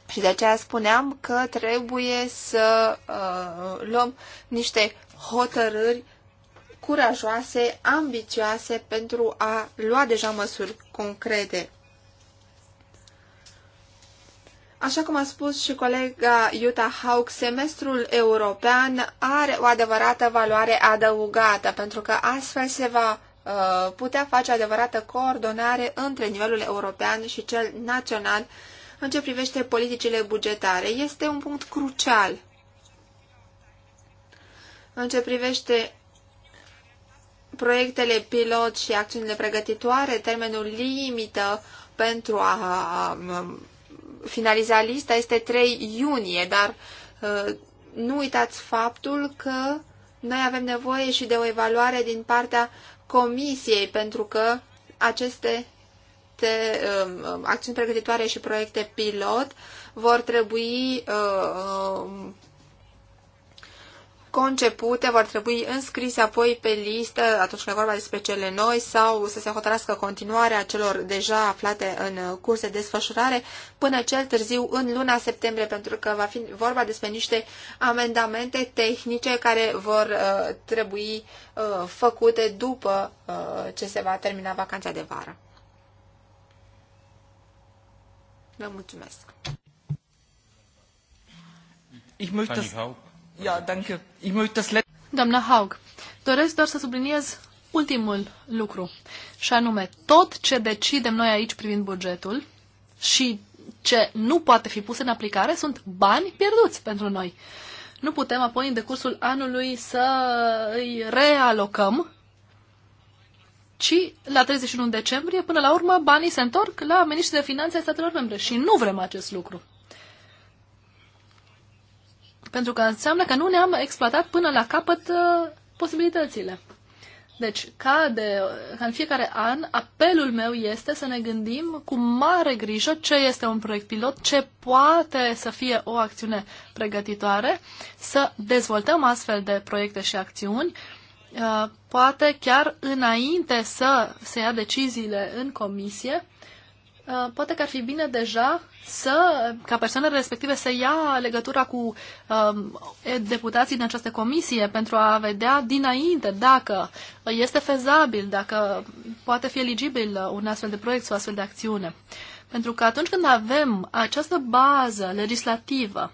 Și de aceea spuneam că trebuie să uh, luăm niște hotărâri curajoase, ambițioase pentru a lua deja măsuri concrete. Așa cum a spus și colega Iuta Hauk, semestrul european are o adevărată valoare adăugată, pentru că astfel se va uh, putea face adevărată coordonare între nivelul european și cel național în ce privește politicile bugetare. Este un punct crucial în ce privește proiectele pilot și acțiunile pregătitoare, termenul limită pentru a finaliza lista este 3 iunie, dar ă, nu uitați faptul că noi avem nevoie și de o evaluare din partea comisiei, pentru că aceste te, ă, acțiuni pregătitoare și proiecte pilot vor trebui uh, uh, concepute vor trebui înscrise apoi pe listă atunci când e vorba despre cele noi sau să se hotărască continuarea celor deja aflate în curs de desfășurare până cel târziu în luna septembrie, pentru că va fi vorba despre niște amendamente tehnice care vor uh, trebui uh, făcute după uh, ce se va termina vacanța de vară. Vă mulțumesc! Ich möchte Ja, danke. Ich möchte das Doamna Haug, doresc doar să subliniez ultimul lucru, și anume tot ce decidem noi aici privind bugetul și ce nu poate fi pus în aplicare sunt bani pierduți pentru noi. Nu putem apoi în decursul anului să îi realocăm, ci la 31 decembrie, până la urmă, banii se întorc la Ministrul de Finanțe a statelor membre și nu vrem acest lucru. Pentru că înseamnă că nu ne-am exploatat până la capăt uh, posibilitățile. Deci, ca, de, ca în fiecare an, apelul meu este să ne gândim cu mare grijă ce este un proiect pilot, ce poate să fie o acțiune pregătitoare, să dezvoltăm astfel de proiecte și acțiuni, uh, poate chiar înainte să se ia deciziile în comisie, Uh, poate că ar fi bine deja să, ca persoanele respective să ia legătura cu uh, deputații din această comisie pentru a vedea dinainte dacă este fezabil, dacă poate fi eligibil un astfel de proiect sau astfel de acțiune. Pentru că atunci când avem această bază legislativă,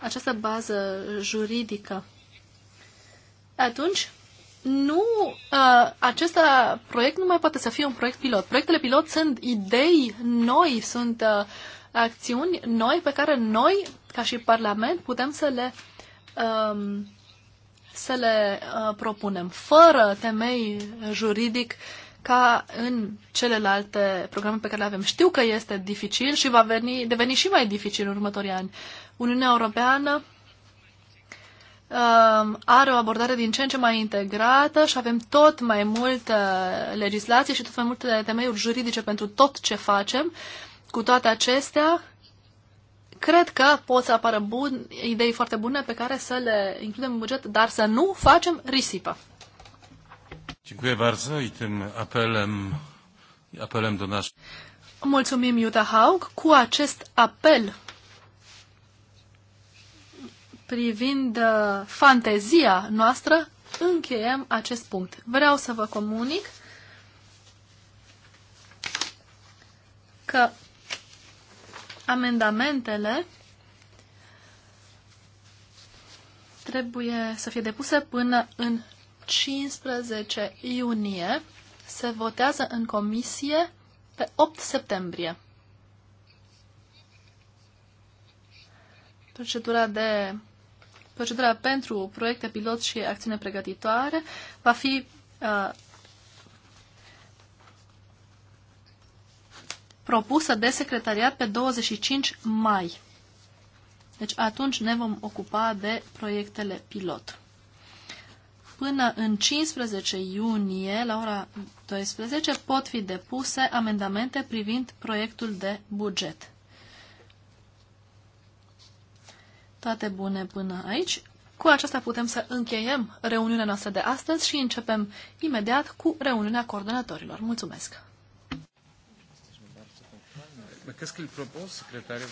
această bază juridică, atunci nu, uh, acest proiect nu mai poate să fie un proiect pilot. Proiectele pilot sunt idei noi, sunt uh, acțiuni noi pe care noi, ca și Parlament, putem să le, um, să le uh, propunem, fără temei juridic ca în celelalte programe pe care le avem. Știu că este dificil și va veni, deveni și mai dificil în următorii ani. Uniunea Europeană Um, are o abordare din ce în ce mai integrată și avem tot mai multă legislație și tot mai multe temeiuri juridice pentru tot ce facem. Cu toate acestea, cred că pot să apară bun, idei foarte bune pe care să le includem în buget, dar să nu facem risipă. Dziękuję bardzo i tym apelem, apelem do Mulțumim, Jutta Haug. Cu acest apel privind uh, fantezia noastră, încheiem acest punct. Vreau să vă comunic că amendamentele trebuie să fie depuse până în 15 iunie. Se votează în comisie pe 8 septembrie. Procedura de procedura pentru proiecte pilot și acțiune pregătitoare va fi uh, propusă de secretariat pe 25 mai. Deci atunci ne vom ocupa de proiectele pilot. Până în 15 iunie, la ora 12, pot fi depuse amendamente privind proiectul de buget. Toate bune până aici. Cu aceasta putem să încheiem reuniunea noastră de astăzi și începem imediat cu reuniunea coordonatorilor. Mulțumesc! Qu'est-ce qu'il propose,